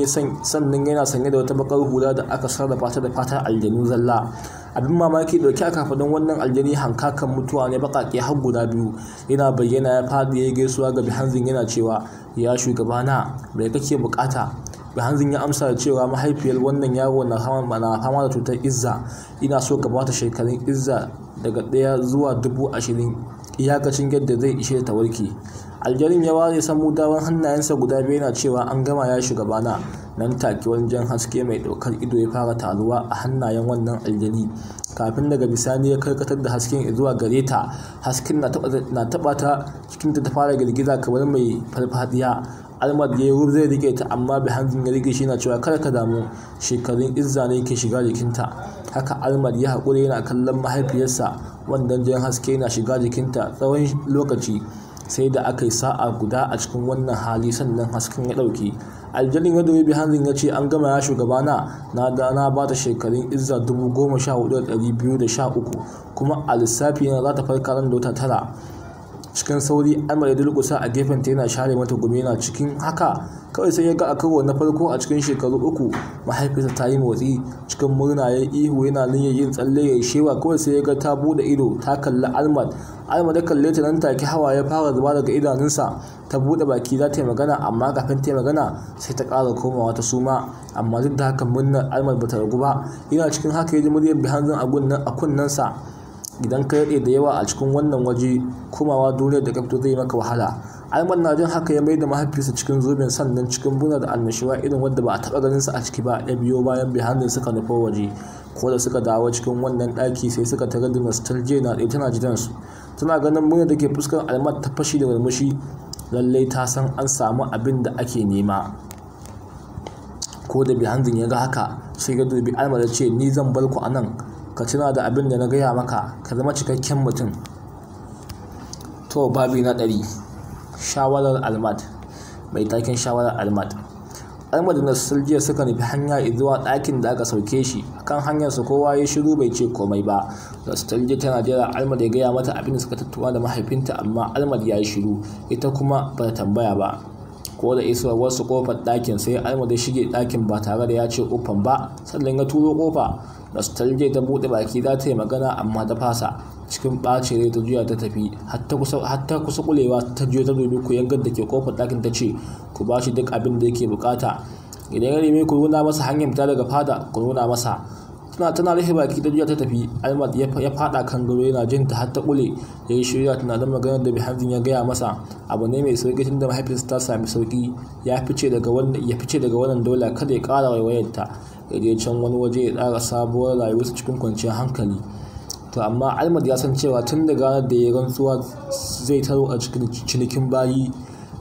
yana sanye da wata bakar hula da aka sarrafa ta da fatar aljanu zalla abin mamaki dauke a kafadin wannan aljani hankakan mutuwa ne bakake har guda biyu yana bayyana ya fadi ya gaisuwa ga bihanzin yana cewa ya shugabana mai kake bukata Hanzin ya amsa da cewa mahaifiyar wannan yaro na fama da cutar izza ina so ka bata shekarun izza daga ɗaya zuwa dubu ashirin iyakacin yadda zai ishe ta warke aljarin ya ware samu samudawan hannayensa guda biyu yana cewa an gama ya shugabana nan take wani jan haske mai ɗaukar ido ya fara taruwa a hannayen wannan aljani kafin daga bisani ya karkatar da hasken zuwa gare ta hasken na taɓa ta cikin ta fara girgiza kamar mai farfadiya almad ya yi zai rike ta amma bihanzin ya rike shi na cewa kar ka damu shekarun izza ne ke shiga jikinta haka almad ya haƙuri yana kallon mahaifiyarsa wanda jan haske na shiga jikinta tsawon lokaci sai da aka yi sa'a guda a cikin wannan hali sannan hasken ya ɗauki aljanin ya dubi hanzin ya ce an gama ya shugabana na da na ba ta shekarun izza dubu goma sha hudu da ɗari biyu da sha uku kuma a lissafi yana za ta farka ran da wata tara cikin sauri amir ya durkusa a gefen gefenta yana share mata gumi yana cikin haka kawai sai ya ga a karo na farko a cikin shekaru uku mahaifinsa ta yi motsi cikin murna ya ihu yana niyyar yin tsalle ya shewa kawai sai ya ga ta buɗe ido ta kalli almad almad ya kalle ta nan take hawa ya fara zuba daga idanunsa ta buɗe baki za ta yi magana amma kafin ta yi magana sai ta ƙara komawa ta suma amma duk da haka murnar almad ta ragu ba yana cikin haka ya ji muryar bihanzin a kunnen a kunnensa idan ka yaɗe da yawa a cikin wannan waje komawa duniya da kafto zai maka wahala Ayman na jin haka ya maida mahaifinsa cikin zubin sannan cikin buna da annashuwa irin wadda ba a taɓa ganin sa a ciki ba ya biyo bayan bihandin suka nufa waje ko da suka dawo cikin wannan ɗaki sai suka tarar da nostalgia na ɗaya tana su tana ganin muna da ke fuskar almat ta fashi da murmushi lallai ta san an samu abin da ake nema ko da bihandin ya ga haka sai ya dubi almar ce ni zan bar ku a nan ka tuna da abin da na gaya maka ka zama cikakken mutum to babi na ɗari shawarar almad mai taken shawarar almad almad da sulgiyar suka nufi hanya zuwa ɗakin da aka sauke shi kan hanyarsa kowa ya shiru bai ce komai ba nostalgia tana jira almad ya gaya mata abin da suka tattuwa da mahaifinta amma almad ya yi shiru ita kuma ba ta tambaya ba ko da isowar wasu kofar ɗakin sai almad ya shige ɗakin ba tare da ya ce kofan ba sannan ya turo kofa nostalgia ta buɗe baki za ta yi magana amma ta fasa cikin bace ne ta juya ta tafi hatta kusa kulewa ta juya ta dubi ku yangar da ke kofar ɗakin ta ce ku ba shi duk abin da yake bukata idan ya nemi ku nuna masa hanyar fita daga fada ku nuna masa tana tana rufe baki ta juya ta tafi almat ya fada kan gado yana jin ta hatta kule ya yi shirya tunanin maganar da bihamdin ya gaya masa abu ne mai sauki da mahaifinsa ta sami sauki ya fice daga wannan ya dola kada ya kara waiwayarta ya je can wani waje ya tsara sabuwar rayuwarsa cikin kwanciyar hankali to amma almad ya san cewa tun da ganar da ya rantsuwa zai taro a cikin cinikin bayi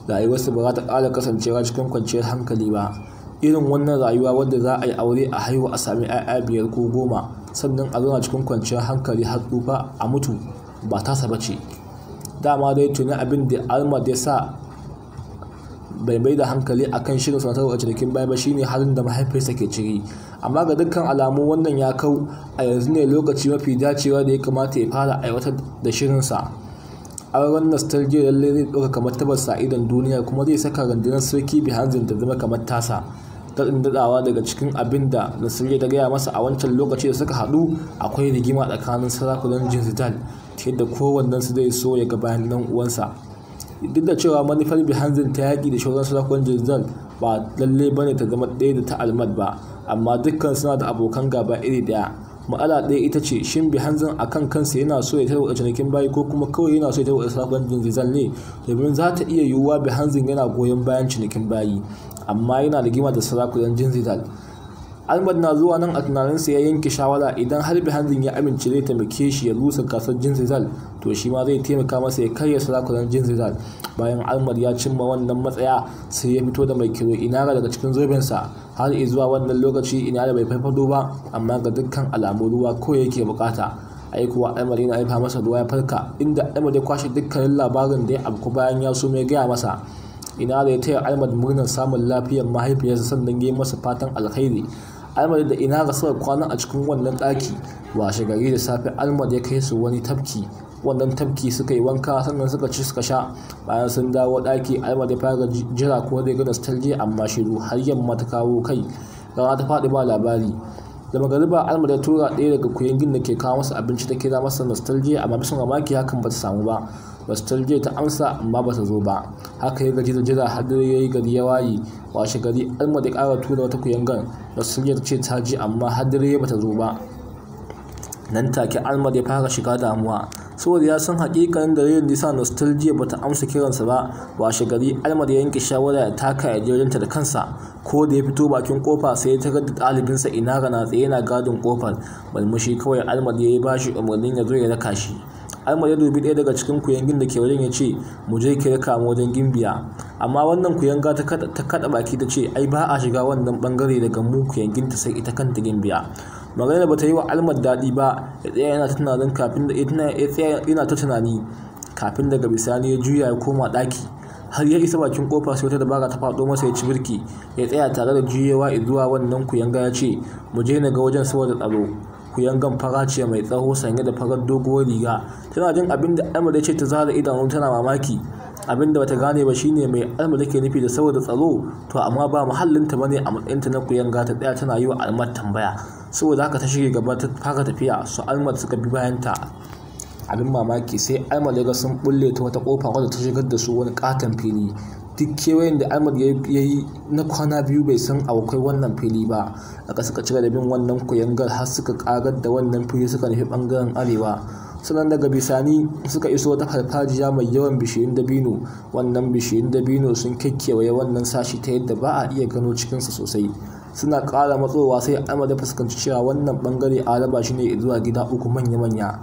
rayuwarsa ba za ta ƙara kasancewa cikin kwanciyar hankali ba irin wannan rayuwa wadda za a yi aure a haihu a sami 'ya'ya biyar ko goma sannan a zauna cikin kwanciyar hankali har tsufa a mutu ba tasa ba ce dama dai tuni abin da almad ya sa bai bai da hankali a kan shirin sanatar a cinikin baya ba ne halin da mahaifinsa ke ciri amma ga dukkan alamu wannan ya kau a yanzu ne lokaci mafi dacewa da ya kamata ya fara aiwatar da shirinsa auren nostalgia lallai zai ɗauka kamar tabarsa idon duniya kuma zai saka rundunar sarki bihanzin ta zama kamar tasa ta daɗawa daga cikin abin da nasiriya ta gaya masa a wancan lokaci da suka haɗu akwai rigima tsakanin sarakunan jinsital ta yadda kowannensu zai so ya ga bayan uwansa duk da cewa manufar bihanzin ta yaƙi da shauran sarakunan jirgin ba lalle ba ne ta zama ɗaya da ta almad ba amma dukkan suna da abokan gaba iri ɗaya ma'ala ɗaya ita ce shin bihanzin a kan kansa yana so ya tarwata cinikin bayi ko kuma kawai yana so ya tarwata sarakunan jirgin ne domin za ta iya yiwuwa bihanzin yana goyon bayan cinikin bayi amma yana da gima da sarakunan jirgin Ahmad na zuwa nan a sa ya yanke shawara idan har hanzin ya amince zai taimake shi ya rusa gasar jin Rizal to shi ma zai taimaka masa ya karya sarakunan jin Rizal bayan Ahmad ya cimma wannan matsaya sai ya fito da mai kiro Inara daga cikin sa har zuwa wannan lokaci ina Inara bai faifado ba amma ga dukkan alamu ruwa ko yake bukata aikuwa Ahmad yana haifa masa ruwa ya farka inda Ahmad ya kwashe dukkanin labarin da ya abku bayan ya so mai gaya masa ina da ya taya Ahmad murnar samun lafiyar mahaifiyarsa sannan ya yi masa fatan alkhairi almadi da ina suka kwana a cikin wannan ɗaki washe gari da safe almadi ya kai su wani tafki wannan tafki suka yi wanka sannan suka ci suka sha bayan sun dawo ɗaki almadi ya fara jira ko zai ga nostalgia amma shiru har yamma ta kawo kai rana ta faɗi ba labari da magariba almadi ya tura ɗaya daga kuyangin da ke kawo masa abinci ta kira masa nostalgia amma bisa mamaki hakan ba ta samu ba bastalje ta amsa amma ba ta zo ba haka ya gaji da jira har ya yi gari ya waye washe gari alma da ƙara tura wata kuyangan bastalje ta ce ta ji amma har ya bata zo ba nan take almar ya fara shiga damuwa saboda ya san hakikanin da rayuwar nisa nostalgia bata amsa kiransa ba washe gari almar ya yanke shawara ya taka ya je da kansa ko da ya fito bakin kofa sai ya tarar da ɗalibinsa ina rana tsaye yana gadin kofar balmushi kawai almar ya yi bashi umarnin ya zo ya raka shi Ahmad ya dubi ɗaya daga cikin kuyangin da ke wajen ya ce mu je ki raka mu wajen gimbiya amma wannan kuyanga ta kada baki ta ce ai ba a shiga wannan bangare daga mu ta sai ita kanta gimbiya magana ba ta yi wa almar daɗi ba ya tsaya yana tunanin kafin da ya ta tunani kafin daga bisani ya juya ya koma ɗaki har ya isa bakin kofa sai wata dabara ta faɗo masa ya ci birki ya tsaya tare da juyewa zuwa wannan kuyanga ya ce mu je na ga wajen saboda tsaro kuyangan fara ce mai tsawo sanye da farar doguwar riga tana jin abin da amur ya ce ta zara idanu tana mamaki abin da bata gane ba shine mai alma da ke nufi da saboda tsaro to amma ba muhallinta ne a matsayinta na kuyanga ta tsaya tana yi wa almar tambaya saboda haka ta shige gaba ta fara tafiya su almar suka bi bayan ta abin mamaki sai almar ya ga sun bulle ta wata kofa wadda ta shigar da su wani katon fili duk kewayen da ahmad ya yi na kwana biyu bai san akwai wannan fili ba aka suka cire da bin wannan kuyangar har suka karar da wannan fili suka nufi bangaren arewa sannan daga bisani suka iso wata farfajiya mai yawan bishiyun dabino wannan bishiyun dabino sun kekkewaye wannan sashi ta yadda ba a iya gano cikinsa sosai suna ƙara matsowa sai ahmad ya fuskanci cewa wannan bangare a raba shi ne zuwa gida uku manya-manya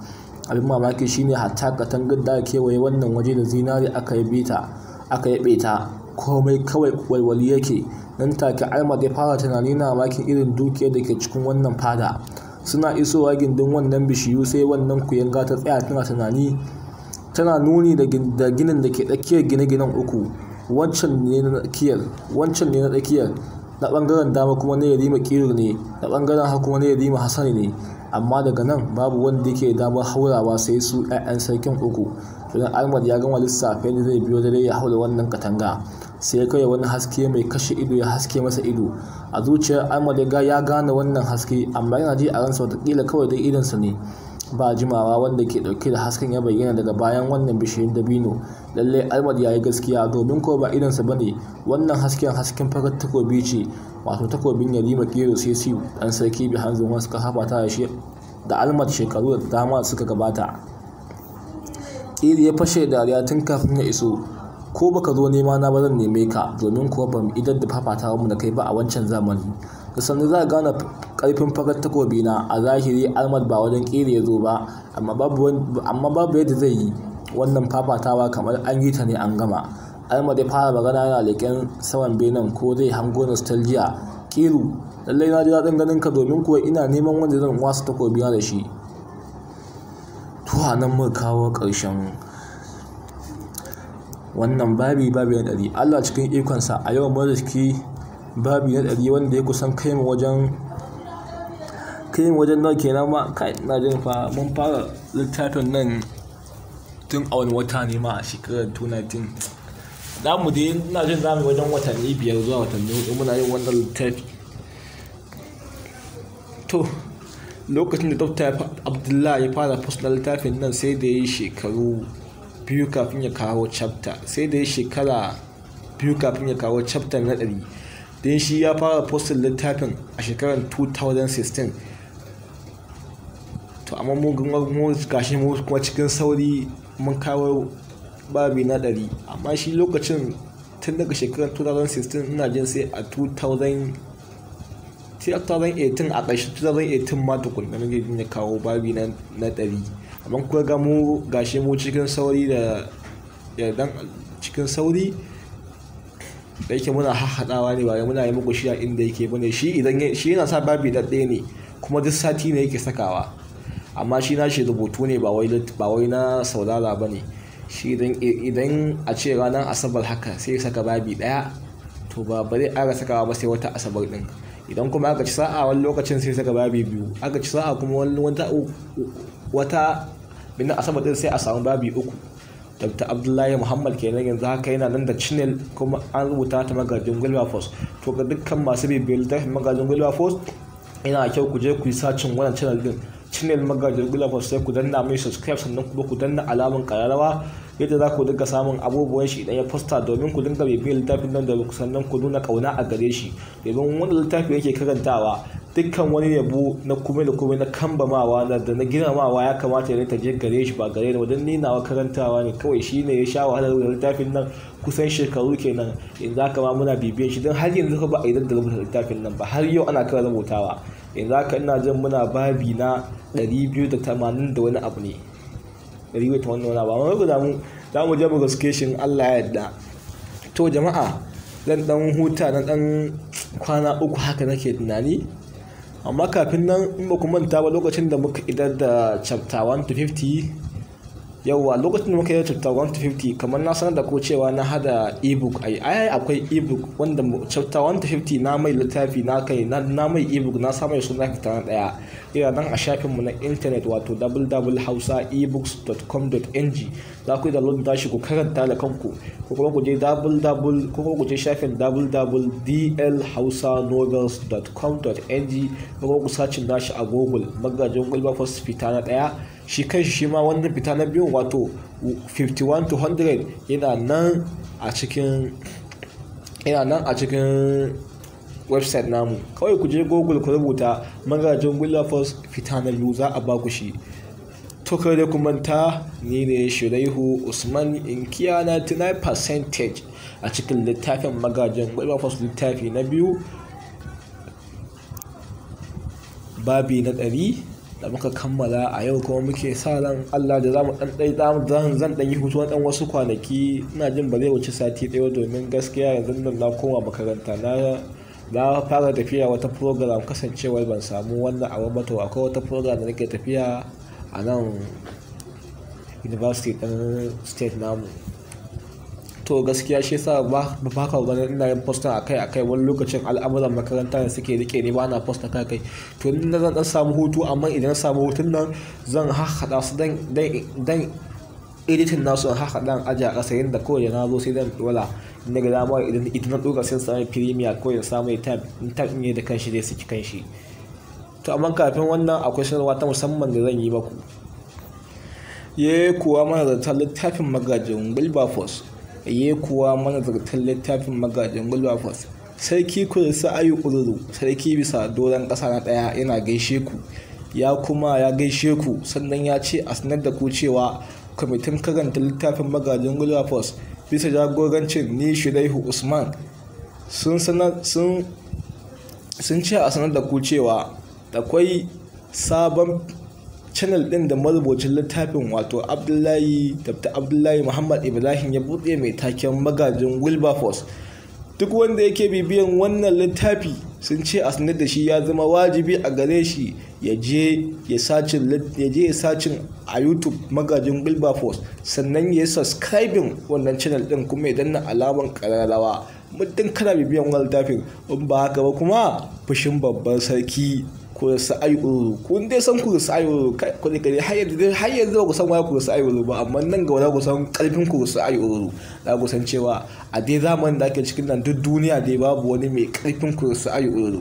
abin mamaki shine hatta katangar da kewaye wannan waje da zinari aka yi bita aka yaɓe ta komai kawai walwali yake nan take ahmad ya fara tunani na makin irin dukiyar da ke cikin wannan fada suna isowa gindin wannan bishiyu sai wannan kuyanga ta tsaya tana tunani tana nuni da ginin da ke tsakiyar gine-ginen uku wancan ne na tsakiyar na tsakiyar bangaren dama kuma na yarima kiru ne na bangaren ha kuma ya yarima hasani ne amma daga nan babu wanda yake damar haurawa sai su 'ya'yan sarkin uku idan ahmad ya gama lissafe ne zai biyo dare ya haula wannan katanga sai kawai wani haske mai kashe ido ya haske masa ido a zuciyar ahmad ya gane wannan haske amma yana ji a ransa watakila kawai dai idonsa ne ba jimawa wanda ke dauke da hasken ya bayyana daga bayan wannan bishiyar dabino lallai ahmad ya yi gaskiya domin ko ba idonsa ba ne wannan hasken hasken farar takobi ce wato takobin yarima kero sisi dan sarki bihanzu suka hafa ta da almad shekaru da dama suka gabata iri ya fashe dariya tun kafin ya iso. Ko baka zo nema na ba zan neme ka domin kuwa ban idan da fafatawar mu da kai ba a wancan zamani. Da sannu za a gane karfin farar takobi na a zahiri Ahmad ba wajen ƙiri ya zo ba amma babu yadda zai yi wannan fafatawa kamar an yi ta ne an gama. Ahmad ya fara magana yana leƙen saman benin ko zai hango nostalgia. Ƙiru lallai na ji daɗin ganin ka domin kuwa ina neman wanda zan wasa takobi na da shi to a nan muka kawo ƙarshen wannan babi babi na ɗari Allah cikin ikonsa a yau ciki babi na ɗari wanda ya kusan kai mu wajen kai mu wajen nawa kenan ma kai na jin fa mun fara littafin nan tun a wani wata ne ma a shekarar 2019 za mu dai na jin za mu wajen watanni biyar zuwa watanni hudu muna yin wannan littafi to lokacin da dokta abdullahi ya fara fuskar littafin nan sai da ya yi shekaru biyu kafin ya kawo chapter sai da ya shekara biyu kafin ya kawo chapter na ɗari don shi ya fara postin littafin a shekarar 2016 to amma mu gashi mu kuma cikin sauri mun kawo babi na ɗari amma shi lokacin tun daga shekarar 2016 ina jin sai a 2000 2018 a iya 2018 ma tukunna nake jin ya kawo babi na ɗari amma kuma ga mu gashi mu cikin sauri da yardan cikin sauri da yake muna haɗawa ne ba muna yi muku shi a inda yake bane shi idan shi yana sa babi ɗaya ne kuma duk sati ne yake sakawa amma shi na shi rubutu ne ba wai na saurara ba ne shi idan a ce ranar asabar haka sai saka babi ɗaya to ba bari ƙara sakawa ba sai wata asabar ɗin idan kuma aka ci sa'a wani lokacin sai saka babi biyu aka ci sa'a kuma wani wata bin asabar din sai a samu babi uku dr abdullahi muhammad ke nan yanzu haka yana nan da channel kuma an rubuta ta magajin gulba force to ga dukkan masu bibiyar littafin magajin gulba force yana kyau ku je ku yi sacin wannan channel din channel magajin gulafar sai ku danna mai subscribe sannan kuma ku danna alamun kararrawa yadda za ku dinga samun abubuwan shi idan ya fasta domin ku dinga bibiyar littafin nan da sannan ku nuna kauna a gare shi domin wani littafi yake karantawa dukkan wani yabo na kume da kume na kambamawa na da na girmamawa ya kamata ya ta je gare shi ba gare ni wajen ninawa karantawa ne kawai shi ne ya sha wahalar da littafin nan kusan shekaru kenan yanzu haka ma muna bibiyan shi don har yanzu ba a yi da rubuta littafin nan ba har yau ana kan rubutawa yanzu haka ina jin muna babi na 280 da wani abu ne 280 wani abu amma yau zamu za mu je mu gaske shi Allah ya yarda to jama'a dan dan huta na dan kwana uku haka nake tunani amma kafin nan in ba ku manta ba lokacin da muka idar da chapter 1 to 50 yauwa lokacin da muka yi chapter 150 kamar na sanar da ko cewa na hada ebook ai ai akwai ebook wanda chapter 150 na mai littafi na kai na mai ebook na samai suna fitar daya ina nan a shafinmu na intanet wato www.hausaebooks.com.ng za ku yi download tashi ku karanta da kanku ko kuma ku je double ko kuma ku je shafin www.dlhausanovels.com.ng ko kuma ku sacin nashi a google magajin fos fita na daya shi kan shi ma wannan fita na biyu wato 51 to 100 yana nan a cikin yana nan a cikin website namu kawai ku je google ku rubuta magajin fos fita na biyu za a baku shi to da ku kumanta ni ne shiraihu usman in inkiya 99 percentage a cikin littafin magajin gwaiwa fasu littafi na biyu babi na ɗari da muka kammala a yau kuma muke sa ran allah da zamu dan ɗai zamu zan dan yi hutu dan wasu kwanaki ina jin ba zai wuce sati ɗaya domin gaskiya yanzu nan na koma makaranta na na fara tafiya wata program kasancewar ban samu wannan abu ba to akwai wata program da nake tafiya a nan university ɗin state namu to gaskiya shi yasa ba ka ganin ina yin posta akai kai wani lokacin al'amuran makaranta da suke rike ne ba na posta kai kai to ni na zan dan samu hutu amma idan samu hutun nan zan haɗa su dan editing nasu in haka dan aji a ƙasa yadda kawai na zo sai dan dola na ga dama idan na ɗora sai samu premier kawai samu tab in tab ne da kanshi zai saki kanshi to amma kafin wannan akwai sanarwa ta musamman da zan yi maku ye kuwa manazarta littafin magajin wilberforce ye kuwa manazarta littafin magajin wilberforce sarki ku da sarki bisa doron kasa na ɗaya yana gaishe ku ya kuma ya gaishe ku sannan ya ce a sanar da ku cewa kwamitin karanta littafin magajin wilberforce bisa jagorancin ni shidaihu usman sun ce a sanar da ku cewa akwai sabon channel din da marubucin littafin wato abdullahi dr abdullahi muhammad ibrahim ya buɗe mai taken magajin wilberforce duk wanda yake bibiyan wannan littafi sun ce a sanar da shi ya zama wajibi a gare shi ya je ya sacin a youtube magajin wilberforce sannan ya yi subscribing wannan channel din kuma ya danna alamar kararrawa muddin kana bibiyan wannan littafin in ba haka ba kuma fushin babban sarki kursa ayyuru kun dai san kursa ayyuru kudi kare har yanzu har yanzu ba ku san waye kursa ayyuru ba amma nan ga wani ku san karfin kursa ayyuru za ku san cewa a dai zaman da ake cikin nan duk duniya dai babu wani mai karfin kursa ayyuru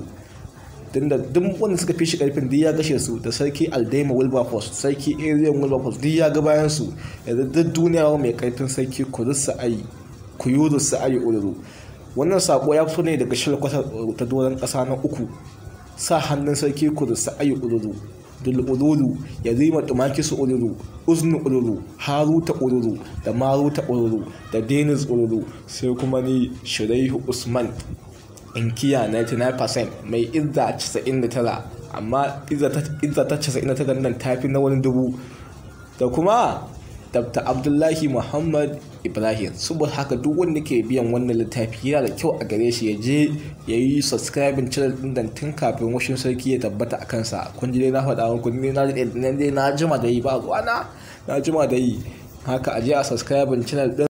tunda duk wanda suka fi shi karfin duk ya gashe su da sarki aldaima wilberforce sarki arian wilberforce duk ya ga bayan su yanzu duk duniya mai karfin sarki kursa ayi kuyuru sa wannan sako ya fito ne daga shirkwatar ta doron ƙasa na uku sa hannun sarki kudus sa'ayi ururu dul yarima ya rima tumaki su ururu uznu ururu haruta ururu da ta ururu da denis ururu sai kuma ni shiraihu usman in kiya 99% mai idda 99 amma idda ta 99 nan tafi na wani dubu da kuma dr abdullahi muhammad ibrahim saboda haka duk wanda ke biyan wannan littafi yana da kyau a gare shi ya je ya yi subscribing channel din dan tun kafin washin sarki ya tabbata a kansa kun ji dai na faɗa muku ne na dai na jima da yi ba gwana na jima da yi haka a je a subscribing channel din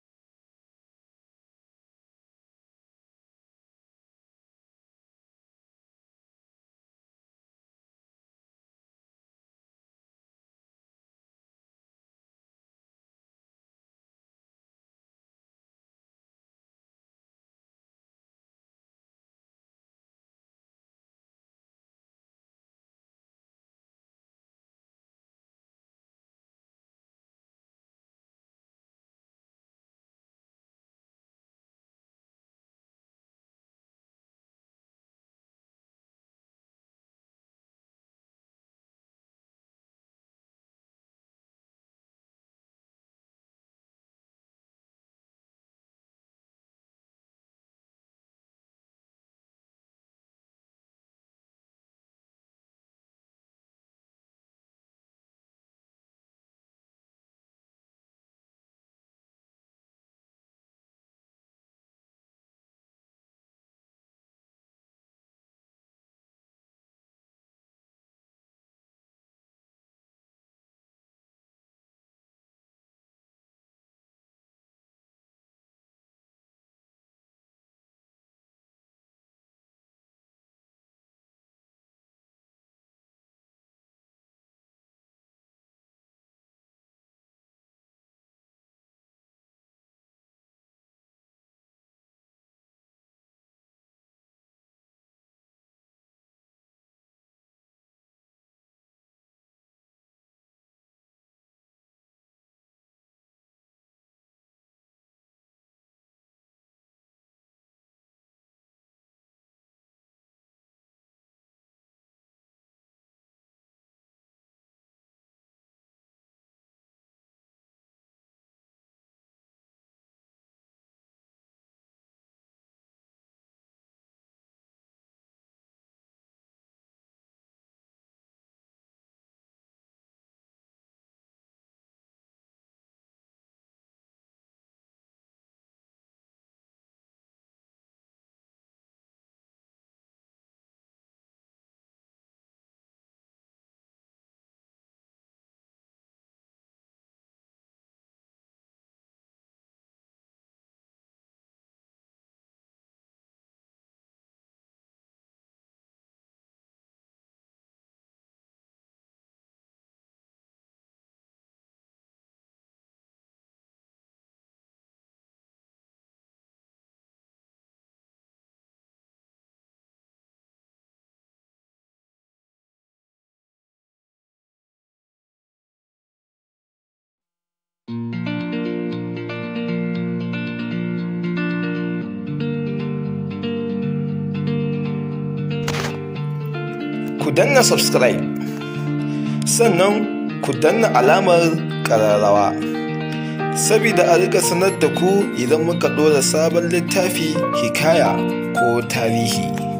Ku danna subscribe sannan ku danna alamar ƙararrawa saboda a rika sanar da ku idan muka ɗora sabon littafi hikaya ko tarihi.